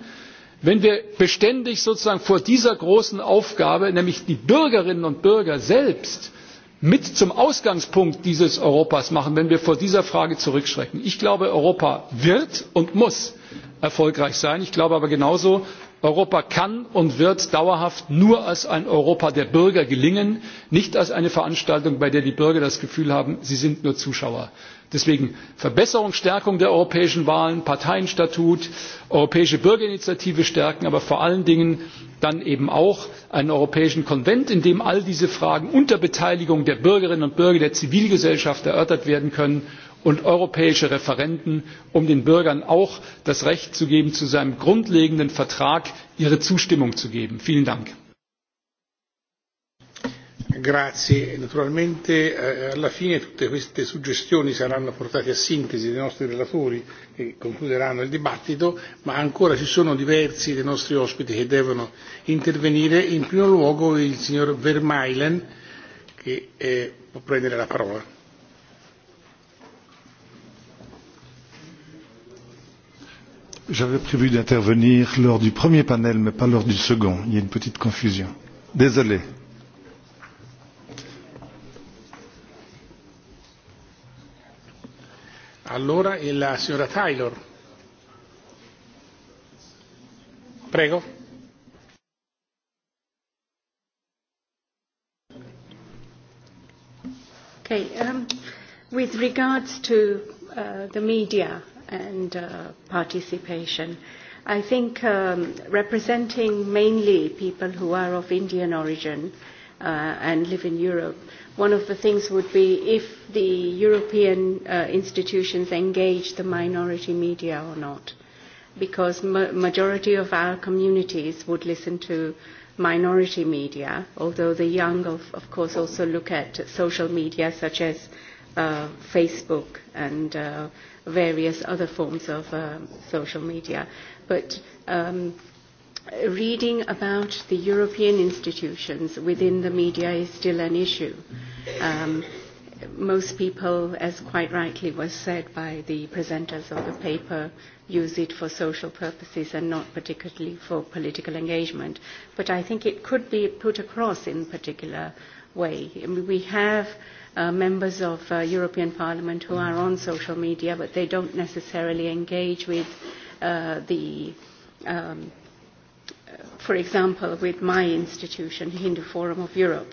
wenn wir beständig sozusagen vor dieser großen aufgabe nämlich die bürgerinnen und bürger selbst mit zum ausgangspunkt dieses europas machen wenn wir vor dieser frage zurückschrecken? ich glaube europa wird und muss erfolgreich sein. ich glaube aber genauso europa kann und wird dauerhaft nur als ein europa der bürger gelingen nicht als eine veranstaltung bei der die bürger das gefühl haben sie sind nur zuschauer. deswegen verbesserung stärkung der europäischen wahlen parteienstatut europäische bürgerinitiative stärken aber vor allen dingen dann eben auch einen europäischen konvent in dem all diese fragen unter beteiligung der bürgerinnen und bürger der zivilgesellschaft erörtert werden können und europäische referenden um den bürgern auch das recht zu geben zu seinem grundlegenden vertrag ihre zustimmung zu geben. vielen dank! naturalmente eh, alla fine tutte queste suggestioni saranno portate a sintesi dai nostri relatori che concluderanno il dibattito ma ancora ci sono diversi dei nostri ospiti che devono intervenire in primo luogo il signor vermeulen che eh, può prendere la parola. J'avais prévu d'intervenir lors du premier panel, mais pas lors du second. Il y a une petite confusion. Désolé. Allora e la signora Taylor. Prego. Okay, um, with regards to uh, the media, and uh, participation. I think um, representing mainly people who are of Indian origin uh, and live in Europe, one of the things would be if the European uh, institutions engage the minority media or not, because ma- majority of our communities would listen to minority media, although the young, of, of course, also look at social media such as uh, Facebook and uh, various other forms of uh, social media. But um, reading about the European institutions within the media is still an issue. Um, most people, as quite rightly was said by the presenters of the paper, use it for social purposes and not particularly for political engagement. But I think it could be put across in a particular way. I mean, we have Uh, members of uh, European Parliament who are on social media, but they don't necessarily engage with uh, the, um, uh, for example, with my institution, Hindu Forum of Europe.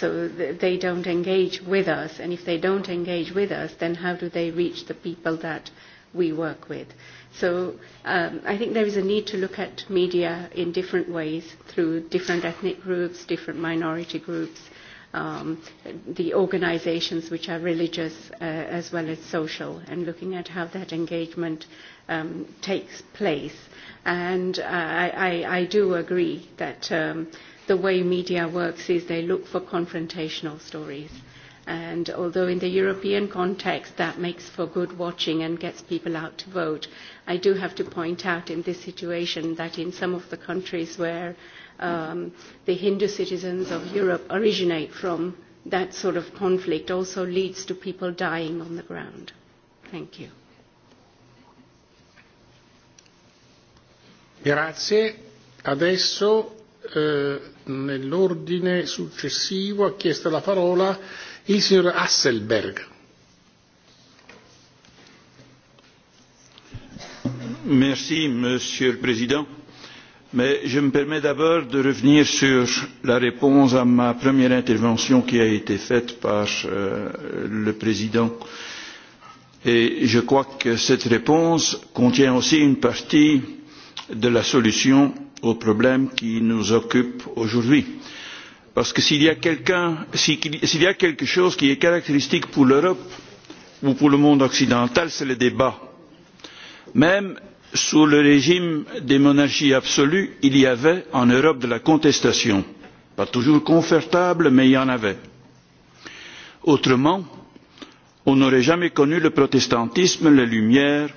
So th they don't engage with us, and if they don't engage with us, then how do they reach the people that we work with. So um, I think there is a need to look at media in different ways through different ethnic groups, different minority groups, um, the organizations which are religious uh, as well as social and looking at how that engagement um, takes place. And I, I, I do agree that um, the way media works is they look for confrontational stories. And although in the European context that makes for good watching and gets people out to vote, I do have to point out in this situation that in some of the countries where uh, um, the Hindu citizens of Europe originate from, that sort of conflict also leads to people dying on the ground. Thank you. Grazie. Adesso eh, nell'ordine successivo ha chiesto la parola il signor Hasselberg. Merci, Monsieur le Président mais je me permets d'abord de revenir sur la réponse à ma première intervention qui a été faite par euh, le président et je crois que cette réponse contient aussi une partie de la solution au problème qui nous occupe aujourd'hui parce que s'il y, si, y a quelque chose qui est caractéristique pour l'europe ou pour le monde occidental c'est le débat même sous le régime des monarchies absolues il y avait en europe de la contestation pas toujours confortable mais il y en avait. autrement on n'aurait jamais connu le protestantisme les lumières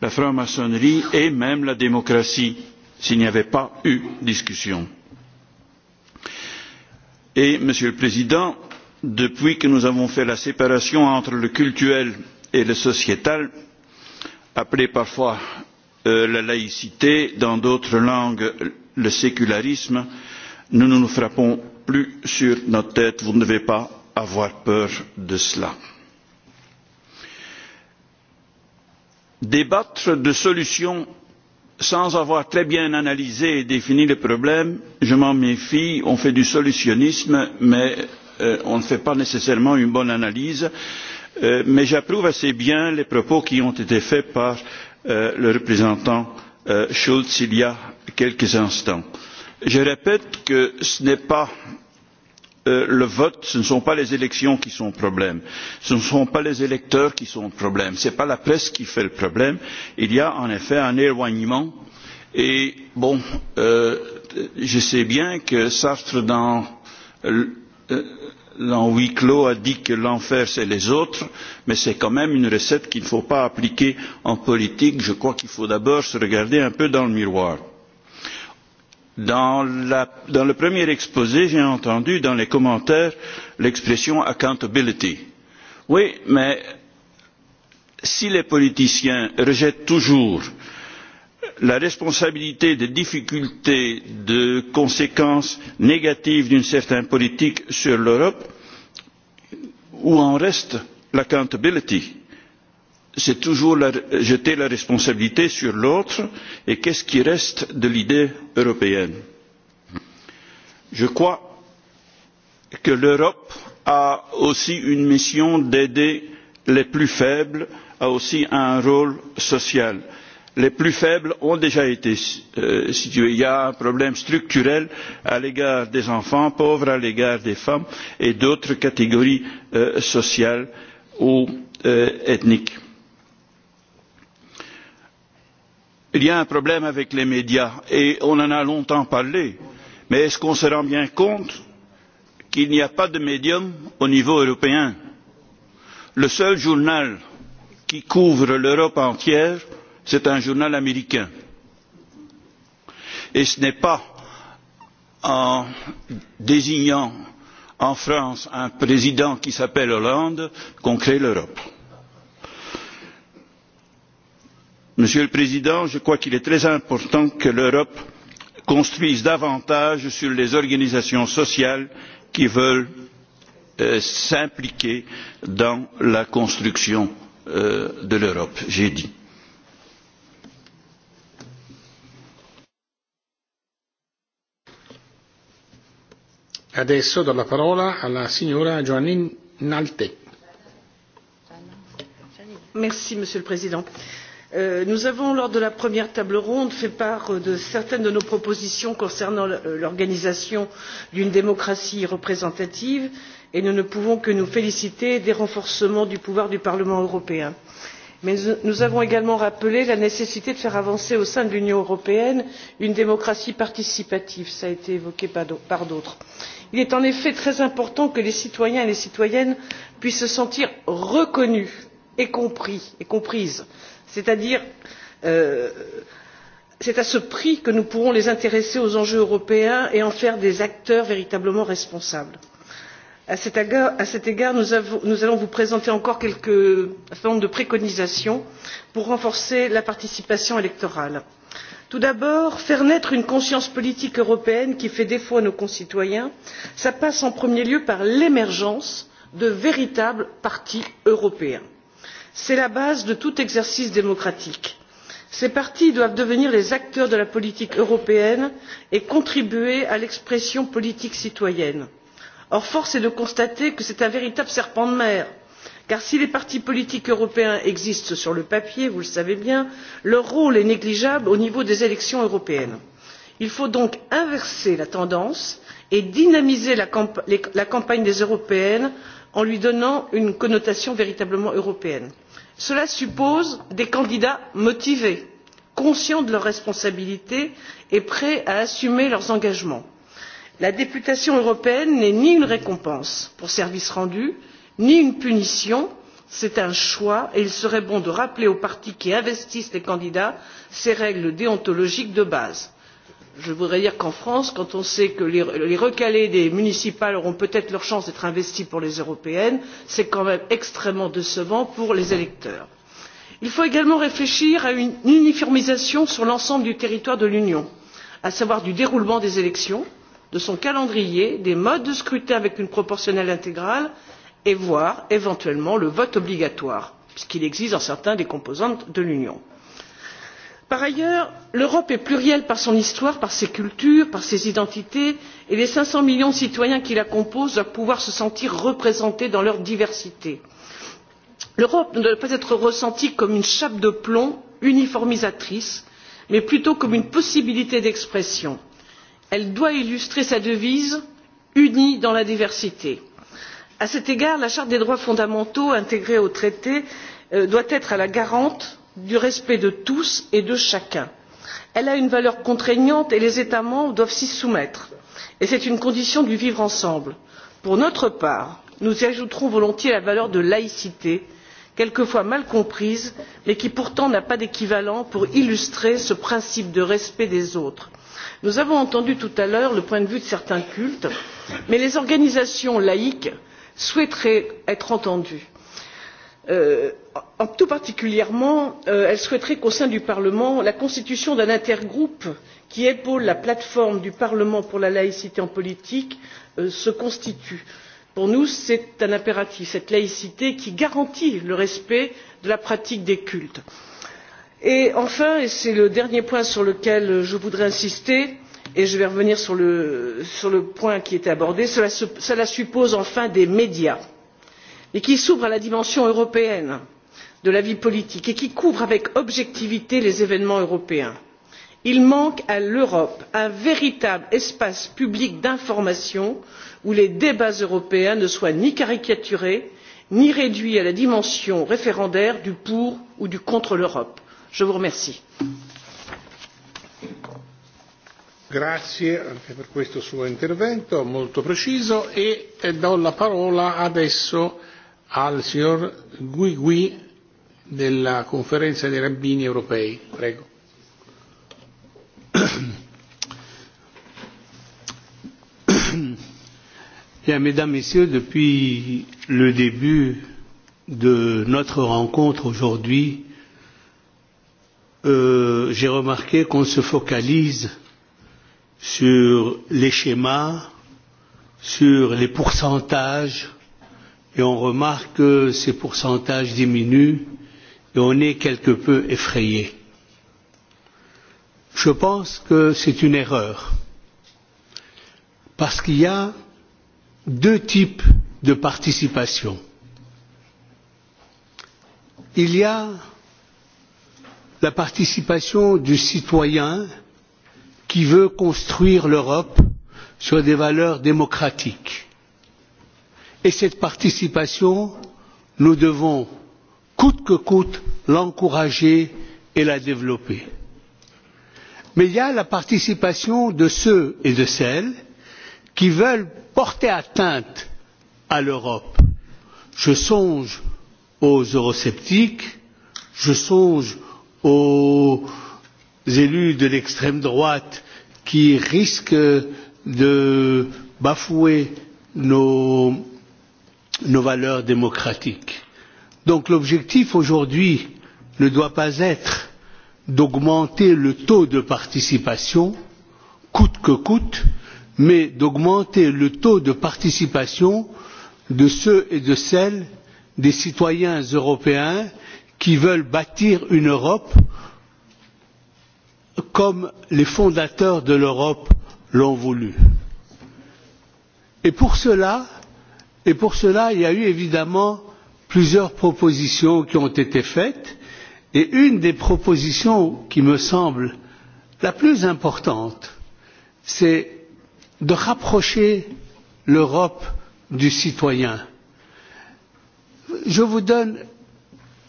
la franc maçonnerie et même la démocratie s'il n'y avait pas eu discussion. et monsieur le président depuis que nous avons fait la séparation entre le cultuel et le sociétal appelée parfois Euh, la laïcité dans d'autres langues le sécularisme nous ne nous frappons plus sur notre tête vous ne devez pas avoir peur de cela. débattre de solutions sans avoir très bien analysé et défini le problème je m'en méfie on fait du solutionnisme mais euh, on ne fait pas nécessairement une bonne analyse euh, mais j'approuve assez bien les propos qui ont été faits par Euh, le représentant euh, Schulz il y a quelques instants. Je répète que ce n'est pas euh, le vote, ce ne sont pas les élections qui sont le problème, ce ne sont pas les électeurs qui sont le problème, ce n'est pas la presse qui fait le problème. Il y a en effet un éloignement et bon, euh, je sais bien que Sartre dans en huis clos a dit que l'enfer c'est les autres mais c'est quand même une recette qu'il ne faut pas appliquer en politique. je crois qu'il faut d'abord se regarder un peu dans le miroir. Dans, la, dans le premier exposé j'ai entendu dans les commentaires l'expression accountability. oui mais si les politiciens rejettent toujours la responsabilité des difficultés des conséquences négatives d'une certaine politique sur l'europe où en reste l'accountability? c'est toujours jeter la responsabilité sur l'autre et qu'est ce qui reste de l'idée européenne? je crois que l'europe a aussi une mission d'aider les plus faibles a aussi un rôle social les plus faibles ont déjà été euh, situés. il y a un problème structurel à l'égard des enfants pauvres à l'égard des femmes et d'autres catégories euh, sociales ou euh, ethniques. il y a un problème avec les médias et on en a longtemps parlé mais est ce qu'on se rend bien compte qu'il n'y a pas de médium au niveau européen? le seul journal qui couvre l'europe entière c'est un journal américain et ce n'est pas en désignant en france un président qui s'appelle hollande qu'on crée l'europe. monsieur le président je crois qu'il est très important que l'europe construise davantage sur les organisations sociales qui veulent euh, s'impliquer dans la construction euh, de l'europe j'ai dit. Adesso do la parola alla signora Joanine Naltet. Merci, Monsieur le Président. Euh, nous avons, lors de la première table ronde, fait part euh, de certaines de nos propositions concernant euh, l'organisation d'une démocratie représentative et nous ne pouvons que nous féliciter des renforcements du pouvoir du Parlement européen mais nous avons également rappelé la nécessité de faire avancer au sein de l'union européenne une démocratie participative cela a été évoqué par d'autres. il est en effet très important que les citoyens et les citoyennes puissent se sentir reconnus et compris et comprises c'est à dire euh, c'est à ce prix que nous pourrons les intéresser aux enjeux européens et en faire des acteurs véritablement responsables à cet égard, nous, allons vous présenter encore un certain nombre de préconisations pour renforcer la participation électorale. tout d'abord faire naître une conscience politique européenne qui fait défaut à nos concitoyens cela passe en premier lieu par l'émergence de véritables partis européens. c'est la base de tout exercice démocratique. ces partis doivent devenir les acteurs de la politique européenne et contribuer à l'expression politique citoyenne or force est de constater que c'est un véritable serpent de mer car si les partis politiques européens existent sur le papier vous le savez bien leur rôle est négligeable au niveau des élections européennes. il faut donc inverser la tendance et dynamiser la campagne des européennes en lui donnant une connotation véritablement européenne. cela suppose des candidats motivés conscients de leurs responsabilités et prêts à assumer leurs engagements la députation européenne n'est ni une récompense pour service rendu ni une punition c'est un choix et il serait bon de rappeler aux partis qui investissent les candidats ces règles déontologiques de base. je voudrais dire qu'en france quand on sait que les recalés des municipales auront peut être leur chance d'être investis pour les européennes c'est quand même extrêmement décevant pour les électeurs. il faut également réfléchir à une uniformisation sur l'ensemble du territoire de l'union à savoir du déroulement des élections de son calendrier des modes de scrutin avec une proportionnelle intégrale et voire éventuellement le vote obligatoire puisqu'il existe dans certains des composantes de l'union. par ailleurs l'europe est plurielle par son histoire par ses cultures par ses identités et les cinq cents millions de citoyens qui la composent doivent pouvoir se sentir représentés dans leur diversité. l'europe ne doit pas être ressentie comme une chape de plomb uniformisatrice mais plutôt comme une possibilité d'expression elle doit illustrer sa devise unis dans la diversité. à cet égard la charte des droits fondamentaux intégrée au traité euh, doit être la garante du respect de tous et de chacun. elle a une valeur contraignante et les états membres doivent s'y soumettre et c'est une condition du vivre ensemble. pour notre part nous y ajouterons volontiers la valeur de laïcité quelquefois mal comprise mais qui pourtant n'a pas d'équivalent pour illustrer ce principe de respect des autres nous avons entendu tout à l'heure le point de vue de certains cultes mais les organisations laïques souhaiteraient être entendues. Euh, tout particulièrement euh, elles souhaiteraient qu'au sein du parlement la constitution d'un intergroupe qui épaule la plateforme du parlement pour la laïcité en politique euh, se constitue. pour nous c'est un impératif cette laïcité qui garantit le respect de la pratique des cultes. Et enfin et c'est le dernier point sur lequel euh, je voudrais insister et je vais revenir sur le, point qui était abordé cela, suppose enfin des médias et qui s'ouvrent à la dimension européenne de la vie politique et qui couvrent avec objectivité les événements européens. il manque à l'europe un véritable espace public d'information où les débats européens ne soient ni caricaturés ni réduits à la dimension référendaire du pour ou du contre l'europe je vous remercie. Grazie anche per questo suo intervento molto preciso e do la parola adesso al signor Guigui della conferenza dei rabbini europei. Prego. [COUGHS] Bien, mesdames, messieurs, depuis le début de notre rencontre aujourd'hui, Euh, j'ai remarqué qu'on se focalise sur les schémas, sur les pourcentages, et on remarque que ces pourcentages diminuent et on est quelque peu effrayé. Je pense que c'est une erreur parce qu'il y a deux types de participation. Il y a la participation du citoyen qui veut construire l'europe sur des valeurs démocratiques. et cette participation nous devons coûte que coûte l'encourager et la développer. mais il y a la participation de ceux et de celles qui veulent porter atteinte à l'europe. je songe aux eurosceptiques je songe aux élus de l'extrême droite qui risquent de bafouer nos, nos valeurs démocratiques. Donc l'objectif aujourd'hui ne doit pas être d'augmenter le taux de participation coûte que coûte mais d'augmenter le taux de participation de ceux et de celles des citoyens européens qui veulent bâtir une Europe comme les fondateurs de l'Europe l'ont voulu. Et pour, cela, et pour cela, il y a eu évidemment plusieurs propositions qui ont été faites, et une des propositions qui me semble la plus importante, c'est de rapprocher l'Europe du citoyen. Je vous donne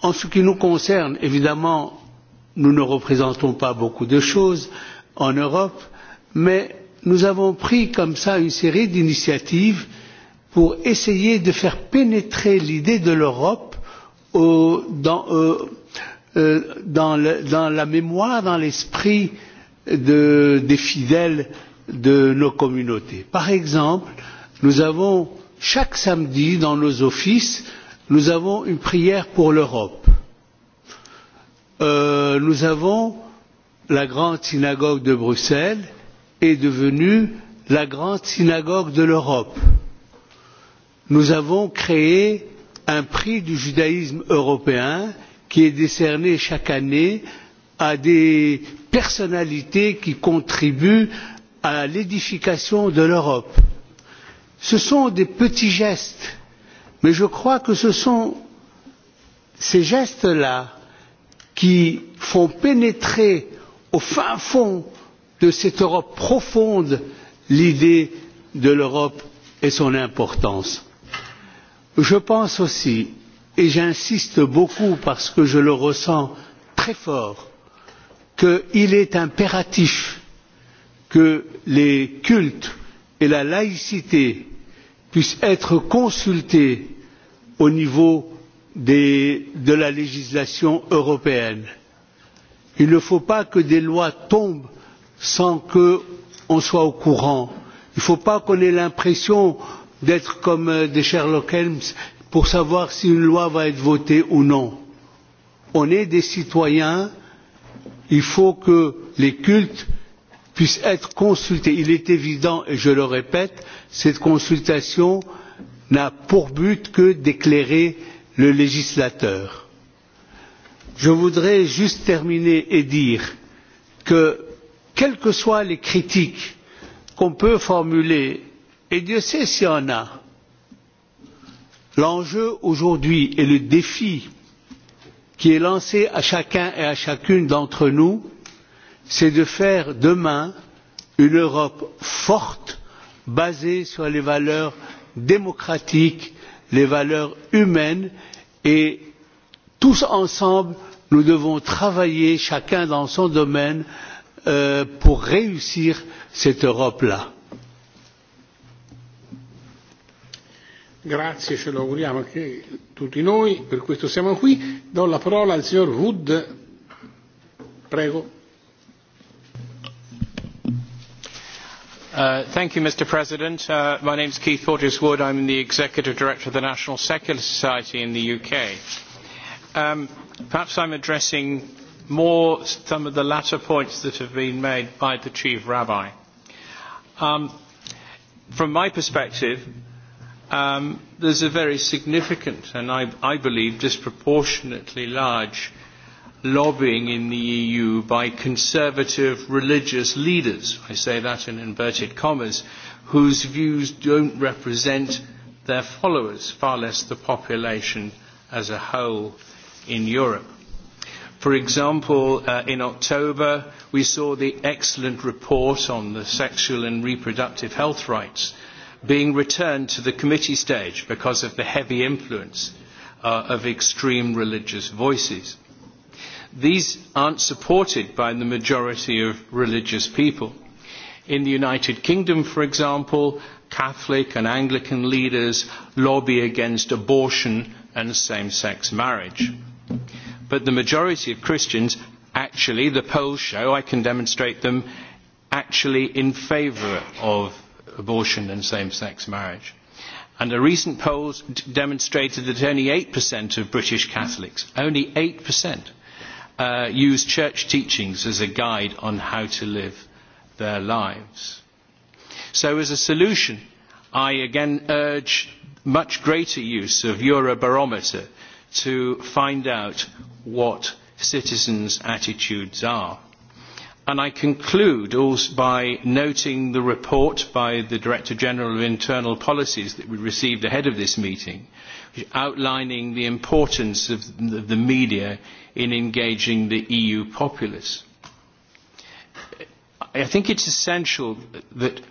En ce qui nous concerne, évidemment, nous ne représentons pas beaucoup de choses en Europe, mais nous avons pris comme ça une série d'initiatives pour essayer de faire pénétrer l'idée de l'Europe dans, euh, euh, dans, le, dans la mémoire, dans l'esprit de, des fidèles de nos communautés. Par exemple, nous avons chaque samedi dans nos offices nous avons une prière pour l'Europe. Euh, nous avons la grande synagogue de Bruxelles est devenue la grande synagogue de l'Europe. Nous avons créé un prix du judaïsme européen qui est décerné chaque année à des personnalités qui contribuent à l'édification de l'Europe. Ce sont des petits gestes mais je crois que ce sont ces gestes là qui font pénétrer au fin fond de cette europe profonde l'idée de l'europe et son importance. je pense aussi et j'insiste beaucoup parce que je le ressens très fort qu'il est impératif que les cultes et la laïcité puissent être consultés au niveau des, de la législation européenne. Il ne faut pas que des lois tombent sans qu'on soit au courant. Il ne faut pas qu'on ait l'impression d'être comme euh, des Sherlock Holmes pour savoir si une loi va être votée ou non. On est des citoyens, il faut que les cultes puissent être consultés. Il est évident, et je le répète, cette consultation n'a pour but que d'éclairer le législateur. Je voudrais juste terminer et dire que, quelles que soient les critiques qu'on peut formuler, et Dieu sait s'il y en a, l'enjeu aujourd'hui et le défi qui est lancé à chacun et à chacune d'entre nous, c'est de faire demain une Europe forte basée sur les valeurs démocratique les valeurs humaines et tous ensemble nous devons travailler chacun dans son domaine euh, pour réussir cette europe là. Grazie, ce lo auguriamo anche tutti noi, per questo siamo qui. Do la parola al signor Wood. Prego. Uh, thank you, Mr. President. Uh, my name is Keith Porteous Wood. am the Executive Director of the National Secular Society in the UK. Um, perhaps I am addressing more some of the latter points that have been made by the Chief Rabbi. Um, from my perspective, um, there is a very significant and I believe disproportionately large lobbying in the EU by conservative religious leaders, I say that in inverted commas, whose views don't represent their followers, far less the population as a whole in Europe. For example, uh, in October, we saw the excellent report on the sexual and reproductive health rights being returned to the committee stage because of the heavy influence uh, of extreme religious voices these aren't supported by the majority of religious people. In the United Kingdom, for example, Catholic and Anglican leaders lobby against abortion and same-sex marriage. But the majority of Christians, actually, the polls show, I can demonstrate them, actually in favour of abortion and same-sex marriage. And a recent poll demonstrated that only 8% of British Catholics, only 8%, Uh, use church teachings as a guide on how to live their lives. So as a solution, I again urge much greater use of Eurobarometer to find out what citizens' attitudes are. And I conclude also by noting the report by the Director General of Internal Policies that we received ahead of this meeting, outlining the importance of the media in engaging the EU populace. I think it's essential that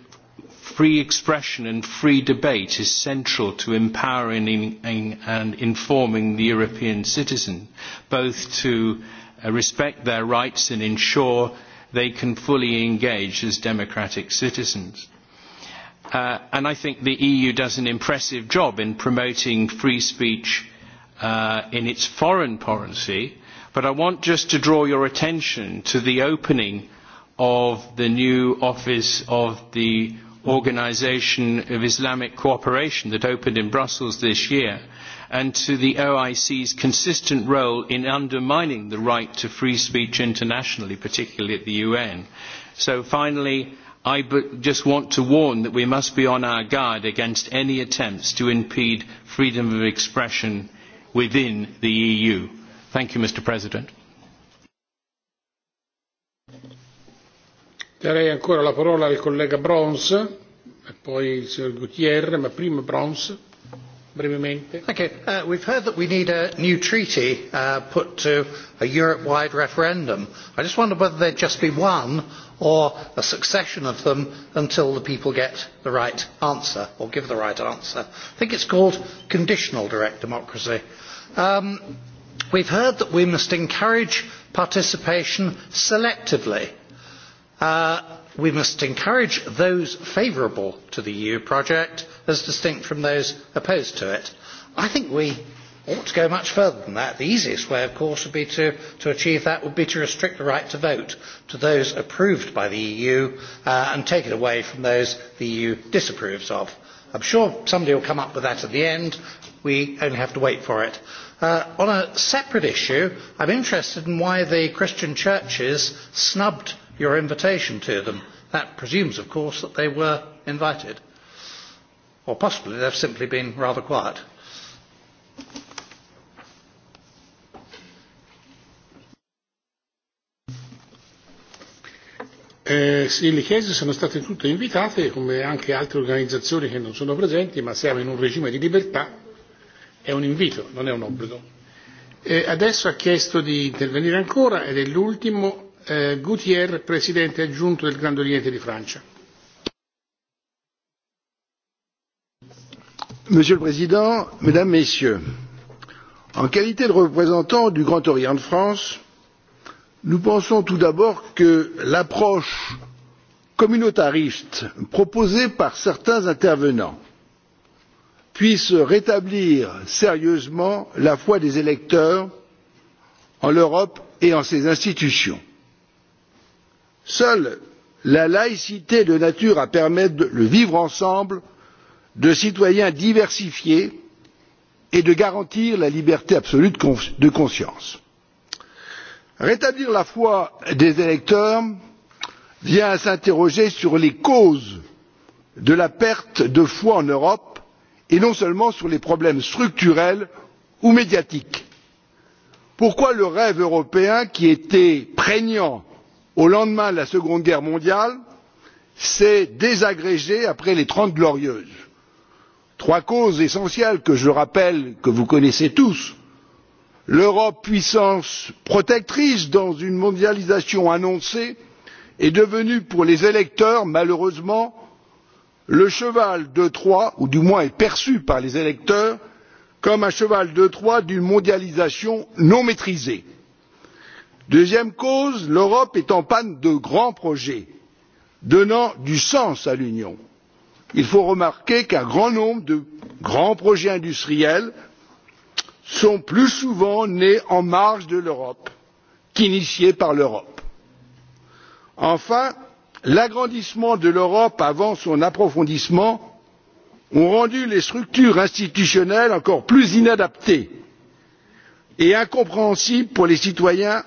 free expression and free debate is central to empowering and informing the European citizen, both to uh, respect their rights and ensure they can fully engage as democratic citizens. Uh, and I think the EU does an impressive job in promoting free speech uh, in its foreign policy, But I want just to draw your attention to the opening of the new office of the Organisation of Islamic Cooperation that opened in Brussels this year and to the OIC's consistent role in undermining the right to free speech internationally, particularly at the UN. So finally, I just want to warn that we must be on our guard against any attempts to impede freedom of expression within the EU. Mr. President. Darei ancora la parola al collega Brons e poi il signor Gutierrez, ma prima Brons. Brevemente. Okay. Uh, we've heard that we need a new treaty uh, put to a Europe-wide referendum. I just wonder whether there'd just be one or a succession of them until the people get the right answer or give the right answer. I think it's called conditional direct democracy. Um, We've heard that we must encourage participation selectively. Uh, we must encourage those favourable to the EU project as distinct from those opposed to it. I think we ought to go much further than that. The easiest way, of course, would be to, to achieve that would be to restrict the right to vote to those approved by the EU uh, and take it away from those the EU disapproves of. I'm sure somebody will come up with that at the end. We only have to wait for it. Uh, on a separate issue, I'm interested in why the Christian churches snubbed your invitation to them. That presumes, of course, that they were invited. Or possibly they've simply been rather quiet. Eh, sì, le chiese sono state tutte invitate, come anche altre organizzazioni che non sono presenti, ma siamo in un regime di libertà è un invito, non è un obbligo. Eh, adesso ha chiesto di intervenire ancora ed è l'ultimo eh, Goutier, presidente aggiunto del Grand Oriente di Francia. Monsieur le Président, Mesdames, Messieurs, en qualité de représentant du Grand Orient de France, nous pensons tout d'abord que l'approche communautariste proposée par certains intervenants puisse rétablir sérieusement la foi des électeurs en l'europe et en ses institutions. seule la laïcité de nature à permettre le vivre ensemble de citoyens diversifiés et de garantir la liberté absolue de conscience. rétablir la foi des électeurs vient à s'interroger sur les causes de la perte de foi en europe et non seulement sur les problèmes structurels ou médiatiques. pourquoi le rêve européen qui était prégnant au lendemain de la seconde guerre mondiale s'est il désagrégé après les trente glorieuses? trois causes essentielles que je rappelle que vous connaissez tous l'europe puissance protectrice dans une mondialisation annoncée est devenue pour les électeurs malheureusement le cheval de troie ou du moins est perçu par les électeurs comme un cheval de troie d'une mondialisation non maîtrisée. deuxième cause l'europe est en panne de grands projets donnant du sens à l'union. il faut remarquer qu'un grand nombre de grands projets industriels sont plus souvent nés en marge de l'europe qu'initiés par l'europe. enfin l'agrandissement de l'europe avant son approfondissement ont rendu les structures institutionnelles encore plus inadaptées et incompréhensibles pour les citoyens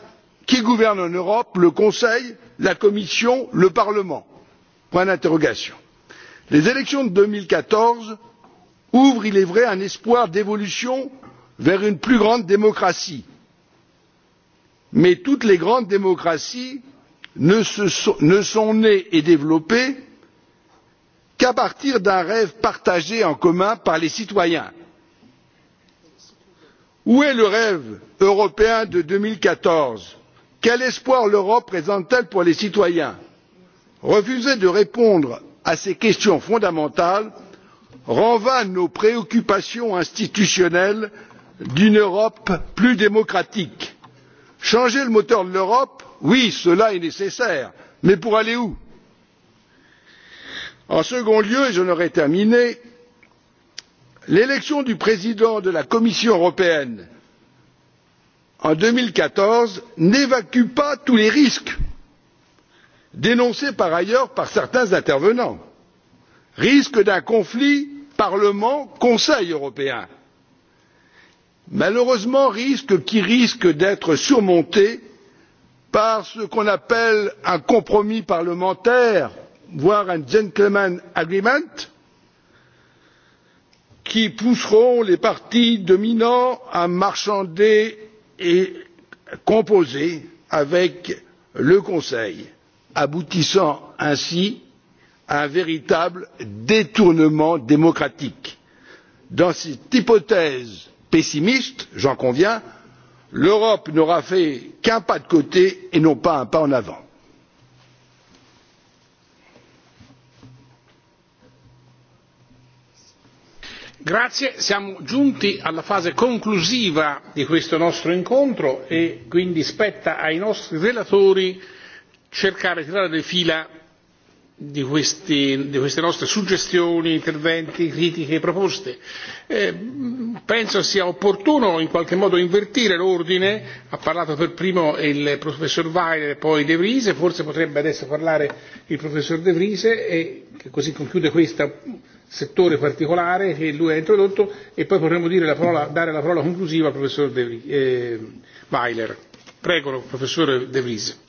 qui gouvernent en europe le conseil la commission le parlement? les élections de deux mille quatorze ouvrent il est vrai un espoir d'évolution vers une plus grande démocratie mais toutes les grandes démocraties ne, sont, ne nés et développés qu'à partir d'un rêve partagé en commun par les citoyens. où est le rêve européen de deux mille quatorze quel espoir l'europe présente t elle pour les citoyens? refuser de répondre à ces questions fondamentales rend vaines nos préoccupations institutionnelles d'une europe plus démocratique. changer le moteur de l'europe oui cela est nécessaire mais pour aller où? en second lieu et j'en aurai terminé l'élection du président de la commission européenne en deux mille quatorze n'évacue pas tous les risques dénoncés par ailleurs par certains intervenants risque d'un conflit parlement conseil européen malheureusement risque qui risque d'être surmonté par ce qu'on appelle un compromis parlementaire voire un gentleman agreement qui pousseront les partis dominants à marchander et composer avec le conseil aboutissant ainsi à un véritable détournement démocratique. dans cette hypothèse pessimiste j'en conviens l'europe n'aura fait qu'un pas de côté et non pas un pas en avant. siamo giunti alla fase conclusiva di questo nostro incontro e quindi spetta ai nostri relatori cercare di tirare le fila di, questi, di queste nostre suggestioni, interventi, critiche, proposte. Eh, penso sia opportuno in qualche modo invertire l'ordine, ha parlato per primo il professor Weiler e poi De Vries, forse potrebbe adesso parlare il professor De Vries che così conclude questo settore particolare che lui ha introdotto e poi potremmo dire la parola, dare la parola conclusiva al professor De Vries, eh, Weiler. Prego, professore De Vries.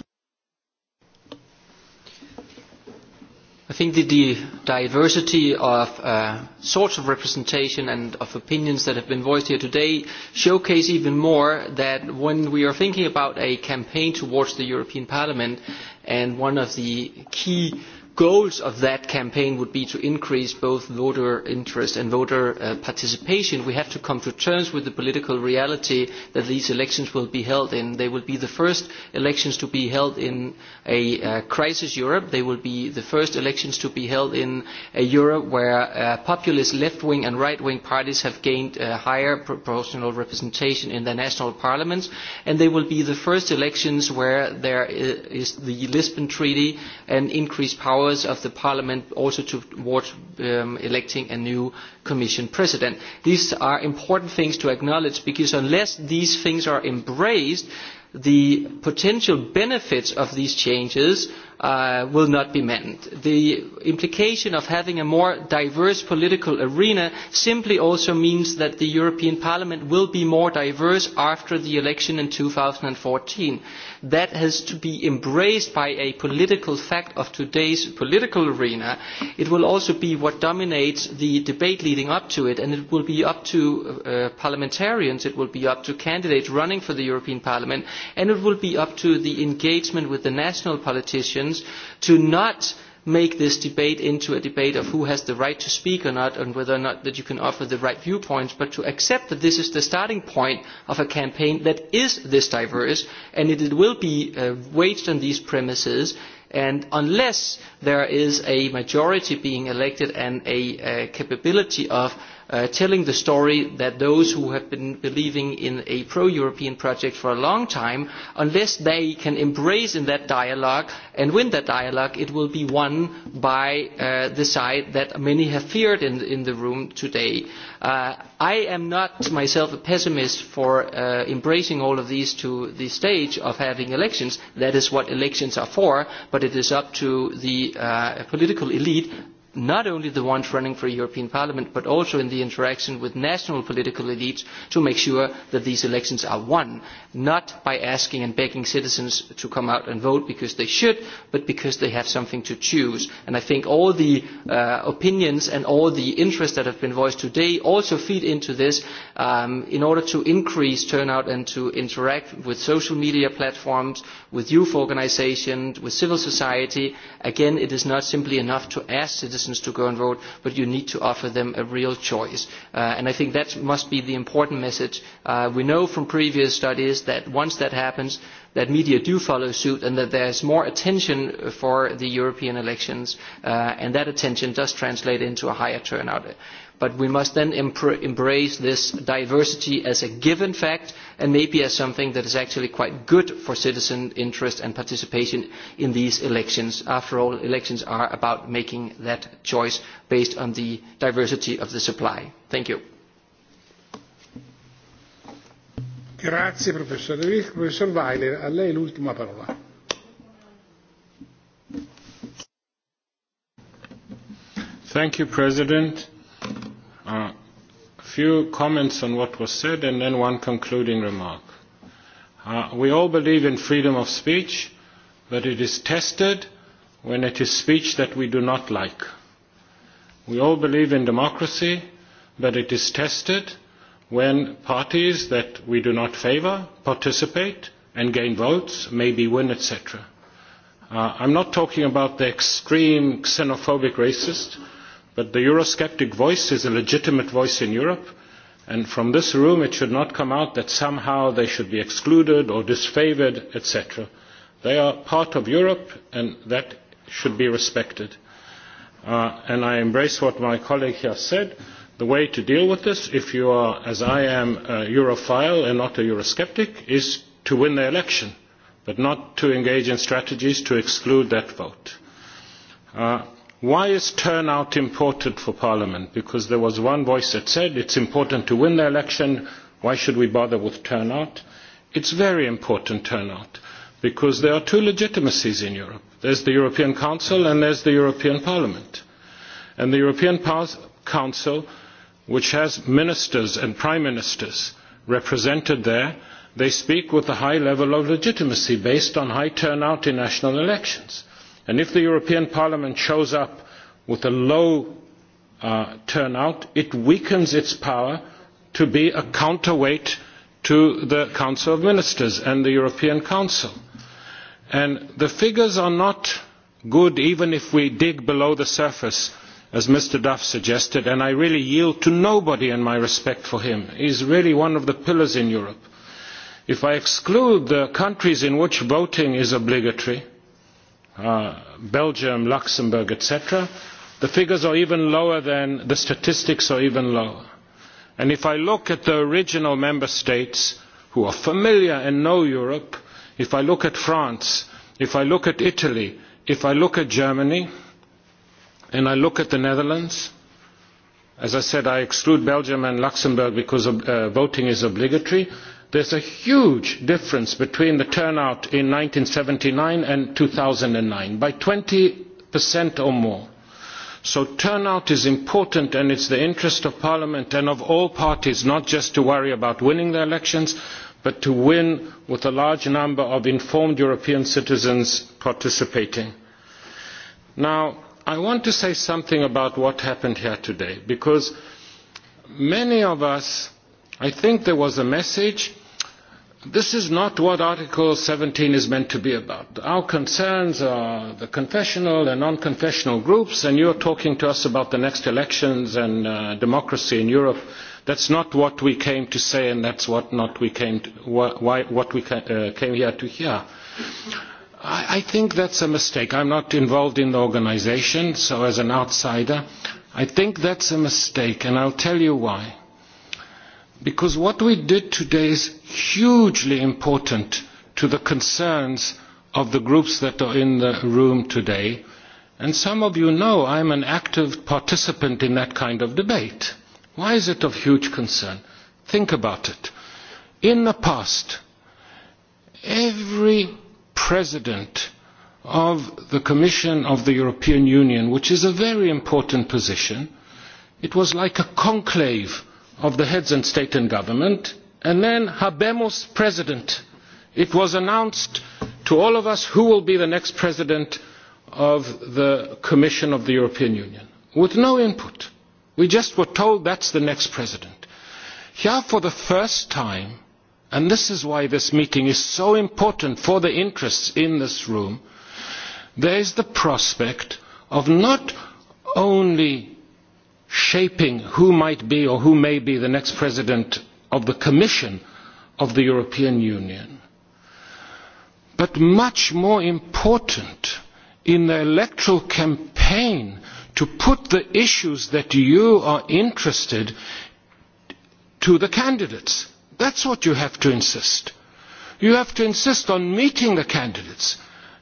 I think that the diversity of uh, sorts of representation and of opinions that have been voiced here today showcase even more that when we are thinking about a campaign towards the European Parliament and one of the key goals of that campaign would be to increase both voter interest and voter uh, participation, we have to come to terms with the political reality that these elections will be held in. They will be the first elections to be held in a uh, crisis Europe. They will be the first elections to be held in a Europe where uh, populist left-wing and right-wing parties have gained uh, higher proportional representation in their national parliaments. And they will be the first elections where there is the Lisbon Treaty and increased power powers of the parliament also towards um, electing a new commission president. These are important things to acknowledge because unless these things are embraced, the potential benefits of these changes Uh, will not be met. The implication of having a more diverse political arena simply also means that the European Parliament will be more diverse after the election in 2014. That has to be embraced by a political fact of today's political arena. It will also be what dominates the debate leading up to it, and it will be up to uh, parliamentarians, it will be up to candidates running for the European Parliament, and it will be up to the engagement with the national politicians politicians to not make this debate into a debate of who has the right to speak or not and whether or not that you can offer the right viewpoints, but to accept that this is the starting point of a campaign that is this diverse and it will be uh, waged on these premises. And unless there is a majority being elected and a uh, capability of Uh, telling the story that those who have been believing in a pro-European project for a long time, unless they can embrace in that dialogue and win that dialogue, it will be won by uh, the side that many have feared in, in the room today. Uh, I am not myself a pessimist for uh, embracing all of these to the stage of having elections. That is what elections are for, but it is up to the uh, political elite not only the ones running for European Parliament, but also in the interaction with national political elites to make sure that these elections are won, not by asking and begging citizens to come out and vote because they should, but because they have something to choose. And I think all the uh, opinions and all the interests that have been voiced today also feed into this um, in order to increase turnout and to interact with social media platforms, with youth organisations, with civil society. Again, it is not simply enough to ask citizens citizens to go and vote, but you need to offer them a real choice. Uh, and I think that must be the important message. Uh, we know from previous studies that once that happens, that media do follow suit and that there is more attention for the European elections, uh, and that attention does translate into a higher turnout but we must then embrace this diversity as a given fact and maybe as something that is actually quite good for citizen interest and participation in these elections. After all, elections are about making that choice based on the diversity of the supply. Thank you. Grazie professor De Wick. Professor Weiler, a lei l'ultima parola. Thank you, President a few comments on what was said and then one concluding remark. Uh, we all believe in freedom of speech, but it is tested when it is speech that we do not like. We all believe in democracy, but it is tested when parties that we do not favour participate and gain votes, maybe win, etc. Uh, I'm not talking about the extreme xenophobic racist but the Eurosceptic voice is a legitimate voice in Europe, and from this room it should not come out that somehow they should be excluded or disfavoured, etc. They are part of Europe, and that should be respected. Uh, and I embrace what my colleague here said. The way to deal with this, if you are, as I am, a Europhile and not a Eurosceptic, is to win the election, but not to engage in strategies to exclude that vote. Uh, why is turnout important for parliament? because there was one voice that said it's important to win the election, why should we bother with turnout? it's very important turnout because there are two legitimacies in Europe. There's the European Council and there's the European Parliament. And the European Council, which has ministers and prime ministers represented there, they speak with a high level of legitimacy based on high turnout in national elections and if the european parliament shows up with a low uh, turnout it weakens its power to be a counterweight to the council of ministers and the european council and the figures are not good even if we dig below the surface as mr duff suggested and i really yield to nobody in my respect for him he is really one of the pillars in europe if i exclude the countries in which voting is obligatory Uh, belgium luxembourg etc the figures are even lower than the statistics are even lower and if i look at the original member states who are familiar and know europe if i look at france if i look at italy if i look at germany and i look at the netherlands as i said i exclude belgium and luxembourg because uh, voting is obligatory there is a huge difference between the turnout in one thousand nine hundred and seventy nine and two thousand and nine by twenty or more so turnout is important and it is in the interest of parliament and of all parties not just to worry about winning the elections but to win with a large number of informed european citizens participating. now i want to say something about what happened here today because many of us i think there was a message this is not what Article 17 is meant to be about. Our concerns are the confessional and non-confessional groups, and you're talking to us about the next elections and uh, democracy in Europe. That's not what we came to say, and that's what not we came to, why, what we ca uh, came here to hear. I, I think that's a mistake. I'm not involved in the organisation, so as an outsider, I think that's a mistake, and I'll tell you why because what we did today is hugely important to the concerns of the groups that are in the room today. And some of you know I'm an active participant in that kind of debate. Why is it of huge concern? Think about it. In the past, every president of the Commission of the European Union, which is a very important position, it was like a conclave of the heads of state and government and then habemos president it was announced to all of us who will be the next president of the commission of the european union with no input we just were told that's the next president here for the first time and this is why this meeting is so important for the interests in this room there is the prospect of not only shaping who might be or who may be the next president of the Commission of the European Union. But much more important in the electoral campaign to put the issues that you are interested to the candidates. That's what you have to insist. You have to insist on meeting the candidates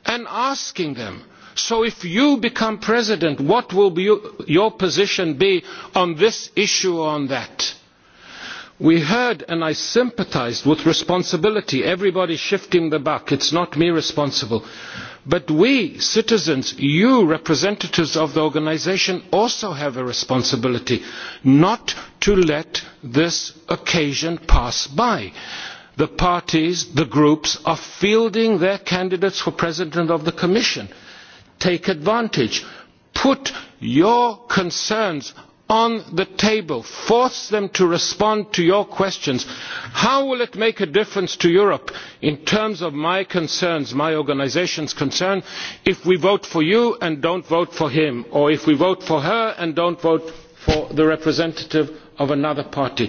and asking them so if you become president what will be your position be on this issue or on that? we heard and i sympathised with responsibility everybody shifting the buck it is not me responsible but we citizens you representatives of the organisation also have a responsibility not to let this occasion pass by the parties the groups are fielding their candidates for president of the commission take advantage. put your concerns on the table force them to respond to your questions how will it make a difference to europe in terms of my concerns my organisation's concern if we vote for you and don't vote for him or if we vote for her and don't vote for the representative of another party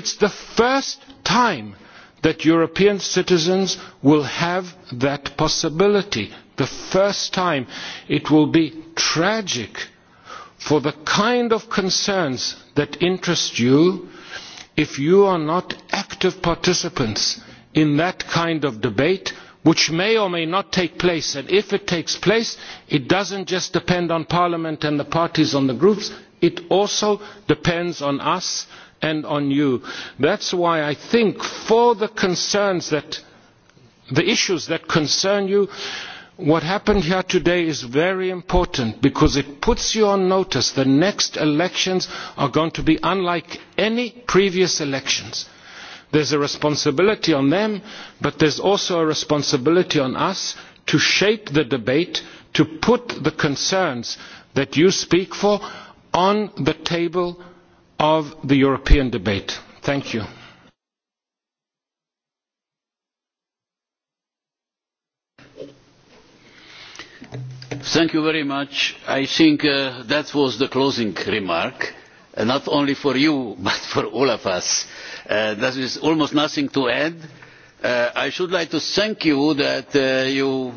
it's the first time that european citizens will have that possibility the first time it will be tragic for the kind of concerns that interest you if you are not active participants in that kind of debate which may or may not take place and if it takes place it does not just depend on parliament and the parties on the groups it also depends on us and on you. that is why i think for the concerns that the issues that concern you what happened here today is very important because it puts you on notice the next elections are going to be unlike any previous elections. There is a responsibility on them, but there is also a responsibility on us to shape the debate, to put the concerns that you speak for on the table of the European debate. Thank you. Thank you very much. I think uh, that was the closing remark, uh, not only for you, [LAUGHS] but for all of us. Uh, there is almost nothing to add. I should like to thank you that you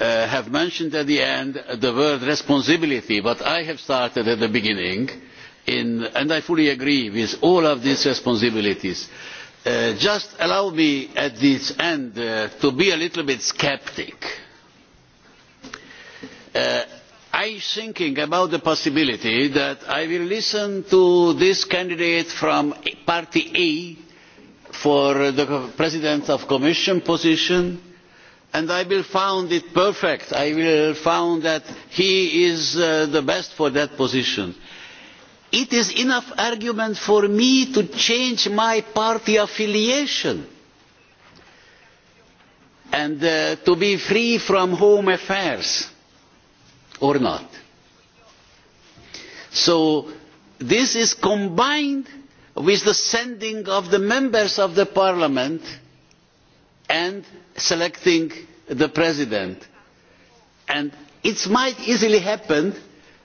have mentioned at the end the word responsibility, but I have started at the beginning, and I fully agree with all of these responsibilities. just allow me at this end to be a little bit sceptic Uh, i am thinking about the possibility that i will listen to this candidate from party a for the president of the commission position and i will find it perfect i will find that he is uh, the best for that position. it is enough argument for me to change my party affiliation and uh, to be free from home affairs or not. So this is combined with the sending of the members of the parliament and selecting the president. And it might easily happen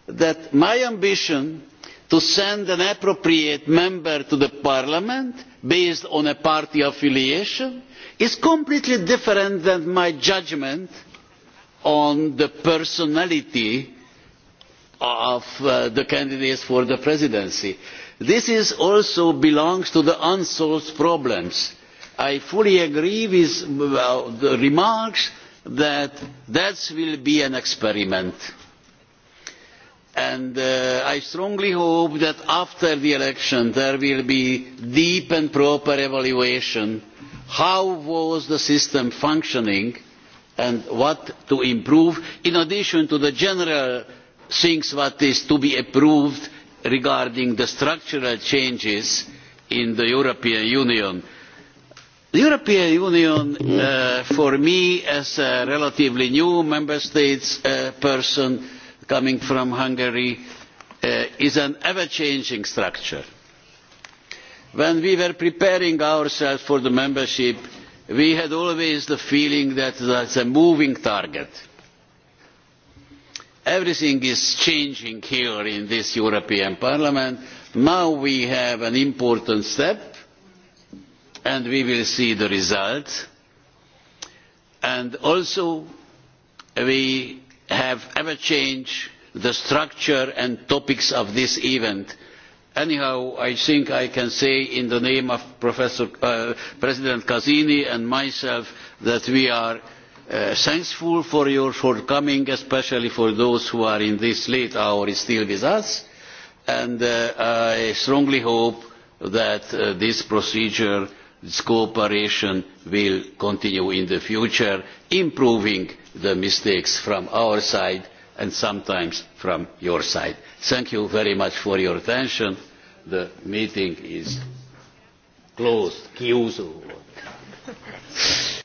that my ambition to send an appropriate member to the parliament based on a party affiliation is completely different than my judgment on the personality of uh, the candidates for the presidency. This is also belongs to the unsolved problems. I fully agree with uh, the remarks that that will be an experiment. And uh, I strongly hope that after the election there will be deep and proper evaluation how was the system functioning and what to improve in addition to the general things that is to be approved regarding the structural changes in the European Union. The European Union, uh, for me as a relatively new member states uh, person coming from Hungary, uh, is an ever-changing structure. When we were preparing ourselves for the membership, we had always the feeling that that's a moving target. Everything is changing here in this European Parliament. Now we have an important step and we will see the result. And also we have ever changed the structure and topics of this event anyhow i think i can say in the name of uh, president casini and myself that we are uh, thankful for your forthcoming especially for those who are in this late hour still with us and uh, i strongly hope that this procedure this cooperation will continue in the future improving the mistakes from our side and sometimes from your side. Thank you very much for your attention. The meeting is closed. [LAUGHS]